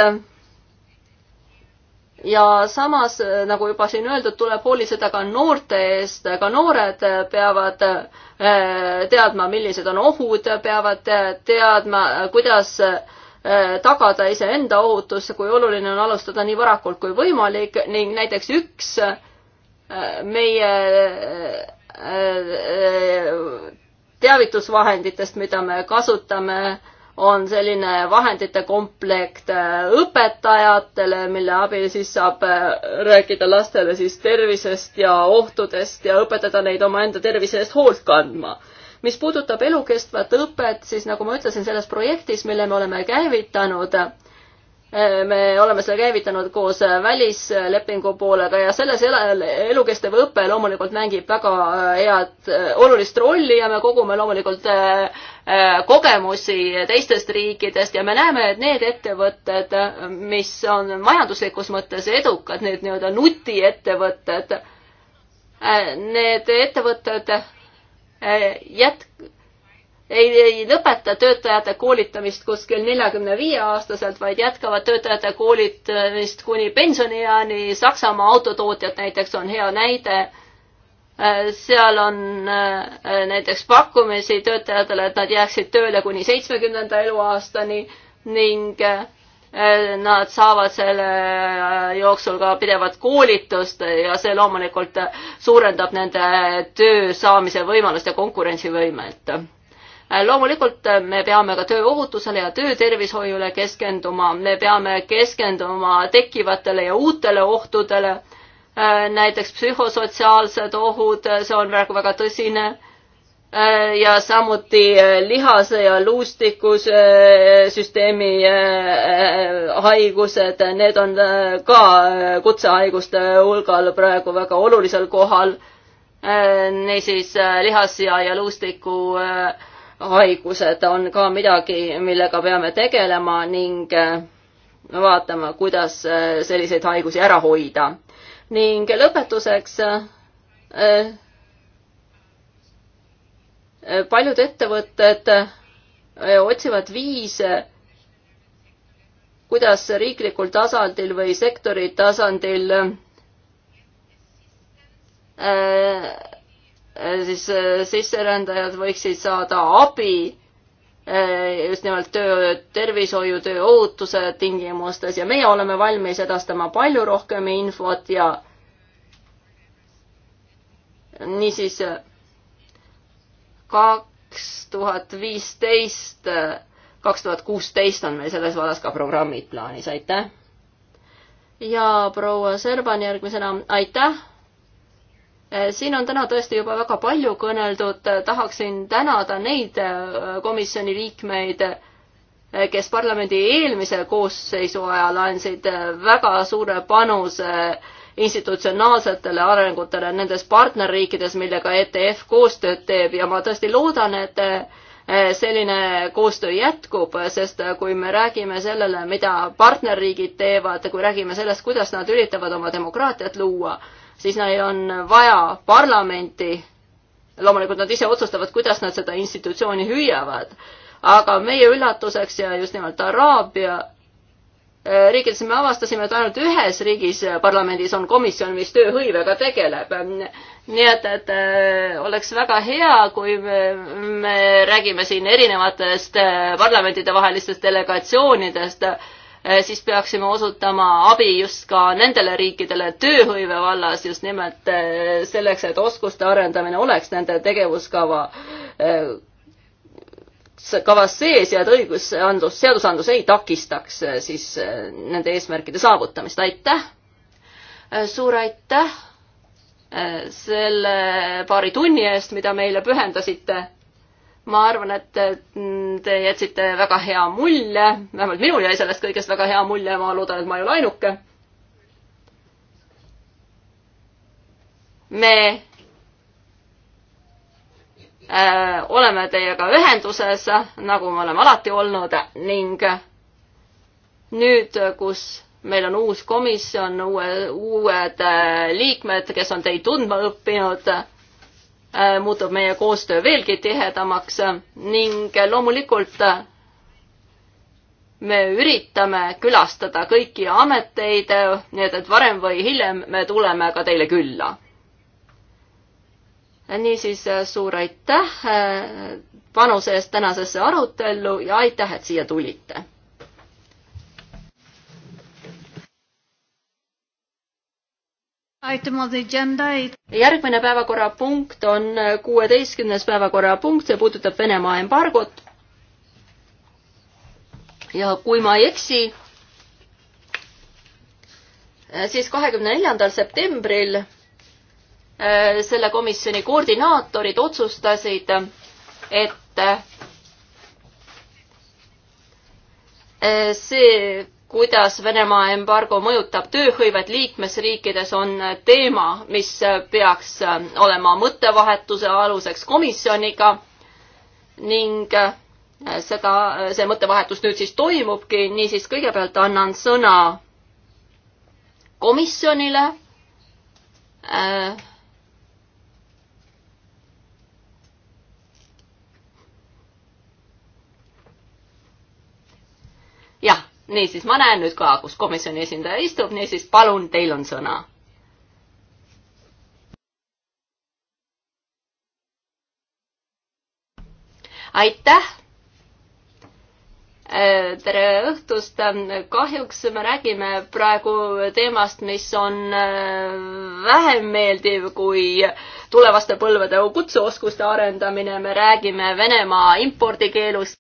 ja samas, äh, nagu juba siin öeldud, tuleb hoolitseda ka noorte eest, ka noored peavad äh, teadma, millised on ohud, peavad äh, teadma, kuidas tagada iseenda ohutus, kui oluline on alustada nii varakult kui võimalik ning näiteks üks meie teavitusvahenditest, mida me kasutame, on selline vahendite komplekt äh, õpetajatele, mille abil siis saab äh, rääkida lastele siis tervisest ja ohtudest ja õpetada neid omaenda tervise eest hoolt kandma. mis puudutab elukestvat õpet, siis nagu ma ütlesin, selles projektis, mille me oleme käivitanud, me oleme selle käivitanud koos välislepingu poolega ja selles elukestev õpe loomulikult mängib väga äh, head, äh, olulist rolli ja me kogume loomulikult äh, kogemusi teistest riikidest ja me näeme, et need ettevõtted, mis on majanduslikus mõttes edukad, need nii-öelda nutiettevõtted, need ettevõtted jätk-, ei, ei lõpeta töötajate koolitamist kuskil neljakümne viie aastaselt, vaid jätkavad töötajate koolitamist kuni pensionieani. Saksamaa autotootjad näiteks on hea näide. seal on äh, näiteks pakkumisi töötajatele, et nad jääksid tööle kuni seitsmekümnenda eluaastani ning äh, nad saavad selle äh, jooksul ka pidevat koolitust ja see loomulikult suurendab nende töö saamise võimalust ja konkurentsivõimet Äh, loomulikult äh, me peame ka tööohutusele ja töötervishoiule keskenduma, me peame keskenduma tekkivatele ja uutele ohtudele, äh, näiteks psühhosotsiaalsed ohud, see on praegu väga tõsine, ja samuti lihase ja luustikusüsteemi haigused, need on ka kutsehaiguste hulgal praegu väga olulisel kohal. niisiis lihas ja, ja luustiku äh, haigused on ka midagi, millega peame tegelema ning äh, vaatama, kuidas äh, selliseid haigusi ära hoida. ning lõpetuseks äh, paljud ettevõtted otsivad viise, kuidas riiklikul tasandil või sektori tasandil Äh, siis äh, sisserändajad võiksid saada abi äh, just nimelt töö, tervishoiu, töö ohutuse tingimustes ja meie oleme valmis edastama palju rohkem infot ja niisiis kaks tuhat viisteist, kaks tuhat kuusteist on meil selles vallas ka programmid plaanis, aitäh! ja proua Serban järgmisena, aitäh! Eh, siin on täna tõesti juba väga palju kõneldud, eh, tahaksin tänada neid eh, komisjoni liikmeid, kes parlamendi eelmise koosseisu ajal andsid väga suure panuse institutsionaalsetele arengutele nendes partnerriikides, millega ETF koostööd teeb ja ma tõesti loodan, et selline koostöö jätkub, sest kui me räägime sellele, mida partnerriigid teevad, kui räägime sellest, kuidas nad üritavad oma demokraatiat luua, siis neil on vaja parlamenti. loomulikult nad ise otsustavad, kuidas nad seda institutsiooni hüüavad. aga meie üllatuseks ja just nimelt Araabia äh, riikides me avastasime, et ainult ühes riigis äh, parlamendis on komisjon, mis tööhõivega tegeleb. nii et, et äh, oleks väga hea, kui me, me räägime siin erinevatest parlamentidevahelistest delegatsioonidest Eh, siis peaksime osutama abi just ka nendele riikidele tööhõive vallas just nimelt eh, selleks, et oskuste arendamine oleks nende tegevuskava eh, kavas sees ja et õigusandlus, seadusandlus ei takistaks siis nende eesmärkide saavutamist, aitäh! suur aitäh selle paari tunni eest, mida meile pühendasite ma arvan, et te jätsite väga hea mulje, vähemalt minul jäi sellest kõigest väga hea mulje, ma loodan, et ma ei ole ainuke. me äh, oleme teiega ühenduses, nagu me oleme alati olnud ning nüüd, kus meil on uus komisjon, uue, uued äh, liikmed, kes on teid tundma õppinud äh,, Äh, muutub meie koostöö veelgi tihedamaks ning loomulikult äh, me üritame külastada kõiki ameteid, nii et, et varem või hiljem me tuleme ka teile külla. niisiis äh, suur aitäh panuse eest tänasesse arutellu ja aitäh, et siia tulite järgmine päevakorrapunkt on äh, kuueteistkümnes päevakorrapunkt, see puudutab Venemaa embargot. ja kui ma ei eksi, äh, siis kahekümne neljandal septembril äh, selle komisjoni koordinaatorid otsustasid, et see kuidas Venemaa embargo mõjutab tööhõivet liikmesriikides, on teema, mis peaks olema mõttevahetuse aluseks komisjoniga ning seda, see mõttevahetus nüüd siis toimubki, niisiis kõigepealt annan sõna komisjonile äh,. jah niisiis, ma näen nüüd ka, kus komisjoni esindaja istub, niisiis palun, teil on sõna. aitäh tere õhtust. kahjuks me räägime praegu teemast, mis on vähem meeldiv kui tulevaste põlvede kutseoskuste arendamine. me räägime Venemaa impordikeelust.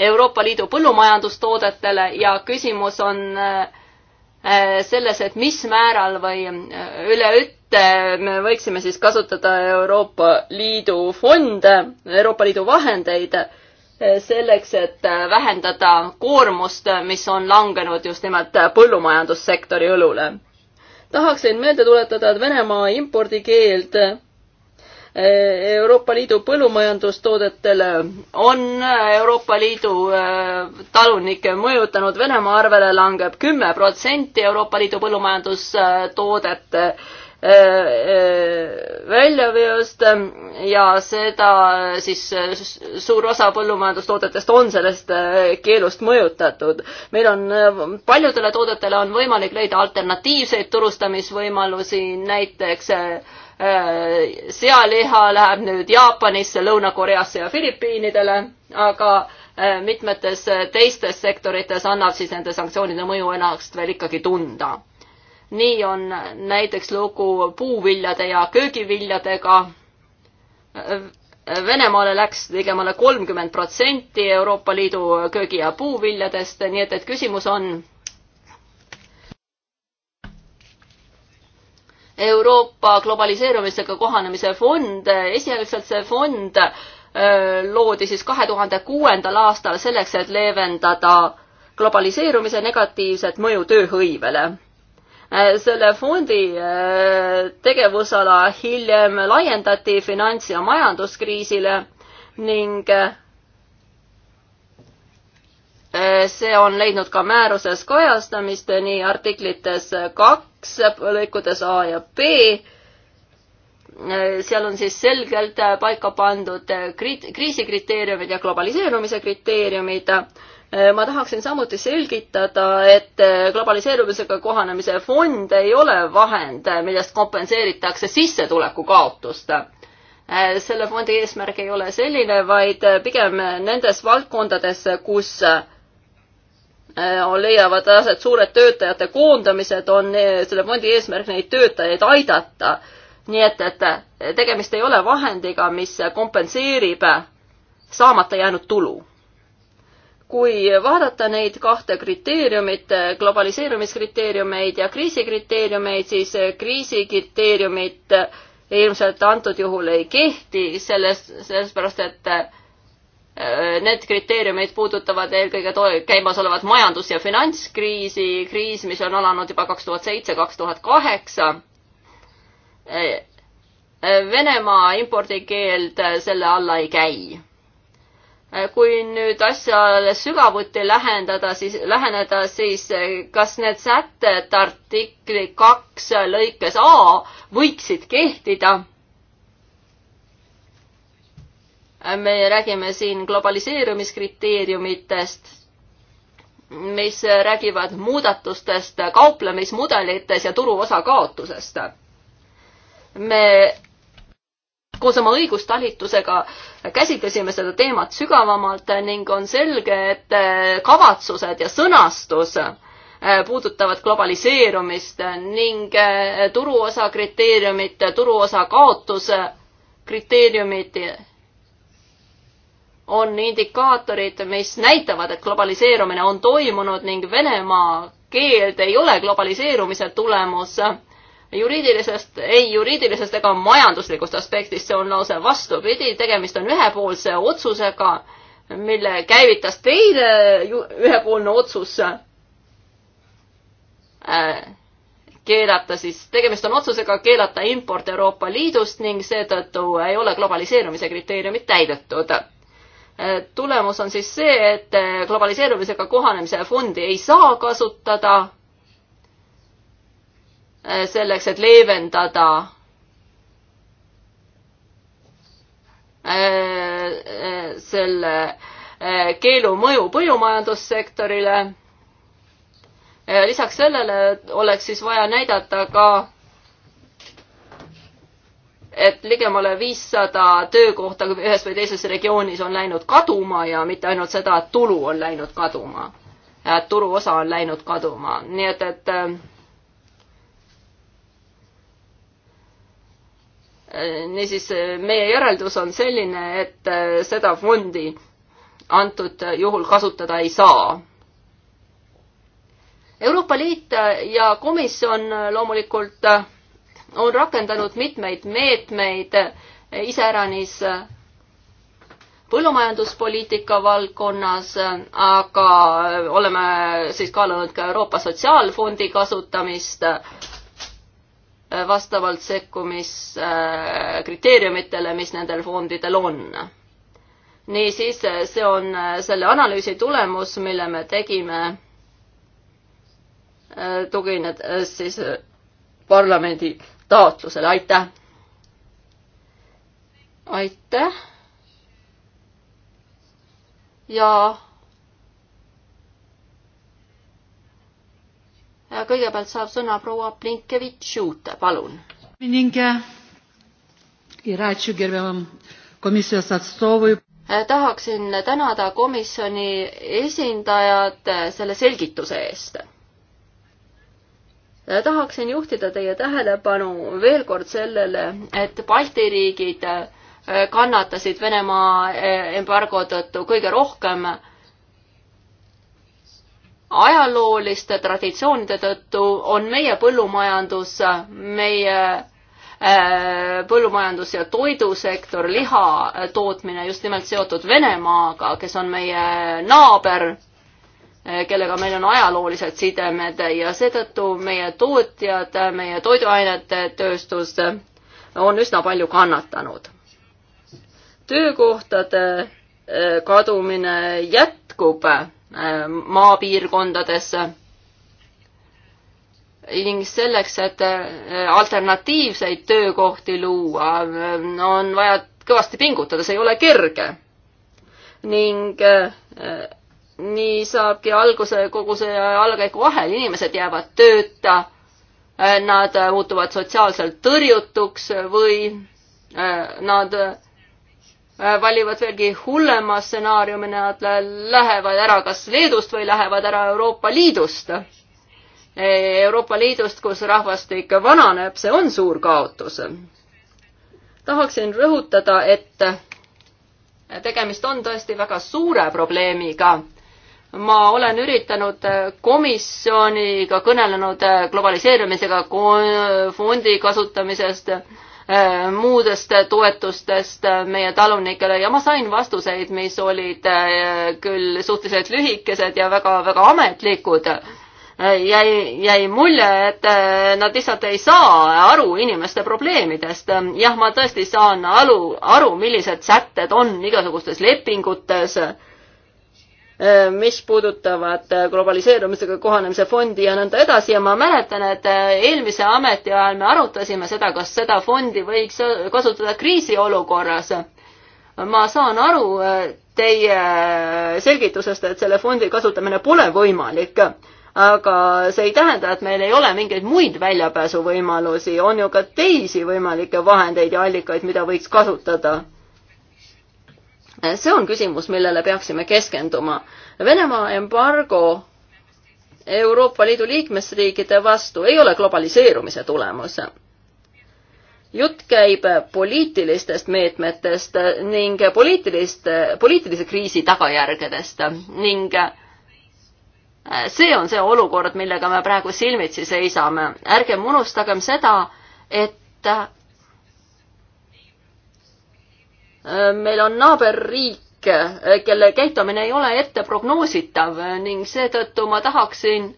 Euroopa Liidu põllumajandustoodetele ja küsimus on äh, selles, et mis määral või äh, üleütte me võiksime siis kasutada Euroopa Liidu fonde, Euroopa Liidu vahendeid äh, selleks, et vähendada koormust, mis on langenud just nimelt põllumajandussektori õlule. tahaksin meelde tuletada, et Venemaa impordikeeld Euroopa Liidu põllumajandustoodetele on Euroopa Liidu äh, talunikke mõjutanud. Venemaa arvele langeb kümme protsenti Euroopa Liidu põllumajandustoodete äh, äh, väljaveost ja seda siis suur osa põllumajandustoodetest on sellest keelust mõjutatud. meil on, paljudele toodetele on võimalik leida alternatiivseid turustamisvõimalusi, näiteks sealiha läheb nüüd Jaapanisse, Lõuna-Koreasse ja Filipiinidele, aga äh, mitmetes teistes sektorites annab siis nende sanktsioonide mõju ennast veel ikkagi tunda. nii on näiteks lugu puuviljade ja köögiviljadega. Venemaale läks ligemale kolmkümmend protsenti Euroopa Liidu köögi- ja puuviljadest, nii et, et küsimus on, Euroopa globaliseerumisega kohanemise fond, esialgselt see fond äh, loodi siis kahe tuhande kuuendal aastal selleks, et leevendada globaliseerumise negatiivset mõju tööhõivele. Äh, selle fondi äh, tegevusala hiljem laiendati finants- ja majanduskriisile ning Äh, see on leidnud ka määruses kajastamist nii artiklites kaks, lõikudes A ja B. Äh, seal on siis selgelt paika pandud kriisikriteeriumid ja globaliseerumise kriteeriumid. Äh, ma tahaksin samuti selgitada, et globaliseerumisega kohanemise fond ei ole vahend, millest kompenseeritakse sissetuleku kaotust selle fondi eesmärk ei ole selline, vaid pigem nendes valdkondades, kus Äh, leiavad aset suured töötajate koondamised, on eh, selle fondi eesmärk neid töötajaid aidata. nii et, et eh, tegemist ei ole vahendiga, mis kompenseerib saamata jäänud tulu kui vaadata neid kahte kriteeriumit, globaliseerumiskriteeriumeid ja kriisikriteeriumeid, siis kriisikriteeriumid ilmselt antud juhul ei kehti, selles, sellepärast et Äh, need kriteeriumid puudutavad eelkõige käimasolevat majandus- ja finantskriisi, kriis, mis on alanud juba kaks tuhat seitse, kaks tuhat kaheksa. Äh, äh, Venemaa impordikeeld selle alla ei käi kui nüüd asjale sügavuti lähendada, siis, läheneda, siis kas need sätted artikli kaks lõikes A võiksid kehtida? me räägime siin globaliseerumiskriteeriumitest, mis räägivad muudatustest kauplemismudelites ja turuosa kaotusest. me koos oma õigustalitusega käsitlesime seda teemat sügavamalt ning on selge, et kavatsused ja sõnastus puudutavad globaliseerumist ning turuosa kriteeriumid, turuosa kaotuse kriteeriumid on indikaatorid, mis näitavad, et globaliseerumine on toimunud ning Venemaa keeld ei ole globaliseerumise tulemus juriidilisest, ei juriidilisest ega majanduslikust aspektist, see on lausa vastupidi, tegemist on ühepoolse otsusega, mille käivitas teile ühepoolne otsus äh, keelata siis, tegemist on otsusega keelata import Euroopa Liidust ning seetõttu ei ole globaliseerumise kriteeriumid täidetud tulemus on siis see, et eh, globaliseerumisega kohanemise fondi ei saa kasutada eh, selleks, et leevendada eh, selle keelu mõju põllumajandussektorile. lisaks sellele oleks siis vaja näidata ka et ligemale viissada töökohta ühes või teises regioonis on läinud kaduma ja mitte ainult seda, et tulu on läinud kaduma. et turuosa on läinud kaduma, nii et, et äh, niisiis meie järeldus on selline, et äh, seda fondi antud juhul kasutada ei saa. Euroopa Liit ja komisjon loomulikult on rakendanud mitmeid meetmeid eh, iseäranis eh, põllumajanduspoliitika valdkonnas, eh, aga oleme siis kaalunud ka Euroopa Sotsiaalfondi kasutamist vastavalt sekkumiskriteeriumitele, mis nendel fondidel on. niisiis, see on selle analüüsi tulemus, mille me tegime, tuginedes siis parlamendi taotlusele, aitäh! aitäh! ja ja kõigepealt saab sõna proua Plinkevitš-Juute, palun. Eh, tahaksin tänada komisjoni esindajat eh, selle selgituse eest tahaksin juhtida teie tähelepanu veel kord sellele, et Balti riigid äh, kannatasid Venemaa äh, embargo tõttu kõige rohkem ajalooliste traditsioonide tõttu on meie põllumajandus, meie äh, põllumajandus- ja toidusektor, liha tootmine just nimelt seotud Venemaaga, kes on meie naaber Eh, kellega meil on ajaloolised sidemed ja seetõttu meie tootjad, meie toiduainete tööstus on üsna palju kannatanud. töökohtade eh, kadumine jätkub eh, maapiirkondadesse ning selleks, et alternatiivseid töökohti luua, on vaja kõvasti pingutada, see ei ole kerge. ning nii saabki alguse kogu see allakäigu vahel, inimesed jäävad tööta, äh, nad äh, muutuvad sotsiaalselt tõrjutuks või äh, nad valivad veelgi hullema stsenaariumi, nad lähevad ära kas Leedust või lähevad ära Euroopa Liidust. Euroopa Liidust, kus rahvastik vananeb, see on suur kaotus. tahaksin rõhutada, et tegemist on tõesti väga suure probleemiga ma olen üritanud äh, komisjoniga kõnelenud äh, globaliseerumisega äh, fondi kasutamisest, muudest toetustest meie talunikele ja ma sain vastuseid, mis olid küll suhteliselt lühikesed ja väga-väga ametlikud. jäi, jäi mulje, et nad lihtsalt ei saa aru inimeste probleemidest. jah, ma tõesti saan aru, aru, millised sätted on igasugustes lepingutes Äh, mis puudutavad äh, globaliseerumisega kohanemise fondi ja nõnda edasi ja ma mäletan, et äh, eelmise ameti ajal me arutasime seda, kas seda fondi võiks kasutada kriisiolukorras. ma saan aru teie selgitusest, et selle fondi kasutamine pole võimalik, aga see ei tähenda, et meil ei ole mingeid muid väljapääsuvõimalusi, on ju ka teisi võimalikke vahendeid ja allikaid, mida võiks kasutada see on küsimus, millele peaksime keskenduma. Venemaa embargo Euroopa Liidu liikmesriikide vastu ei ole globaliseerumise tulemus. jutt käib poliitilistest meetmetest ning poliitiliste, poliitilise kriisi tagajärgedest ning see on see olukord, millega me praegu silmitsi seisame. ärgem unustagem seda, et Äh, meil on naaberriik, äh, kelle käitumine ei ole ette prognoositav ning seetõttu ma tahaksin,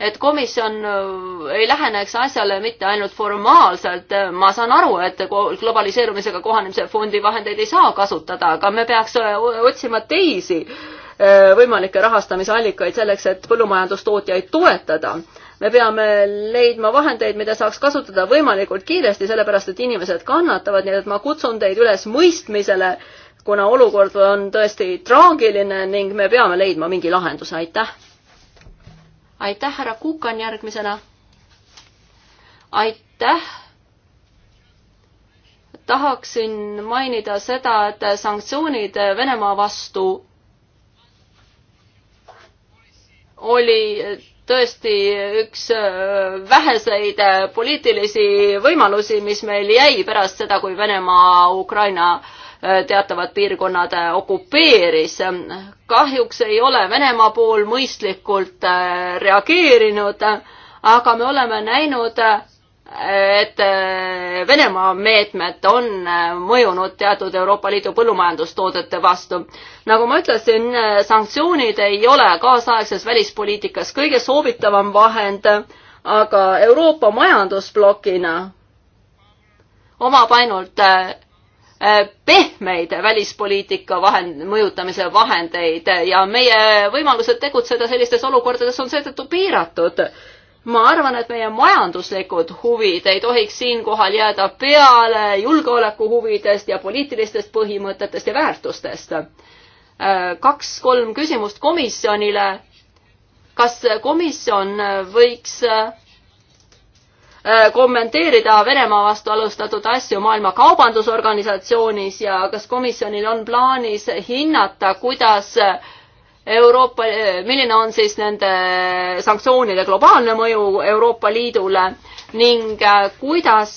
et komisjon äh, ei läheneks asjale mitte ainult formaalselt, ma saan aru, et globaliseerumisega kohanemise fondi vahendeid ei saa kasutada, aga me peaks otsima teisi võimalikke rahastamisallikaid selleks, et põllumajandustootjaid toetada me peame leidma vahendeid, mida saaks kasutada võimalikult kiiresti, sellepärast et inimesed kannatavad, nii et ma kutsun teid üles mõistmisele, kuna olukord on tõesti traagiline ning me peame leidma mingi lahenduse, aitäh. aitäh, härra Kukan järgmisena. aitäh tahaksin mainida seda, et sanktsioonid Venemaa vastu oli tõesti üks äh, väheseid äh, poliitilisi võimalusi, mis meil jäi pärast seda, kui Venemaa Ukraina äh, teatavad piirkonnad okupeeris. kahjuks ei ole Venemaa pool mõistlikult reageerinud, aga me oleme näinud et äh, Venemaa meetmed on äh, mõjunud teatud Euroopa Liidu põllumajandustoodete vastu. nagu ma ütlesin, äh, sanktsioonid ei ole kaasaegses välispoliitikas kõige soovitavam vahend, aga Euroopa majandusplokina omab ainult pehmeid välispoliitika vahend, mõjutamise vahendeid ja meie võimalused tegutseda sellistes olukordades on seetõttu piiratud ma arvan, et meie majanduslikud huvid ei tohiks siinkohal jääda peale julgeolekuhuvidest ja poliitilistest põhimõtetest ja väärtustest. Äh, kaks-kolm küsimust komisjonile. kas komisjon võiks äh, kommenteerida Venemaa vastu alustatud asju Maailma Kaubandusorganisatsioonis ja kas komisjonil on plaanis hinnata, kuidas äh, Euroopa, milline on siis nende sanktsioonide globaalne mõju Euroopa Liidule ning äh, kuidas,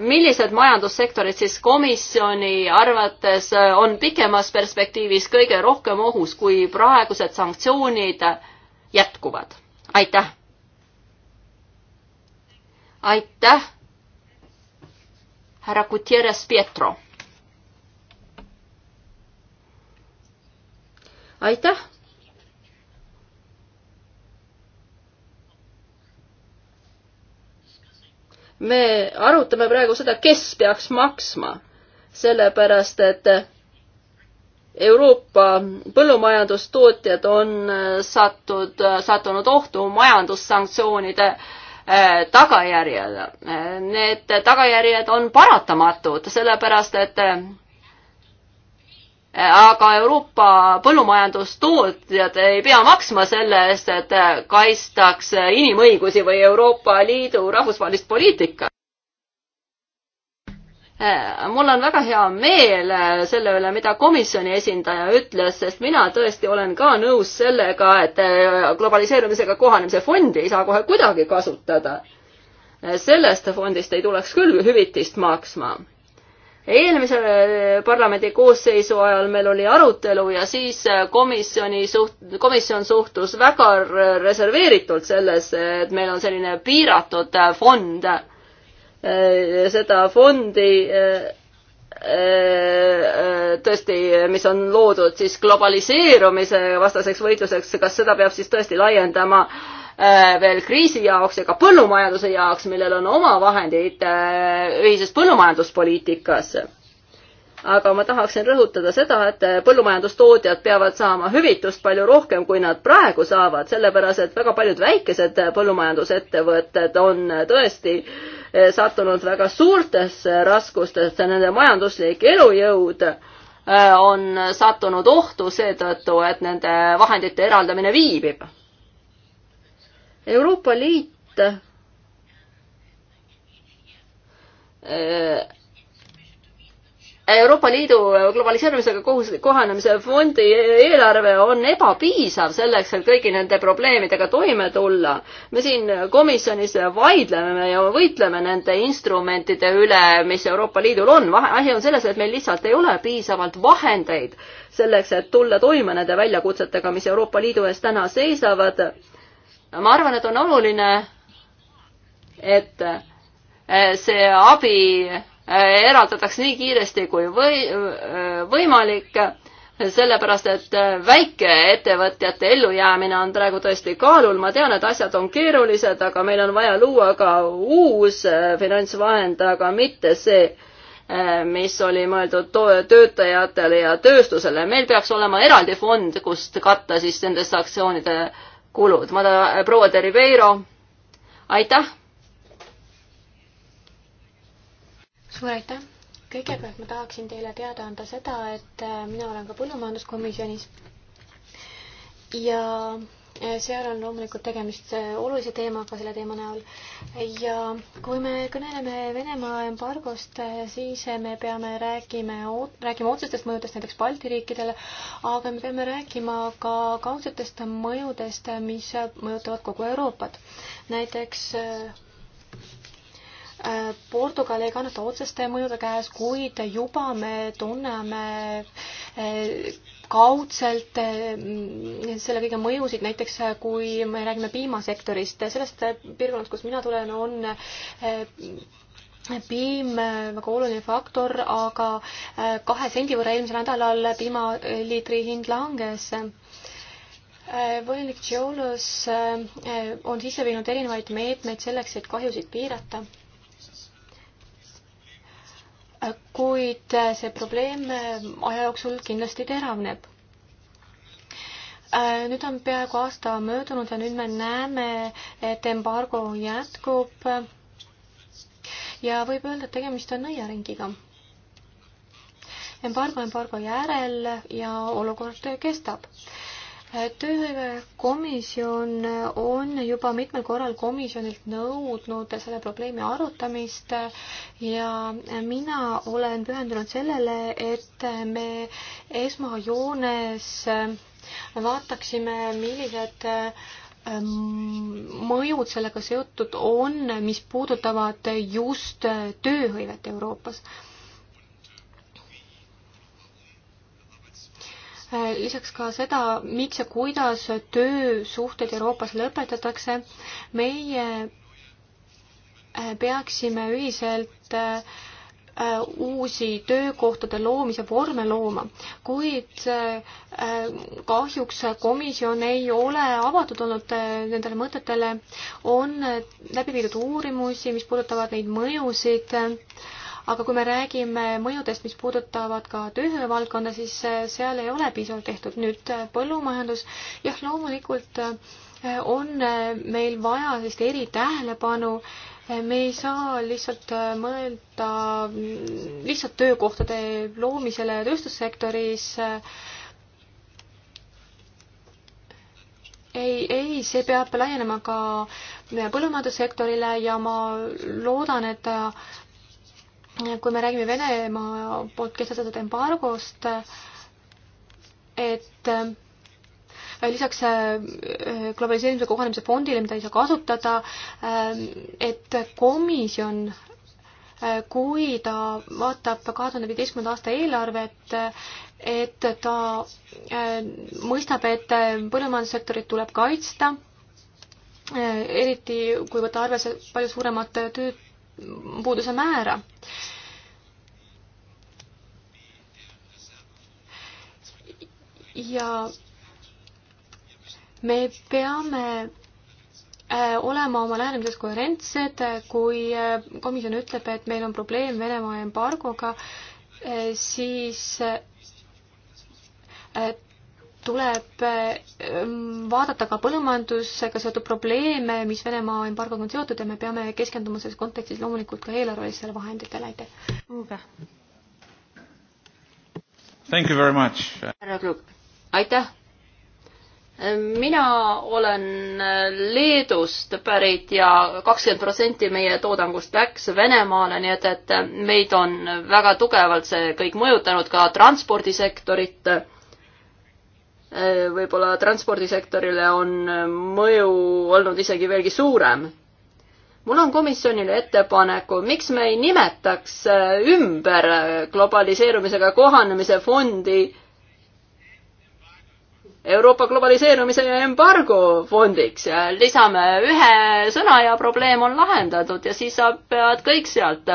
millised majandussektorid siis komisjoni arvates äh, on pikemas perspektiivis kõige rohkem ohus, kui praegused sanktsioonid jätkuvad? aitäh! aitäh, härra Gutierrez Pietro aitäh! me arutame praegu seda, kes peaks maksma, sellepärast et Euroopa põllumajandustootjad on sattud, sattunud ohtu majandussanktsioonide eh, tagajärjel. Eh, need tagajärjed on paratamatud, sellepärast et aga Euroopa põllumajandustootjad ei pea maksma selle eest, et kaitstakse inimõigusi või Euroopa Liidu rahvusvahelist poliitikat. mul on väga hea meel selle üle, mida komisjoni esindaja ütles, sest mina tõesti olen ka nõus sellega, et globaliseerumisega kohanemise fondi ei saa kohe kuidagi kasutada. sellest fondist ei tuleks küll hüvitist maksma eelmise eh, parlamendi koosseisu ajal meil oli arutelu ja siis eh, komisjoni suht-, komisjon suhtus väga reserveeritult sellesse, et meil on selline piiratud eh, fond. seda fondi tõesti, mis on loodud siis globaliseerumise vastaseks võitluseks, kas seda peab siis tõesti laiendama äh, Äh, veel kriisi jaoks ega põllumajanduse jaoks, millel on oma vahendid äh, ühises põllumajanduspoliitikas. aga ma tahaksin rõhutada seda, et äh, põllumajandustootjad peavad saama hüvitust palju rohkem, kui nad praegu saavad, sellepärast et väga paljud väikesed põllumajandusettevõtted on tõesti sattunud väga suurtesse raskustesse, nende majanduslik elujõud on sattunud ohtu seetõttu, et nende vahendite eraldamine viibib Euroopa Liit äh, Euroopa Liidu globaliseerumisega kohus, kohanemise fondi eelarve on ebapiisav selleks, et kõigi nende probleemidega toime tulla. me siin komisjonis vaidleme ja võitleme nende instrumentide üle, mis Euroopa Liidul on. asi on selles, et meil lihtsalt ei ole piisavalt vahendeid selleks, et tulla toime nende väljakutsetega, mis Euroopa Liidu ees täna seisavad ma arvan, et on oluline, et eh, see abi eh, eraldatakse nii kiiresti kui või, eh, võimalik, sellepärast et väikeettevõtjate ellujäämine on praegu tõesti kaalul, ma tean, et asjad on keerulised, aga meil on vaja luua ka uus finantsvahend, aga mitte see, mis oli mõeldud töötajatele ja tööstusele. meil peaks olema eraldi fond, kust katta siis nende sanktsioonide äh, kulud. ma tahan, äh, proua de Ribeiro, aitäh! suur aitäh! kõigepealt ma tahaksin teile teada anda seda, et äh, mina olen ka põllumajanduskomisjonis ja seal on loomulikult tegemist äh, olulise teemaga selle teema näol. ja kui me kõneleme Venemaa embargost, äh, siis äh, me peame räägime, räägima otsestest mõjudest näiteks Balti riikidele, aga me peame rääkima ka kaudsetest mõjudest, mis mõjutavad kogu Euroopat. näiteks Äh, Portugal ei kannata otseste mõjude käes, kuid juba me tunneme äh, kaudselt äh, selle kõige mõjusid, näiteks kui me räägime piimasektorist, sellest piirkonnast, kust mina tulen, on piim väga oluline faktor, aga kahe sendi võrra eelmisel nädalal piimaliitri hind langes volinik Tšiolos on sisse viinud erinevaid meetmeid selleks, et kahjusid piirata kuid see probleem aja jooksul kindlasti teravneb. Äh, nüüd on peaaegu aasta möödunud ja nüüd me näeme, et embargo jätkub. ja võib öelda, et tegemist on nõiaringiga. embargo embargo järel ja olukord kestab töökomisjon on juba mitmel korral komisjonilt nõudnud selle probleemi arutamist ja mina olen pühendunud sellele, et me esmajoones vaataksime, millised ähm, mõjud sellega seotud on, mis puudutavad just tööhõivet Euroopas Äh, lisaks ka seda, miks ja kuidas töösuhted Euroopas lõpetatakse. meie äh, peaksime ühiselt äh, uusi töökohtade loomise vorme looma, kuid kahjuks komisjon ei ole avatud olnud nendele mõtetele. on läbi viidud uurimusi, mis puudutavad neid mõjusid aga kui me räägime mõjudest, mis puudutavad ka tööhõive valdkonda, siis äh, seal ei ole piisavalt tehtud. nüüd äh, põllumajandus, jah, loomulikult äh, on meil vaja sellist eritähelepanu, me ei saa lihtsalt mõelda mm, lihtsalt töökohtade loomisele tööstussektoris ei, ei, see peab laienema ka põllumajandussektorile ja ma loodan, et kui me räägime Venemaa poolt kehtestatud embargost, et äh, lisaks äh, globaliseerimise kohanemise fondile, mida ei saa kasutada, äh, et komisjon, kui ta vaatab kahe tuhande viieteistkümnenda aasta eelarvet, et ta mõistab, et põllumajandussektorit tuleb kaitsta, eriti kui võtta arvesse palju suuremat tööd puuduse määra. ja me peame äh, olema oma lähenemises koherentsed, kui äh, komisjon ütleb, et meil on probleem Venemaa embargoga, äh, siis tuleb ähm, vaadata ka põllumajandusega seotud probleeme, mis Venemaa embargoga on seotud ja me peame keskenduma selles kontekstis loomulikult ka eelarvelistele vahenditele, aitäh. Thank you very much. härra Krug, aitäh. mina olen Leedust pärit ja kakskümmend protsenti meie toodangust läks Venemaale, nii et, et meid on väga tugevalt see kõik mõjutanud, ka transpordisektorit Äh, võib-olla transpordisektorile on äh, mõju olnud isegi veelgi suurem. mul on komisjonile ettepaneku, miks me ei nimetaks äh, ümber globaliseerumisega kohanemise fondi Euroopa globaliseerumise embargo fondiks ja lisame ühe sõna ja probleem on lahendatud ja siis saab, peavad kõik sealt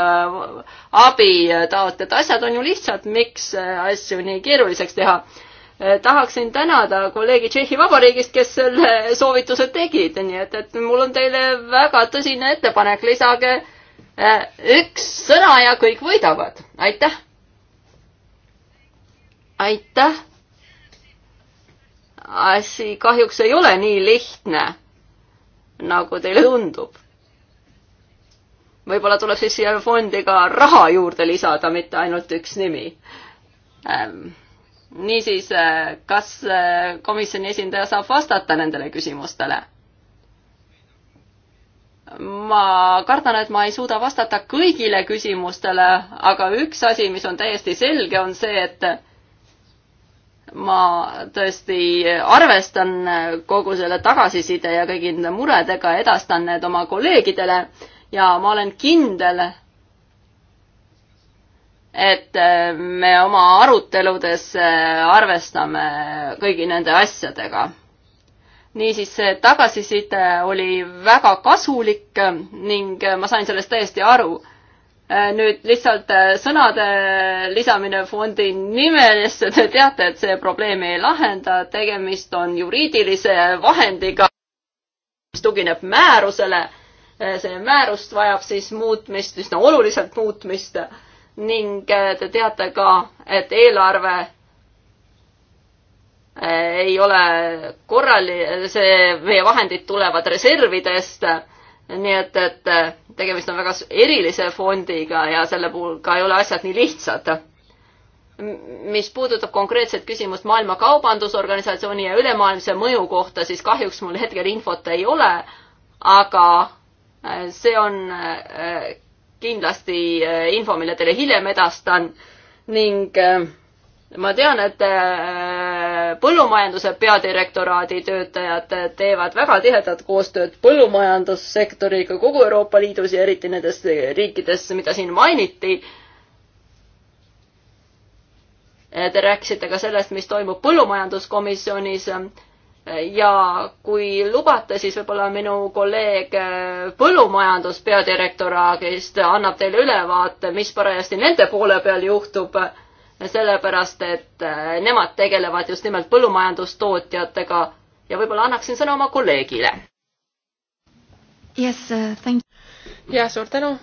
abi taotleda. asjad on ju lihtsad, miks asju nii keeruliseks teha Eh, tahaksin tänada kolleegi Tšehhi Vabariigist, kes selle soovituse tegid, nii et, et mul on teile väga tõsine ettepanek, lisage eh, üks sõna ja kõik võidavad, aitäh. aitäh. asi kahjuks ei ole nii lihtne, nagu teile tundub. võib-olla tuleb siis siia fondi ka raha juurde lisada, mitte ainult üks nimi ähm niisiis, äh, kas äh, komisjoni esindaja saab vastata nendele küsimustele? ma kardan, et ma ei suuda vastata kõigile küsimustele, aga üks asi, mis on täiesti selge, on see, et ma tõesti arvestan kogu selle tagasiside ja kõigi nende muredega, edastan need oma kolleegidele ja ma olen kindel, et äh, me oma aruteludes äh, arvestame kõigi nende asjadega. niisiis, see tagasiside oli väga kasulik ning ma sain sellest täiesti aru. Äh, nüüd lihtsalt sõnade lisamine fondi nimesse, te teate, et see probleemi ei lahenda, tegemist on juriidilise vahendiga, mis tugineb määrusele, see määrust vajab siis muutmist, üsna oluliselt muutmist ning äh, te teate ka, et eelarve äh, ei ole korrali-, see, meie vahendid tulevad reservidest, nii et, et äh, tegemist on väga erilise fondiga ja selle puhul ka ei ole asjad nii lihtsad. mis puudutab konkreetset küsimust Maailma Kaubandusorganisatsiooni ja ülemaailmse mõju kohta, siis kahjuks mul hetkel infot ei ole, aga see on kindlasti eh, info, mille teile hiljem edastan ning eh, ma tean, et eh, põllumajanduse peadirektoraadi töötajad teevad väga tihedat koostööd põllumajandussektoriga kogu Euroopa Liidus ja eriti nendes riikides, mida siin mainiti Te rääkisite ka sellest, mis toimub põllumajanduskomisjonis ja kui lubate, siis võib-olla minu kolleeg äh, põllumajandus peadirektoraagist annab teile ülevaate, mis parajasti nende poole peal juhtub, sellepärast et äh, nemad tegelevad just nimelt põllumajandustootjatega ja võib-olla annaksin sõna oma kolleegile. Yes, uh, thank you. jaa, suur tänu.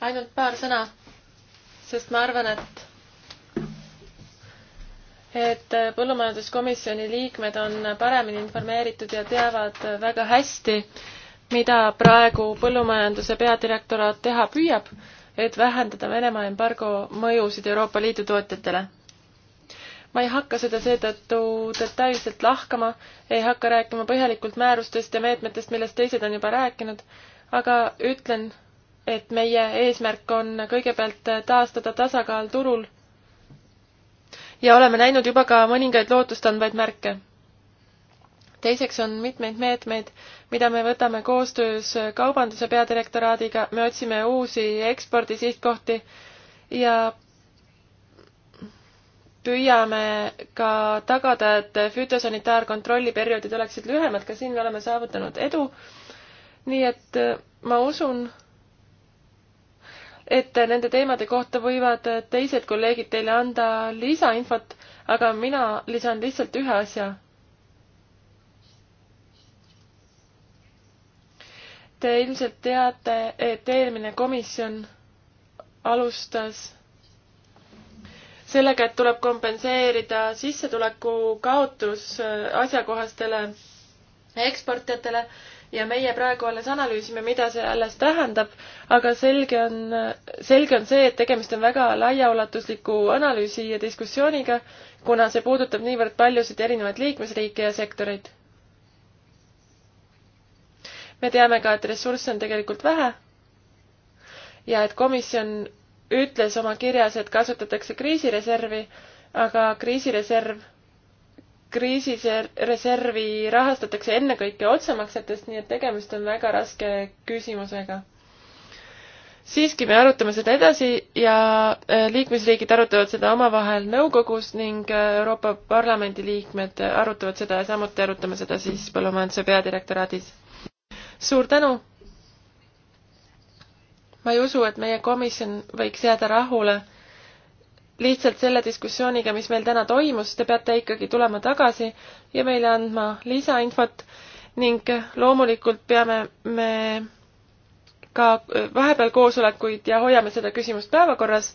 ainult paar sõna, sest ma arvan, et et põllumajanduskomisjoni liikmed on paremini informeeritud ja teavad väga hästi, mida praegu põllumajanduse peadirektoraat teha püüab, et vähendada Venemaa embargo mõjusid Euroopa Liidu tootjatele. ma ei hakka seda seetõttu detailselt lahkama, ei hakka rääkima põhjalikult määrustest ja meetmetest, millest teised on juba rääkinud, aga ütlen, et meie eesmärk on kõigepealt taastada tasakaal turul ja oleme näinud juba ka mõningaid lootustandvaid märke. teiseks on mitmeid meetmeid, mida me võtame koostöös Kaubanduse peadirektoraadiga, me otsime uusi ekspordisihtkohti ja püüame ka tagada, et fütosanitaarkontrolli perioodid oleksid lühemad, ka siin me oleme saavutanud edu. nii et ma usun, et nende teemade kohta võivad teised kolleegid teile anda lisainfot, aga mina lisan lihtsalt ühe asja. Te ilmselt teate, et eelmine komisjon alustas sellega, et tuleb kompenseerida sissetuleku kaotus äh, asjakohastele eksportijatele ja meie praegu alles analüüsime, mida see alles tähendab, aga selge on, selge on see, et tegemist on väga laiaulatusliku analüüsi ja diskussiooniga, kuna see puudutab niivõrd paljusid erinevaid liikmesriike ja sektoreid. me teame ka, et ressursse on tegelikult vähe ja et komisjon ütles oma kirjas, et kasutatakse kriisireservi, aga kriisireserv kriisireservi rahastatakse ennekõike otsemaksetest, nii et tegemist on väga raske küsimusega. siiski me arutame seda edasi ja äh, liikmesriigid arutavad seda omavahel nõukogus ning äh, Euroopa Parlamendi liikmed arutavad seda ja samuti arutame seda siis põllumajanduse peadirektoraadis. suur tänu! ma ei usu, et meie komisjon võiks jääda rahule lihtsalt selle diskussiooniga, mis meil täna toimus, te peate ikkagi tulema tagasi ja meile andma lisainfot ning loomulikult peame me ka vahepeal koosolekuid ja hoiame seda küsimust päevakorras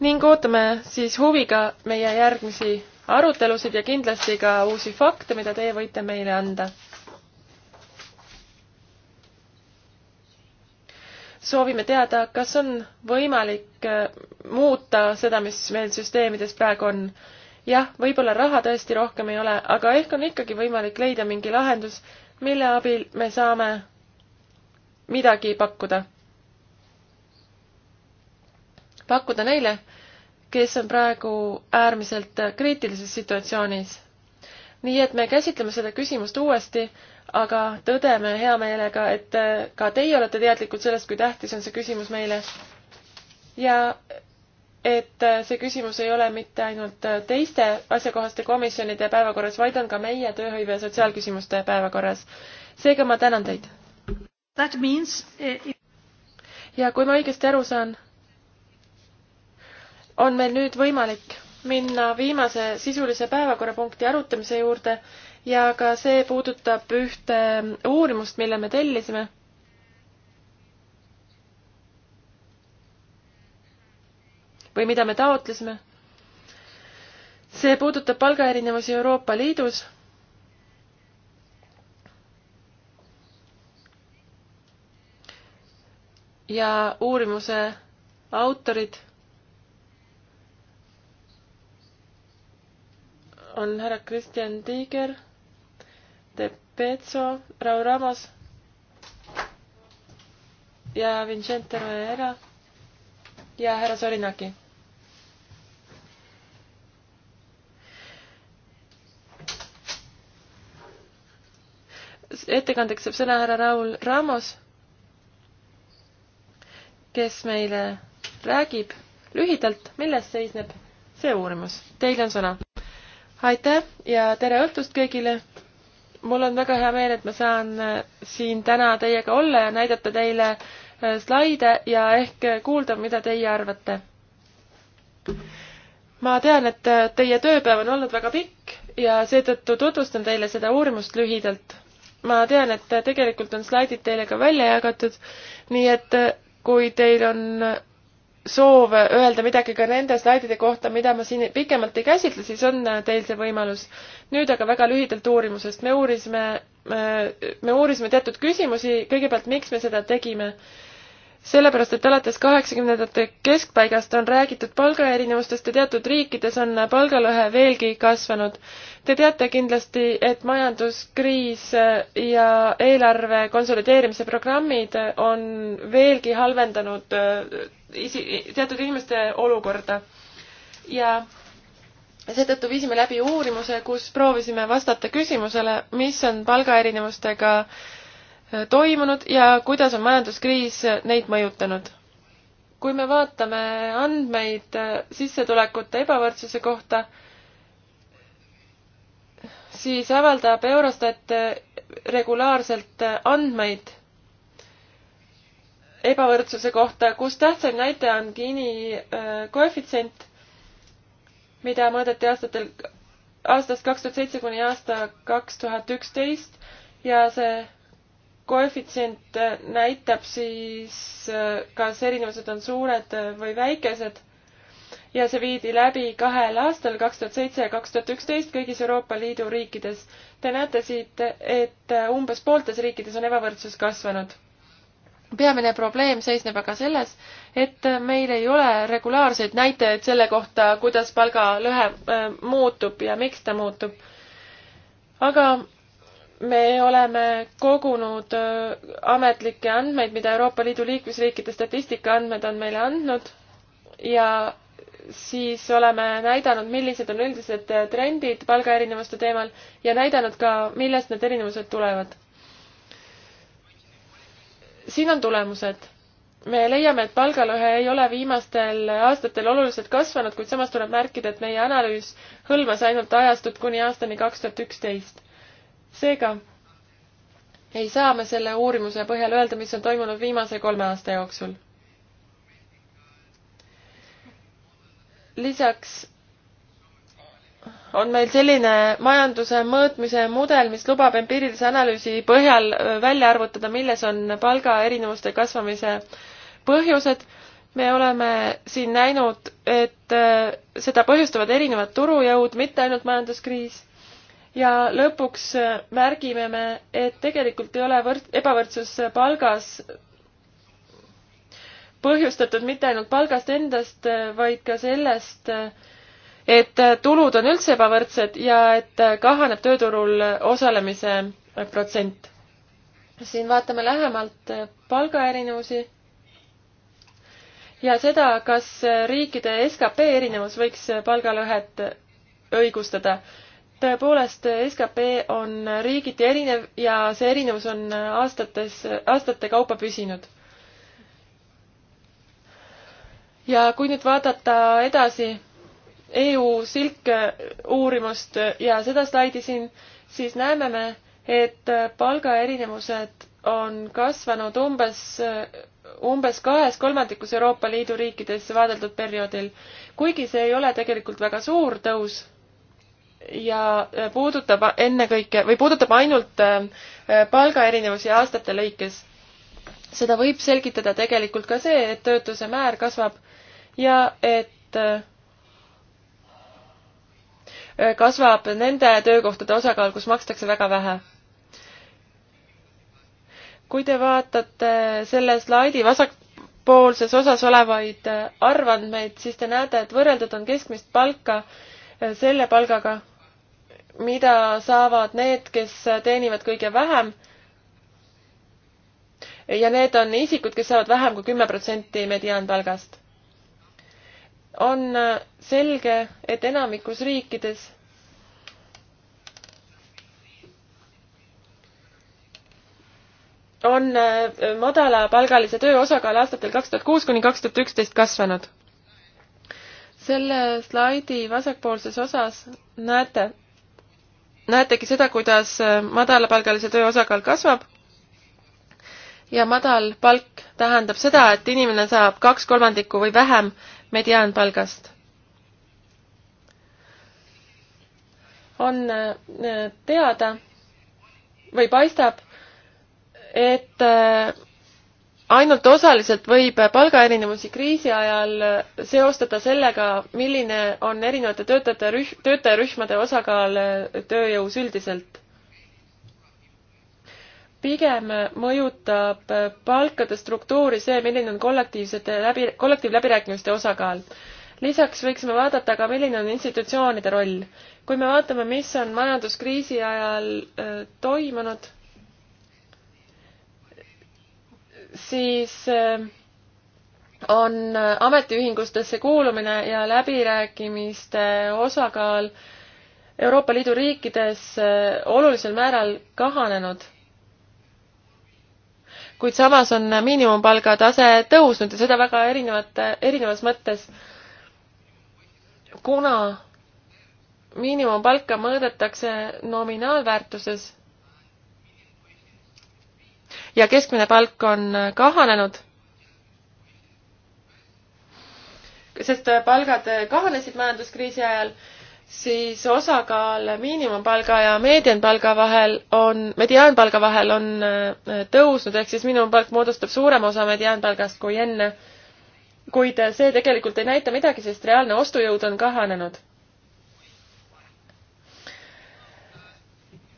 ning ootame siis huviga meie järgmisi arutelusid ja kindlasti ka uusi fakte, mida teie võite meile anda soovime teada, kas on võimalik äh, muuta seda, mis meil süsteemides praegu on. jah, võib-olla raha tõesti rohkem ei ole, aga ehk on ikkagi võimalik leida mingi lahendus, mille abil me saame midagi pakkuda. pakkuda neile, kes on praegu äärmiselt kriitilises situatsioonis nii et me käsitleme seda küsimust uuesti, aga tõdeme hea meelega, et äh, ka teie olete teadlikud sellest, kui tähtis on see küsimus meile. ja et äh, see küsimus ei ole mitte ainult äh, teiste asjakohaste komisjonide päevakorras, vaid on ka meie tööhõive ja sotsiaalküsimuste päevakorras. seega ma tänan teid. Means... Eh, ja kui ma õigesti aru saan, on meil nüüd võimalik minna viimase sisulise päevakorrapunkti arutamise juurde ja ka see puudutab ühte uurimust, mille me tellisime. või mida me taotlesime. see puudutab palgaerinevusi Euroopa Liidus ja uurimuse autorid on härra Kristjan Tiiger, De Pezzo, Raul Ramos ja Vincente Roera ja härra Sorinaki. ettekandeks saab sõna härra Raul Ramos, kes meile räägib lühidalt, milles seisneb see uurimus. Teil on sõna aitäh ja tere õhtust kõigile! mul on väga hea meel, et ma saan äh, siin täna teiega olla ja näidata teile äh, slaide ja ehk kuulda, mida teie arvate. ma tean, et äh, teie tööpäev on olnud väga pikk ja seetõttu tutvustan teile seda uurimust lühidalt. ma tean, et tegelikult on slaidid teile ka välja jagatud, nii et kui teil on soov öelda midagi ka nende slaidide kohta, mida ma siin pikemalt ei käsitle, siis on äh, teil see võimalus. nüüd aga väga lühidalt uurimusest. me uurisime, äh, me uurisime teatud küsimusi, kõigepealt, miks me seda tegime sellepärast, et alates kaheksakümnendate keskpaigast on räägitud palgaerinevustest ja teatud riikides on palgalõhe veelgi kasvanud. Te teate kindlasti, et majanduskriis ja eelarve konsolideerimise programmid on veelgi halvendanud äh, isi-, teatud inimeste olukorda. ja seetõttu viisime läbi uurimuse, kus proovisime vastata küsimusele, mis on palgaerinevustega äh, toimunud ja kuidas on majanduskriis neid mõjutanud. kui me vaatame andmeid äh, sissetulekute ebavõrdsuse kohta, siis avaldab Eurostat äh, regulaarselt äh, andmeid ebavõrdsuse kohta, kus tähtsaim näitaja on Gini koefitsient, mida mõõdeti aastatel, aastast kaks tuhat seitse kuni aasta kaks tuhat üksteist ja see koefitsient näitab siis, kas erinevused on suured või väikesed ja see viidi läbi kahel aastal, kaks tuhat seitse ja kaks tuhat üksteist kõigis Euroopa Liidu riikides. Te näete siit, et umbes pooltes riikides on ebavõrdsus kasvanud. peamine probleem seisneb aga selles, et meil ei ole regulaarseid näitajaid selle kohta, kuidas palgalõhe äh, muutub ja miks ta muutub. aga me oleme kogunud äh, ametlikke andmeid, mida Euroopa Liidu liikmesriikide statistikaandmed on meile andnud ja siis oleme näidanud, millised on üldised äh, trendid palgaerinevuste teemal ja näidanud ka, millest need erinevused tulevad. siin on tulemused. me leiame, et palgalõhe ei ole viimastel aastatel oluliselt kasvanud, kuid samas tuleb märkida, et meie analüüs hõlmas ainult ajastut kuni aastani kaks tuhat üksteist seega ei saa me selle uurimuse põhjal öelda, mis on toimunud viimase kolme aasta jooksul. lisaks on meil selline majanduse mõõtmise mudel, mis lubab empiirilise analüüsi põhjal äh, välja arvutada, milles on palgaerinevuste kasvamise põhjused. me oleme siin näinud, et äh, seda põhjustavad erinevad turujõud, mitte ainult majanduskriis ja lõpuks äh, märgime me, et tegelikult ei ole võrd-, ebavõrdsus äh, palgas põhjustatud mitte ainult palgast endast, äh, vaid ka sellest, et tulud on üldse ebavõrdsed ja et kahaneb tööturul osalemise protsent. siin vaatame lähemalt palgaerinevusi ja seda, kas riikide skp erinevus võiks palgalõhet õigustada tõepoolest, skp on riigiti erinev ja see erinevus on aastates, aastate kaupa püsinud. ja kui nüüd vaadata edasi EU silk uurimust ja seda slaidi siin, siis näeme me, et palgaerinevused on kasvanud umbes, umbes kahes kolmandikus Euroopa Liidu riikides vaadeldud perioodil, kuigi see ei ole tegelikult väga suur tõus ja äh, puudutab ennekõike või puudutab ainult äh, äh, palgaerinevusi aastate lõikes. seda võib selgitada tegelikult ka see, et töötuse määr kasvab ja et kasvab nende töökohtade osakaal, kus makstakse väga vähe. kui te vaatate selle slaidi vasak, poolses osas olevaid arvandmeid, siis te näete, et võrreldud on keskmist palka selle palgaga, mida saavad need, kes teenivad kõige vähem. ja need on isikud, kes saavad vähem kui kümme protsenti mediaanpalgast. on selge, et enamikus riikides on madalapalgalise töö osakaal aastatel kaks tuhat kuus kuni kaks tuhat üksteist kasvanud. selle slaidi vasakpoolses osas näete, näetegi seda, kuidas äh, madalapalgalise töö osakaal kasvab ja madal palk tähendab seda, et inimene saab kaks kolmandikku või vähem mediaanpalgast. on äh, teada või paistab, et äh, ainult osaliselt võib palgaerinevusi kriisi ajal seostada sellega, milline on erinevate töötajate rühm, töötajarühmade osakaal tööjõus üldiselt. pigem mõjutab palkade struktuuri see, milline on kollektiivsete läbi, kollektiivläbirääkimiste osakaal. lisaks võiksime vaadata ka, milline on institutsioonide roll. kui me vaatame, mis on majanduskriisi ajal äh, toimunud siis äh, on äh, ametiühingustesse kuulumine ja läbirääkimiste osakaal Euroopa Liidu riikides äh, olulisel määral kahanenud. kuid samas on miinimumpalga tase tõusnud ja seda väga erinevate, erinevas mõttes. kuna miinimumpalka mõõdetakse nominaalväärtuses ja keskmine palk on kahanenud. sest palgad kahanesid majanduskriisi ajal, siis osakaal miinimumpalga ja meedianpalga vahel on, mediaanpalga vahel on äh, tõusnud, ehk siis miinimumpalk moodustab suurema osa mediaanpalgast kui enne. kuid see tegelikult ei näita midagi, sest reaalne ostujõud on kahanenud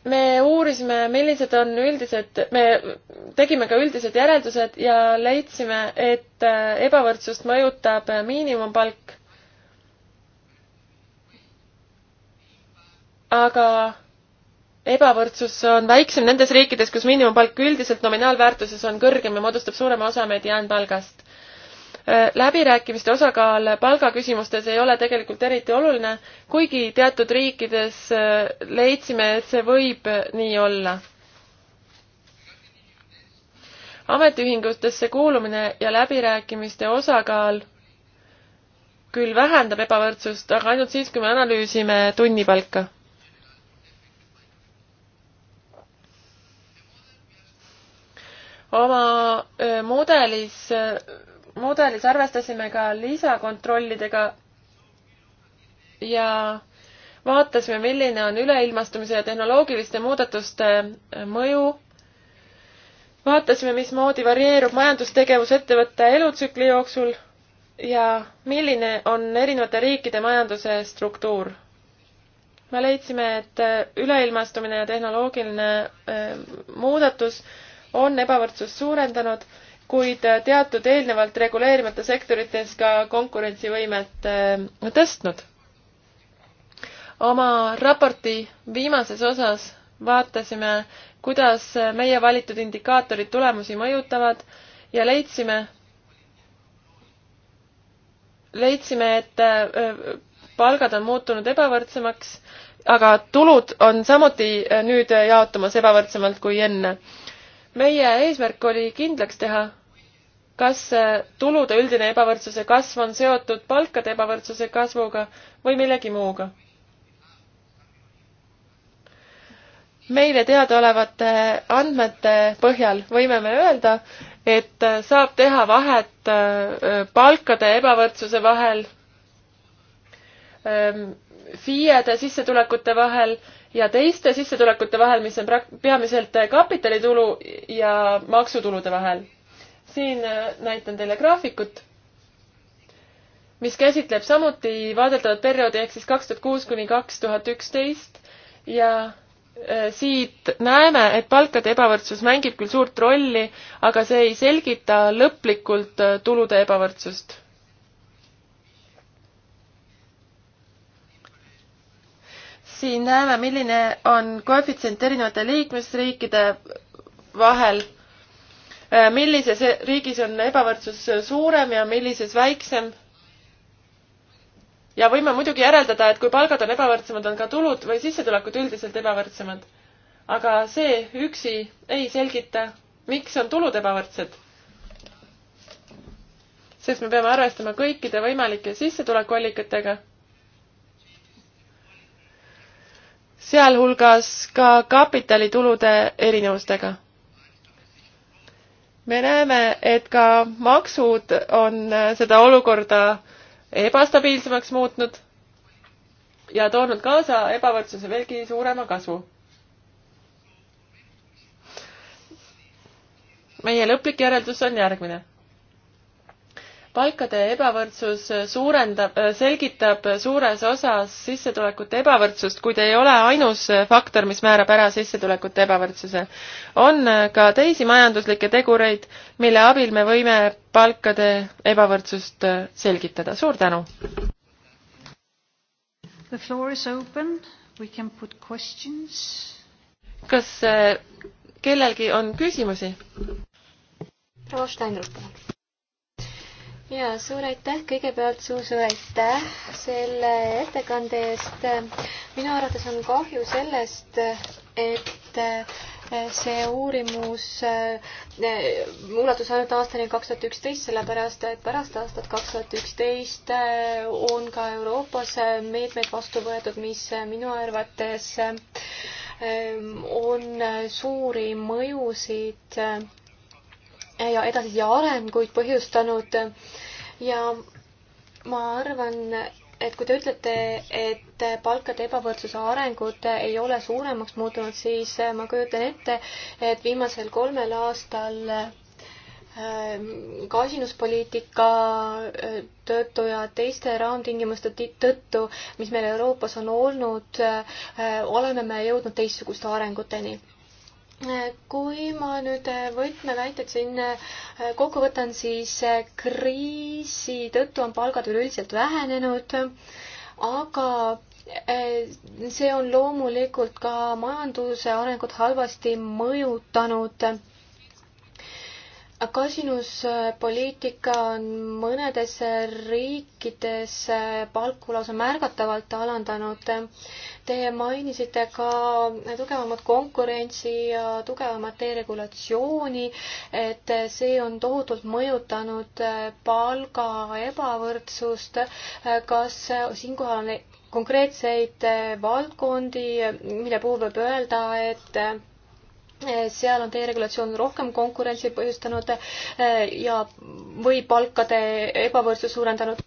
me uurisime, millised on üldised, me tegime ka üldised järeldused ja leidsime, et äh, ebavõrdsust mõjutab miinimumpalk. aga ebavõrdsus on väiksem nendes riikides, kus miinimumpalk üldiselt nominaalväärtuses on kõrgem ja moodustab suurema osa mediaanpalgast läbirääkimiste osakaal palgaküsimustes ei ole tegelikult eriti oluline, kuigi teatud riikides äh, leidsime, et see võib nii olla. ametiühingutesse kuulumine ja läbirääkimiste osakaal küll vähendab ebavõrdsust, aga ainult siis, kui me analüüsime tunnipalka oma äh, mudelis äh, mudelis arvestasime ka lisakontrollidega ja vaatasime, milline on üleilmastumise ja tehnoloogiliste muudatuste äh, mõju. vaatasime, mismoodi varieerub majandustegevus ettevõtte elutsükli jooksul ja milline on erinevate riikide majanduse struktuur. me leidsime, et äh, üleilmastumine ja tehnoloogiline äh, muudatus on ebavõrdsust suurendanud kuid äh, teatud eelnevalt reguleerimata sektorites ka konkurentsivõimet äh, tõstnud. oma raporti viimases osas vaatasime, kuidas meie valitud indikaatorid tulemusi mõjutavad ja leidsime, leidsime, et äh, palgad on muutunud ebavõrdsemaks, aga tulud on samuti nüüd jaotumas ebavõrdsemalt kui enne meie eesmärk oli kindlaks teha, kas tulude üldine ebavõrdsuse kasv on seotud palkade ebavõrdsuse kasvuga või millegi muuga. meile teadaolevate andmete põhjal võime me öelda, et saab teha vahet äh, palkade ebavõrdsuse vahel, ähm, FIE-de sissetulekute vahel ja teiste sissetulekute vahel, mis on prak-, peamiselt kapitalitulu ja maksutulude vahel. siin äh, näitan teile graafikut, mis käsitleb samuti vaadeldavat perioodi ehk siis kaks tuhat kuus kuni kaks tuhat üksteist ja äh, siit näeme, et palkade ebavõrdsus mängib küll suurt rolli, aga see ei selgita lõplikult äh, tulude ebavõrdsust siin näeme, milline on koefitsient erinevate liikmesriikide vahel, äh, millises riigis on ebavõrdsus suurem ja millises väiksem. ja võime muidugi järeldada, et kui palgad on ebavõrdsemad, on ka tulud või sissetulekud üldiselt ebavõrdsemad. aga see üksi ei selgita, miks on tulud ebavõrdsed sest me peame arvestama kõikide võimalike sissetulekuallikatega sealhulgas ka kapitalitulude erinevustega. me näeme, et ka maksud on seda olukorda ebastabiilsemaks muutnud ja toonud kaasa ebavõrdsuse veelgi suurema kasvu. meie lõplik järeldus on järgmine palkade ebavõrdsus suurendab, selgitab suures osas sissetulekute ebavõrdsust, kuid ei ole ainus faktor, mis määrab ära sissetulekute ebavõrdsuse. on ka teisi majanduslikke tegureid, mille abil me võime palkade ebavõrdsust selgitada. suur tänu! The floor is open, we can put questions. kas eh, kellelgi on küsimusi? proua Steinrup, palun ja suur aitäh, kõigepealt suur-suur aitäh selle ettekande eest. minu arvates on kahju sellest, et äh, see uurimus äh, ulatus ainult aastani kaks tuhat üksteist, sellepärast et pärast aastat kaks tuhat üksteist äh, on ka Euroopas meetmed vastu võetud, mis minu arvates on suuri mõjusid ja edasisi arenguid põhjustanud. ja ma arvan, et kui te ütlete, et palkade ebavõrdsuse arengud ei ole suuremaks muutunud, siis ma kujutan ette, et viimasel kolmel aastal äh, kasinuspoliitika äh, tõttu ja teiste raamtingimuste tõttu, mis meil Euroopas on olnud, äh, oleme me jõudnud teistsuguste arenguteni kui ma nüüd äh, võtmeväited siin äh, kokku võtan, siis äh, kriisi tõttu on palgad üleüldiselt vähenenud, aga see on loomulikult ka majanduse arengut halvasti mõjutanud kasinuspoliitika äh, on mõnedes riikides äh, palku lausa märgatavalt alandanud. Te mainisite ka tugevamat konkurentsi ja tugevamat deregulatsiooni, et see on tohutult mõjutanud äh, palga ebavõrdsust. kas siinkohal on konkreetseid valdkondi, mille puhul võib öelda, et seal on teie regulatsioon rohkem konkurentsi põhjustanud eh, ja, või palkade ebavõrdsust suurendanud.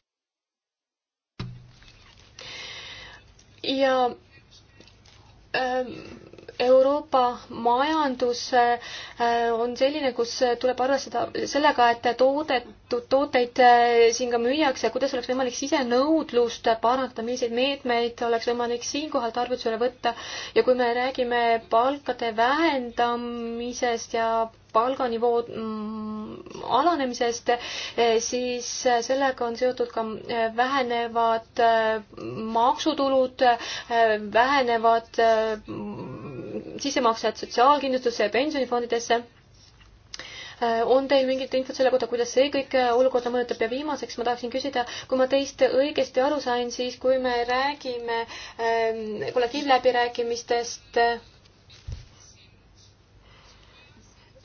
ja ähm, Euroopa majandus äh, on selline, kus tuleb arvestada sellega, et toodetud tooteid äh, siin ka müüakse, kuidas oleks võimalik sisenõudlust parandada, milliseid meetmeid oleks võimalik siinkohal tarvitusele võtta ja kui me räägime palkade vähendamisest ja palganivoo mm, alanemisest, äh, siis sellega on seotud ka vähenevad maksutulud, vähenevad sissemaksjad sotsiaalkindlustuse ja pensionifondidesse. Äh, on teil mingit infot selle kohta, kuidas see kõik äh, olukorda mõjutab ja viimaseks ma tahaksin küsida, kui ma teist õigesti aru sain, siis kui me räägime ähm, kollektiivläbirääkimistest äh,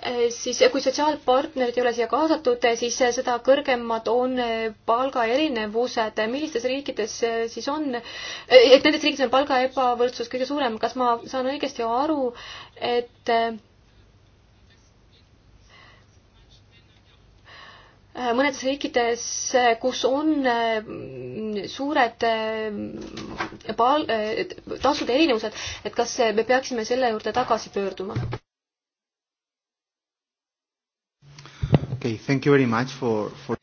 Eh, siis eh, kui sotsiaalpartnerid ei ole siia kaasatud, eh, siis seda kõrgemad on palgaerinevused. millistes riikides siis on, et nendes riikides on palga ebavõrdsus kõige suurem, kas ma saan õigesti aru, et mõnedes riikides, kus on suured pal-, tasude erinevused, et kas me peaksime selle juurde tagasi pöörduma? okay,. Thank you very much for, for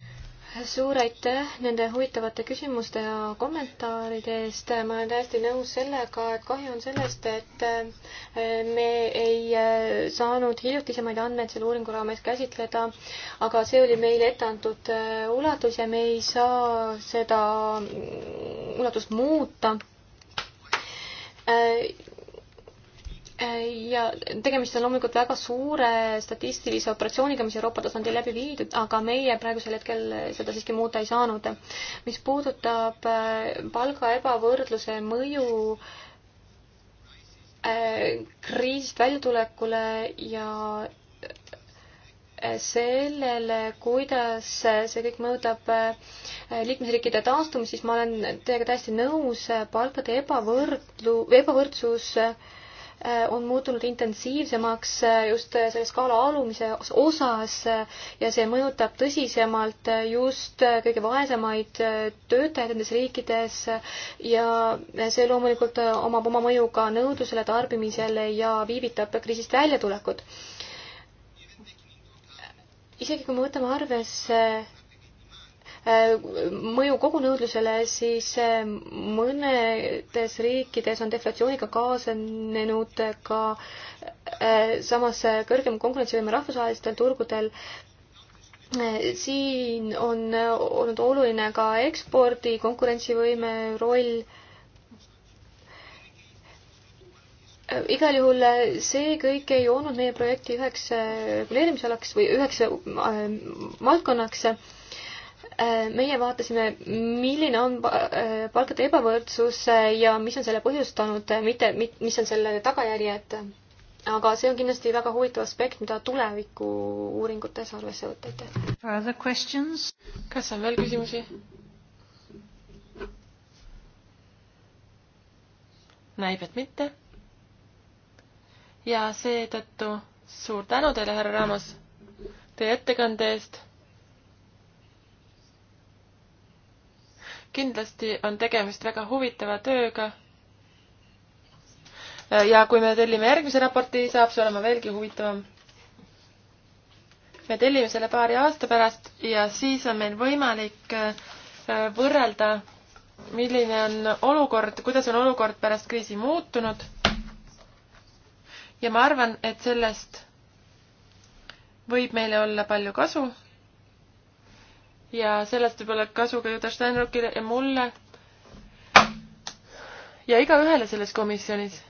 suur aitäh nende huvitavate küsimuste ja kommentaaride eest. ma olen täiesti nõus sellega, et kahju on sellest, et äh, me ei äh, saanud hiljutisemaid andmeid selle uuringu raames käsitleda, aga see oli meile ette antud äh, ulatus ja me ei saa seda mm, ulatust muuta ja tegemist on loomulikult väga suure statistilise operatsiooniga, mis Euroopa tasandil läbi viidud, aga meie praegusel hetkel seda siiski muuta ei saanud. mis puudutab äh, palga ebavõrdluse mõju äh, kriisist väljatulekule ja äh, sellele, kuidas see kõik mõjutab liikmesriikide taastumist, siis ma olen teiega täiesti nõus, palkade ebavõrdlu, ebavõrdsus äh, Äh, on muutunud intensiivsemaks äh, just äh, selle skaala alumises osas ja see mõjutab tõsisemalt just kõige vaesemaid töötajaid nendes riikides ja see loomulikult omab oma mõju ka nõudlusele, tarbimisele ja viivitab kriisist väljatulekut. isegi kui me võtame arvesse mõju kogunõudlusele, siis eh, mõnedes riikides on deflatsiooniga kaasanenud ka eh, samas eh, kõrgem konkurentsivõime rahvusvahelistel turgudel. siin on olnud oluline ka ekspordi konkurentsivõime roll igal juhul see kõik ei olnud meie projekti üheks reguleerimisalaks või üheks valdkonnaks äh, Äh, meie vaatasime, milline on äh, palkade ebavõrdsus äh, ja mis on selle põhjustanud, mitte, mis on selle tagajärjed. aga see on kindlasti väga huvitav aspekt, mida tuleviku uuringutes arvesse võtta, aitäh. kas on veel küsimusi? näib, et mitte. ja seetõttu suur tänu teile, härra Raamas, teie ettekande eest kindlasti on tegemist väga huvitava tööga. ja kui me tellime järgmise raporti, saab see olema veelgi huvitavam. me tellime selle paari aasta pärast ja siis on meil võimalik äh, võrrelda, milline on olukord, kuidas on olukord pärast kriisi muutunud. ja ma arvan, et sellest võib meile olla palju kasu ja sellest võib olla kasu ka Juta Steinrockile ja mulle ja igaühele selles komisjonis